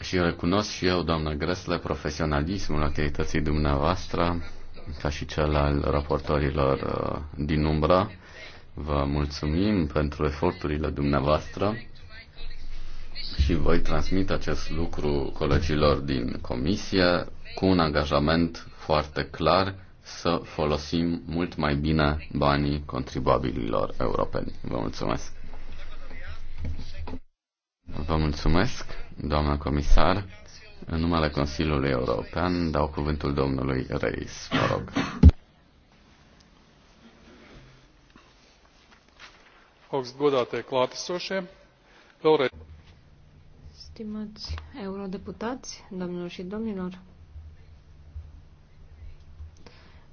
Și recunosc și eu, doamnă Gresle, profesionalismul activității dumneavoastră, ca și cel al raportorilor uh, din umbră. Vă mulțumim pentru eforturile dumneavoastră și voi transmite acest lucru colegilor din comisie cu un angajament foarte clar să folosim mult mai bine banii contribuabililor europeni. Vă mulțumesc! Vă mulțumesc! doamnă comisar. În numele Consiliului European dau cuvântul domnului Reis. Mă rog. Stimați eurodeputați, domnilor și domnilor,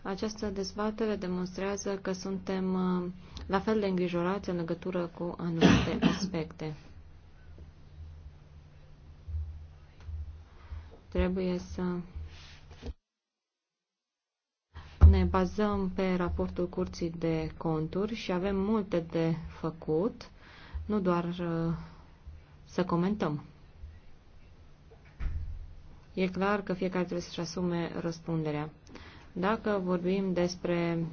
această dezbatere demonstrează că suntem uh, la fel de îngrijorați în legătură cu anumite aspecte. Trebuie să ne bazăm pe raportul Curții de Conturi și avem multe de făcut, nu doar uh, să comentăm. E clar că fiecare trebuie să-și asume răspunderea. Dacă vorbim despre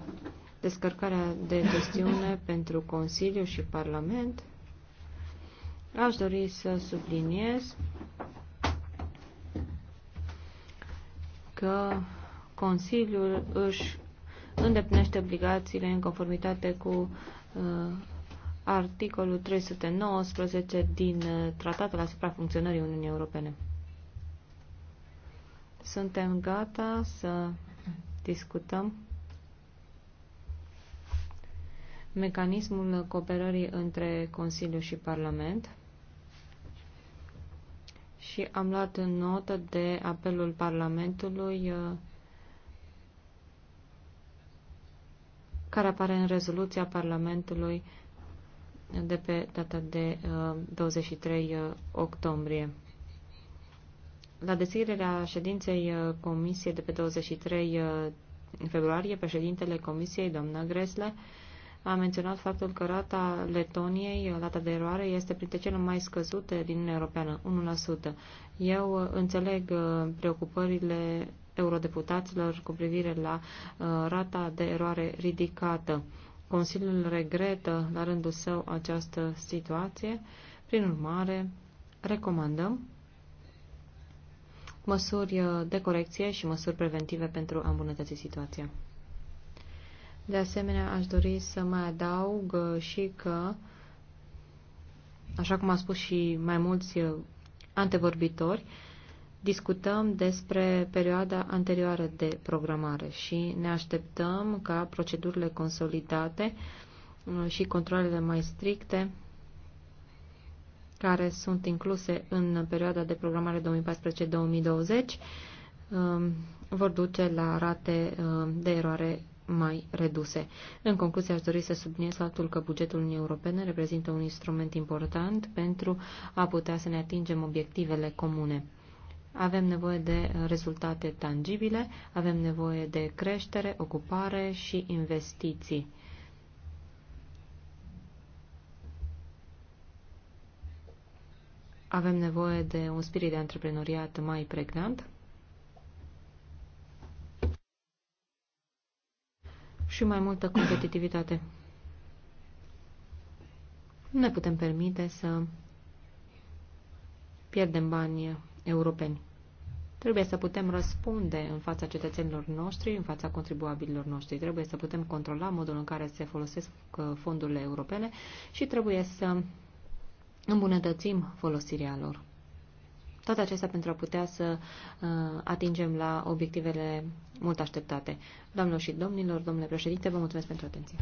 descărcarea de gestiune pentru Consiliu și Parlament, aș dori să subliniez că Consiliul își îndeplinește obligațiile în conformitate cu uh, articolul 319 din uh, Tratatul asupra funcționării Uniunii Europene. Suntem gata să discutăm mecanismul cooperării între Consiliu și Parlament și am luat în notă de apelul Parlamentului uh, care apare în rezoluția Parlamentului de pe data de 23 uh, uh, octombrie. La deschiderea ședinței Comisiei de pe 23 februarie, președintele Comisiei, doamna Gresle, a menționat faptul că rata Letoniei, rata de eroare, este printre cele mai scăzute din Uniunea Europeană, 1%. Eu uh, înțeleg uh, preocupările eurodeputaților cu privire la uh, rata de eroare ridicată. Consiliul regretă la rândul său această situație. Prin urmare, recomandăm măsuri de corecție și măsuri preventive pentru a îmbunătăți situația. De asemenea, aș dori să mai adaug uh, și că, așa cum a spus și mai mulți uh, antevorbitori, discutăm despre perioada anterioară de programare și ne așteptăm ca procedurile consolidate uh, și controlele mai stricte care sunt incluse în perioada de programare 2014-2020 um, vor duce la rate um, de eroare mai reduse. În concluzie, aș dori să subliniez faptul că bugetul Uniunii Europene reprezintă un instrument important pentru a putea să ne atingem obiectivele comune. Avem nevoie de rezultate tangibile, avem nevoie de creștere, ocupare și investiții. Avem nevoie de un spirit de antreprenoriat mai pregnant și mai multă competitivitate. Nu ne putem permite să pierdem bani europeni. Trebuie să putem răspunde în fața cetățenilor noștri, în fața contribuabililor noștri. Trebuie să putem controla modul în care se folosesc uh, fondurile europene și trebuie să îmbunătățim folosirea lor. Toate acestea pentru a putea să uh, atingem la obiectivele mult așteptate. Doamnelor și domnilor, domnule președinte, vă mulțumesc pentru atenție.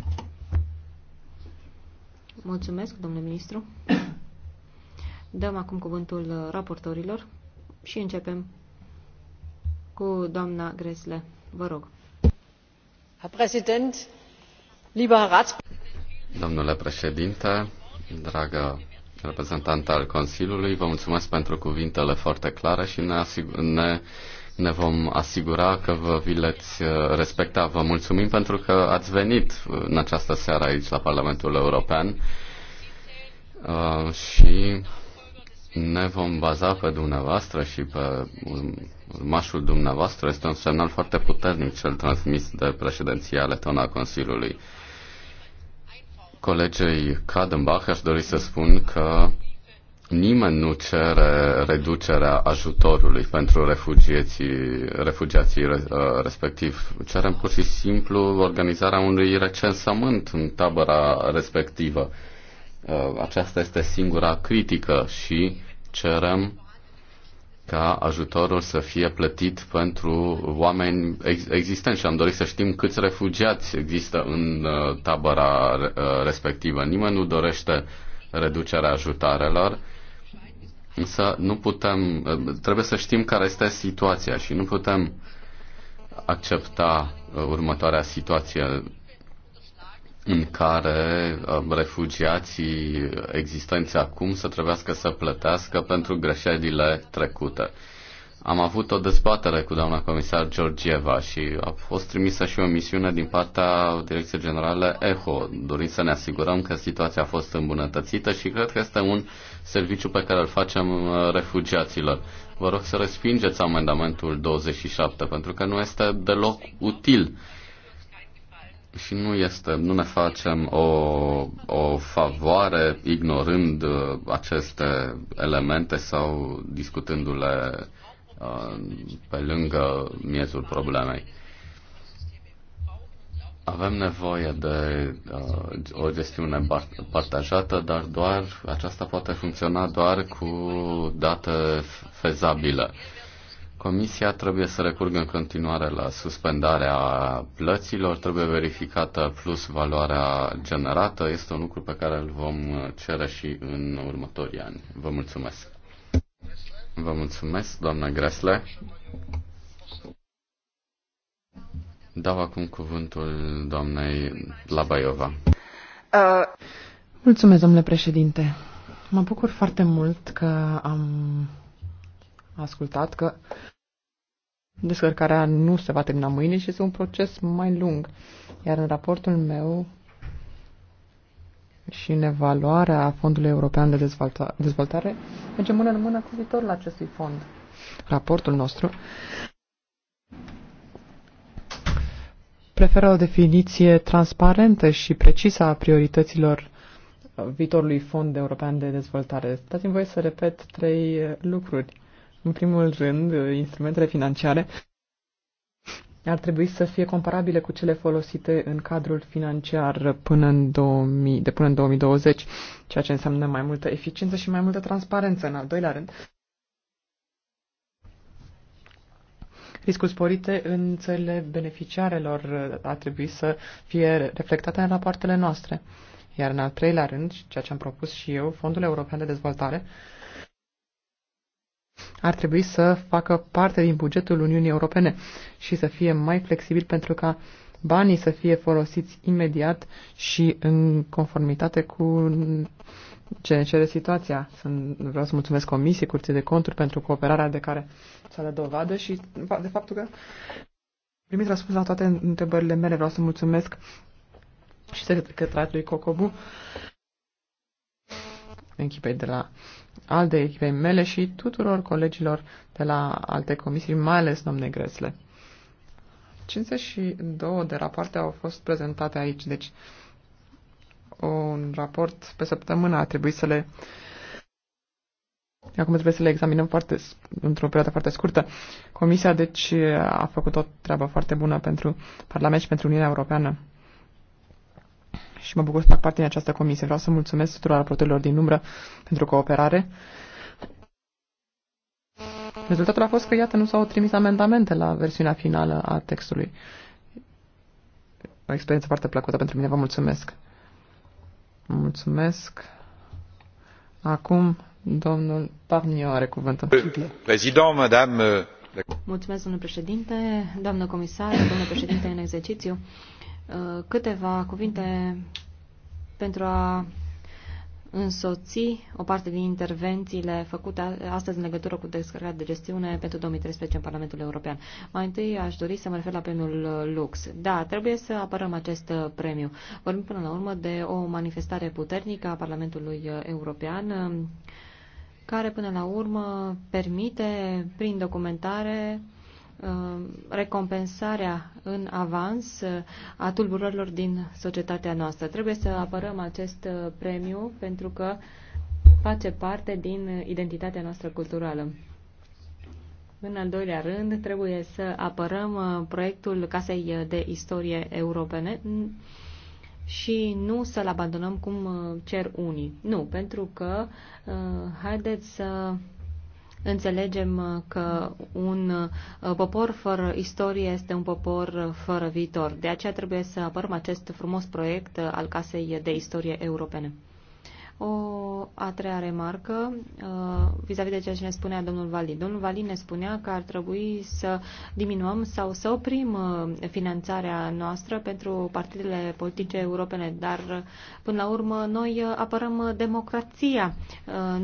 Mulțumesc, domnule ministru. Dăm acum cuvântul raportorilor și începem cu doamna Gresle. Vă rog. Domnule președinte, dragă reprezentant al Consiliului, vă mulțumesc pentru cuvintele foarte clare și ne, ne, ne vom asigura că vă vi leți uh, respecta. Vă mulțumim pentru că ați venit în această seară aici la Parlamentul European uh, și ne vom baza pe dumneavoastră și pe urmașul dumneavoastră. Este un semnal foarte puternic cel transmis de președinția letona a Consiliului colegei Kadenbach aș dori să spun că nimeni nu cere reducerea ajutorului pentru refugiații, refugiații uh, respectiv. Cerem pur și simplu organizarea unui recensământ în tabăra respectivă. Uh, aceasta este singura critică și cerem ca ajutorul să fie plătit pentru oameni existenți și am dorit să știm câți refugiați există în uh, tabăra uh, respectivă. Nimeni nu dorește reducerea ajutarelor, însă nu putem, uh, trebuie să știm care este situația și nu putem accepta următoarea situație în care um, refugiații existenți acum să trebuiască să plătească pentru greșelile trecute. Am avut o dezbatere cu doamna comisar Georgieva și a fost trimisă și o misiune din partea Direcției Generale EHO, dorind să ne asigurăm că situația a fost îmbunătățită și cred că este un serviciu pe care îl facem uh, refugiaților. Vă rog să respingeți amendamentul 27 pentru că nu este deloc util și nu este, nu ne facem o, o favoare ignorând uh, aceste elemente sau discutându-le uh, pe lângă miezul problemei. Avem nevoie de uh, o gestiune partajată, dar doar aceasta poate funcționa doar cu date fezabile. Uh, Comisia trebuie să recurgă în continuare la suspendarea plăților, trebuie verificată plus valoarea generată. Este un lucru pe care îl vom cere și în următorii ani. Vă mulțumesc. Vă mulțumesc, doamna Gresle. Dau acum cuvântul doamnei Labaiova. Mulțumesc, domnule președinte. Mă bucur foarte mult că am ascultat că Descărcarea nu se va termina mâine și este un proces mai lung. Iar în raportul meu și în evaluarea Fondului European de Dezvolta Dezvoltare, mergem mână în mână cu viitorul acestui fond. Raportul nostru preferă o definiție transparentă și precisă a priorităților viitorului Fond European de Dezvoltare. Dați-mi voie să repet trei lucruri. În primul rând, uh, instrumentele financiare ar trebui să fie comparabile cu cele folosite în cadrul financiar până în 2000, de până în 2020, ceea ce înseamnă mai multă eficiență și mai multă transparență. În al doilea rând, riscul sporite în țările beneficiarelor uh, ar trebui să fie reflectate în rapoartele noastre. Iar în al treilea rând, ceea ce am propus și eu, Fondul European de Dezvoltare ar trebui să facă parte din bugetul Uniunii Europene și să fie mai flexibil pentru ca banii să fie folosiți imediat și în conformitate cu ce ne cere situația. Sunt, vreau să mulțumesc Comisiei, Curții de Conturi pentru cooperarea de care s-a dat dovadă și de faptul că primit răspuns la toate întrebările mele. Vreau să mulțumesc și secretariatului Cocobu, echipei de la alte echipei mele și tuturor colegilor de la alte comisii, mai ales domne Gresle. 52 de rapoarte au fost prezentate aici, deci un raport pe săptămână a trebuit să le Acum trebuie să le examinăm foarte, într-o perioadă foarte scurtă. Comisia, deci, a făcut o treabă foarte bună pentru Parlament și pentru Uniunea Europeană și mă bucur să fac parte din această comisie. Vreau să mulțumesc tuturor raportorilor din umbră pentru cooperare. Rezultatul a fost că, iată, nu s-au trimis amendamente la versiunea finală a textului. O experiență foarte plăcută pentru mine. Vă mulțumesc. Mulțumesc. Acum, domnul Pavnio are cuvântul. Prezident, madame... Mulțumesc, domnule președinte, doamnă comisar, domnule președinte în exercițiu. Uh, câteva cuvinte pentru a însoți o parte din intervențiile făcute astăzi în legătură cu descărcarea de gestiune pentru 2013 în Parlamentul European. Mai întâi aș dori să mă refer la premiul Lux. Da, trebuie să apărăm acest premiu. Vorbim până la urmă de o manifestare puternică a Parlamentului European care până la urmă permite, prin documentare, Um, recompensarea în avans uh, a tulburărilor din societatea noastră. Trebuie să apărăm acest uh, premiu pentru că face parte din identitatea noastră culturală. În al doilea rând, trebuie să apărăm uh, proiectul Casei de Istorie Europene și nu să-l abandonăm cum cer unii. Nu, pentru că haideți să înțelegem uh, că un uh, popor fără istorie este un popor uh, fără viitor. De aceea trebuie să apărăm acest frumos proiect al Casei de Istorie Europene. O a treia remarcă uh, vis-a-vis -vis de ceea ce ne spunea domnul Vali. Domnul Vali ne spunea că ar trebui să diminuăm sau să oprim uh, finanțarea noastră pentru partidele politice europene, dar uh, până la urmă noi apărăm democrația.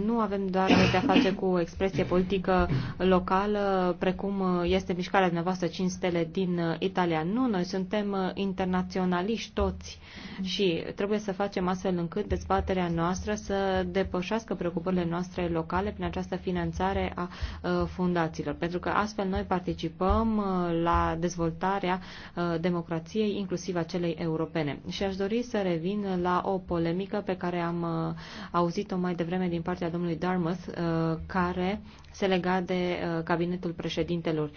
Nu avem doar de a face cu expresie politică locală, precum este mișcarea dumneavoastră 5 stele din Italia. Nu, noi suntem internaționaliști toți și trebuie să facem astfel încât dezbaterea noastră noastră să depășească preocupările noastre locale prin această finanțare a uh, fundațiilor, pentru că astfel noi participăm uh, la dezvoltarea uh, democrației, inclusiv a celei europene. Și aș dori să revin la o polemică pe care am auzit-o mai devreme din partea domnului Dartmouth, care se lega de cabinetul președintelor.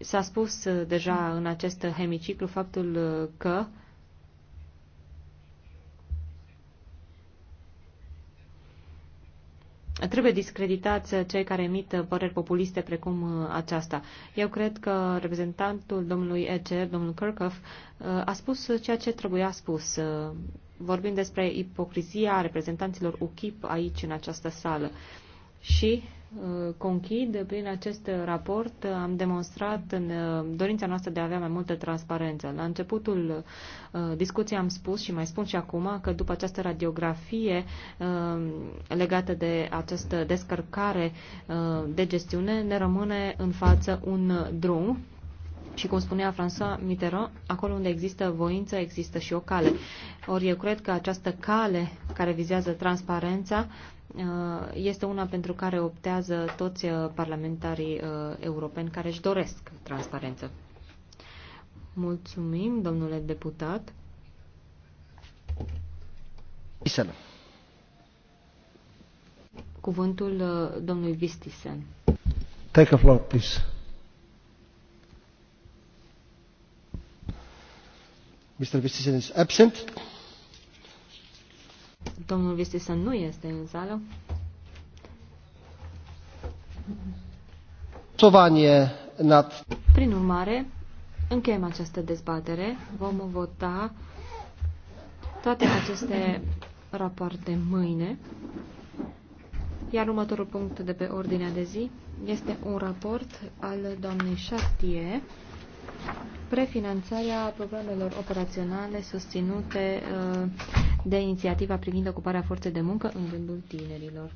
S-a spus deja în acest hemiciclu faptul că trebuie discreditați cei care emit păreri populiste precum uh, aceasta. Eu cred că reprezentantul domnului Eger, domnul Kirchhoff, uh, a spus ceea ce trebuia spus. Uh, Vorbim despre ipocrizia reprezentanților UKIP aici, în această sală. Și Uh, conchid, prin acest raport am demonstrat în uh, dorința noastră de a avea mai multă transparență. La începutul uh, discuției am spus și mai spun și acum că după această radiografie legată de această descărcare de gestiune ne rămâne în față un drum și cum spunea François Mitterrand, acolo unde există voință, există și o cale. Ori eu cred că această cale care vizează transparența Uh, este una pentru care optează toți uh, parlamentarii uh, europeni care își doresc transparență. Mulțumim, domnule deputat. Isela. Cuvântul domnului Vistisen. Take a floor, please. Mr. Vistisen is absent. Domnul să nu este în sală. Sovanie, nat. Prin urmare, încheiem această dezbatere. Vom vota toate aceste rapoarte mâine. Iar următorul punct de pe ordinea de zi este un raport al doamnei Chartier prefinanțarea programelor operaționale susținute uh, de inițiativa privind ocuparea forței de muncă în rândul tinerilor.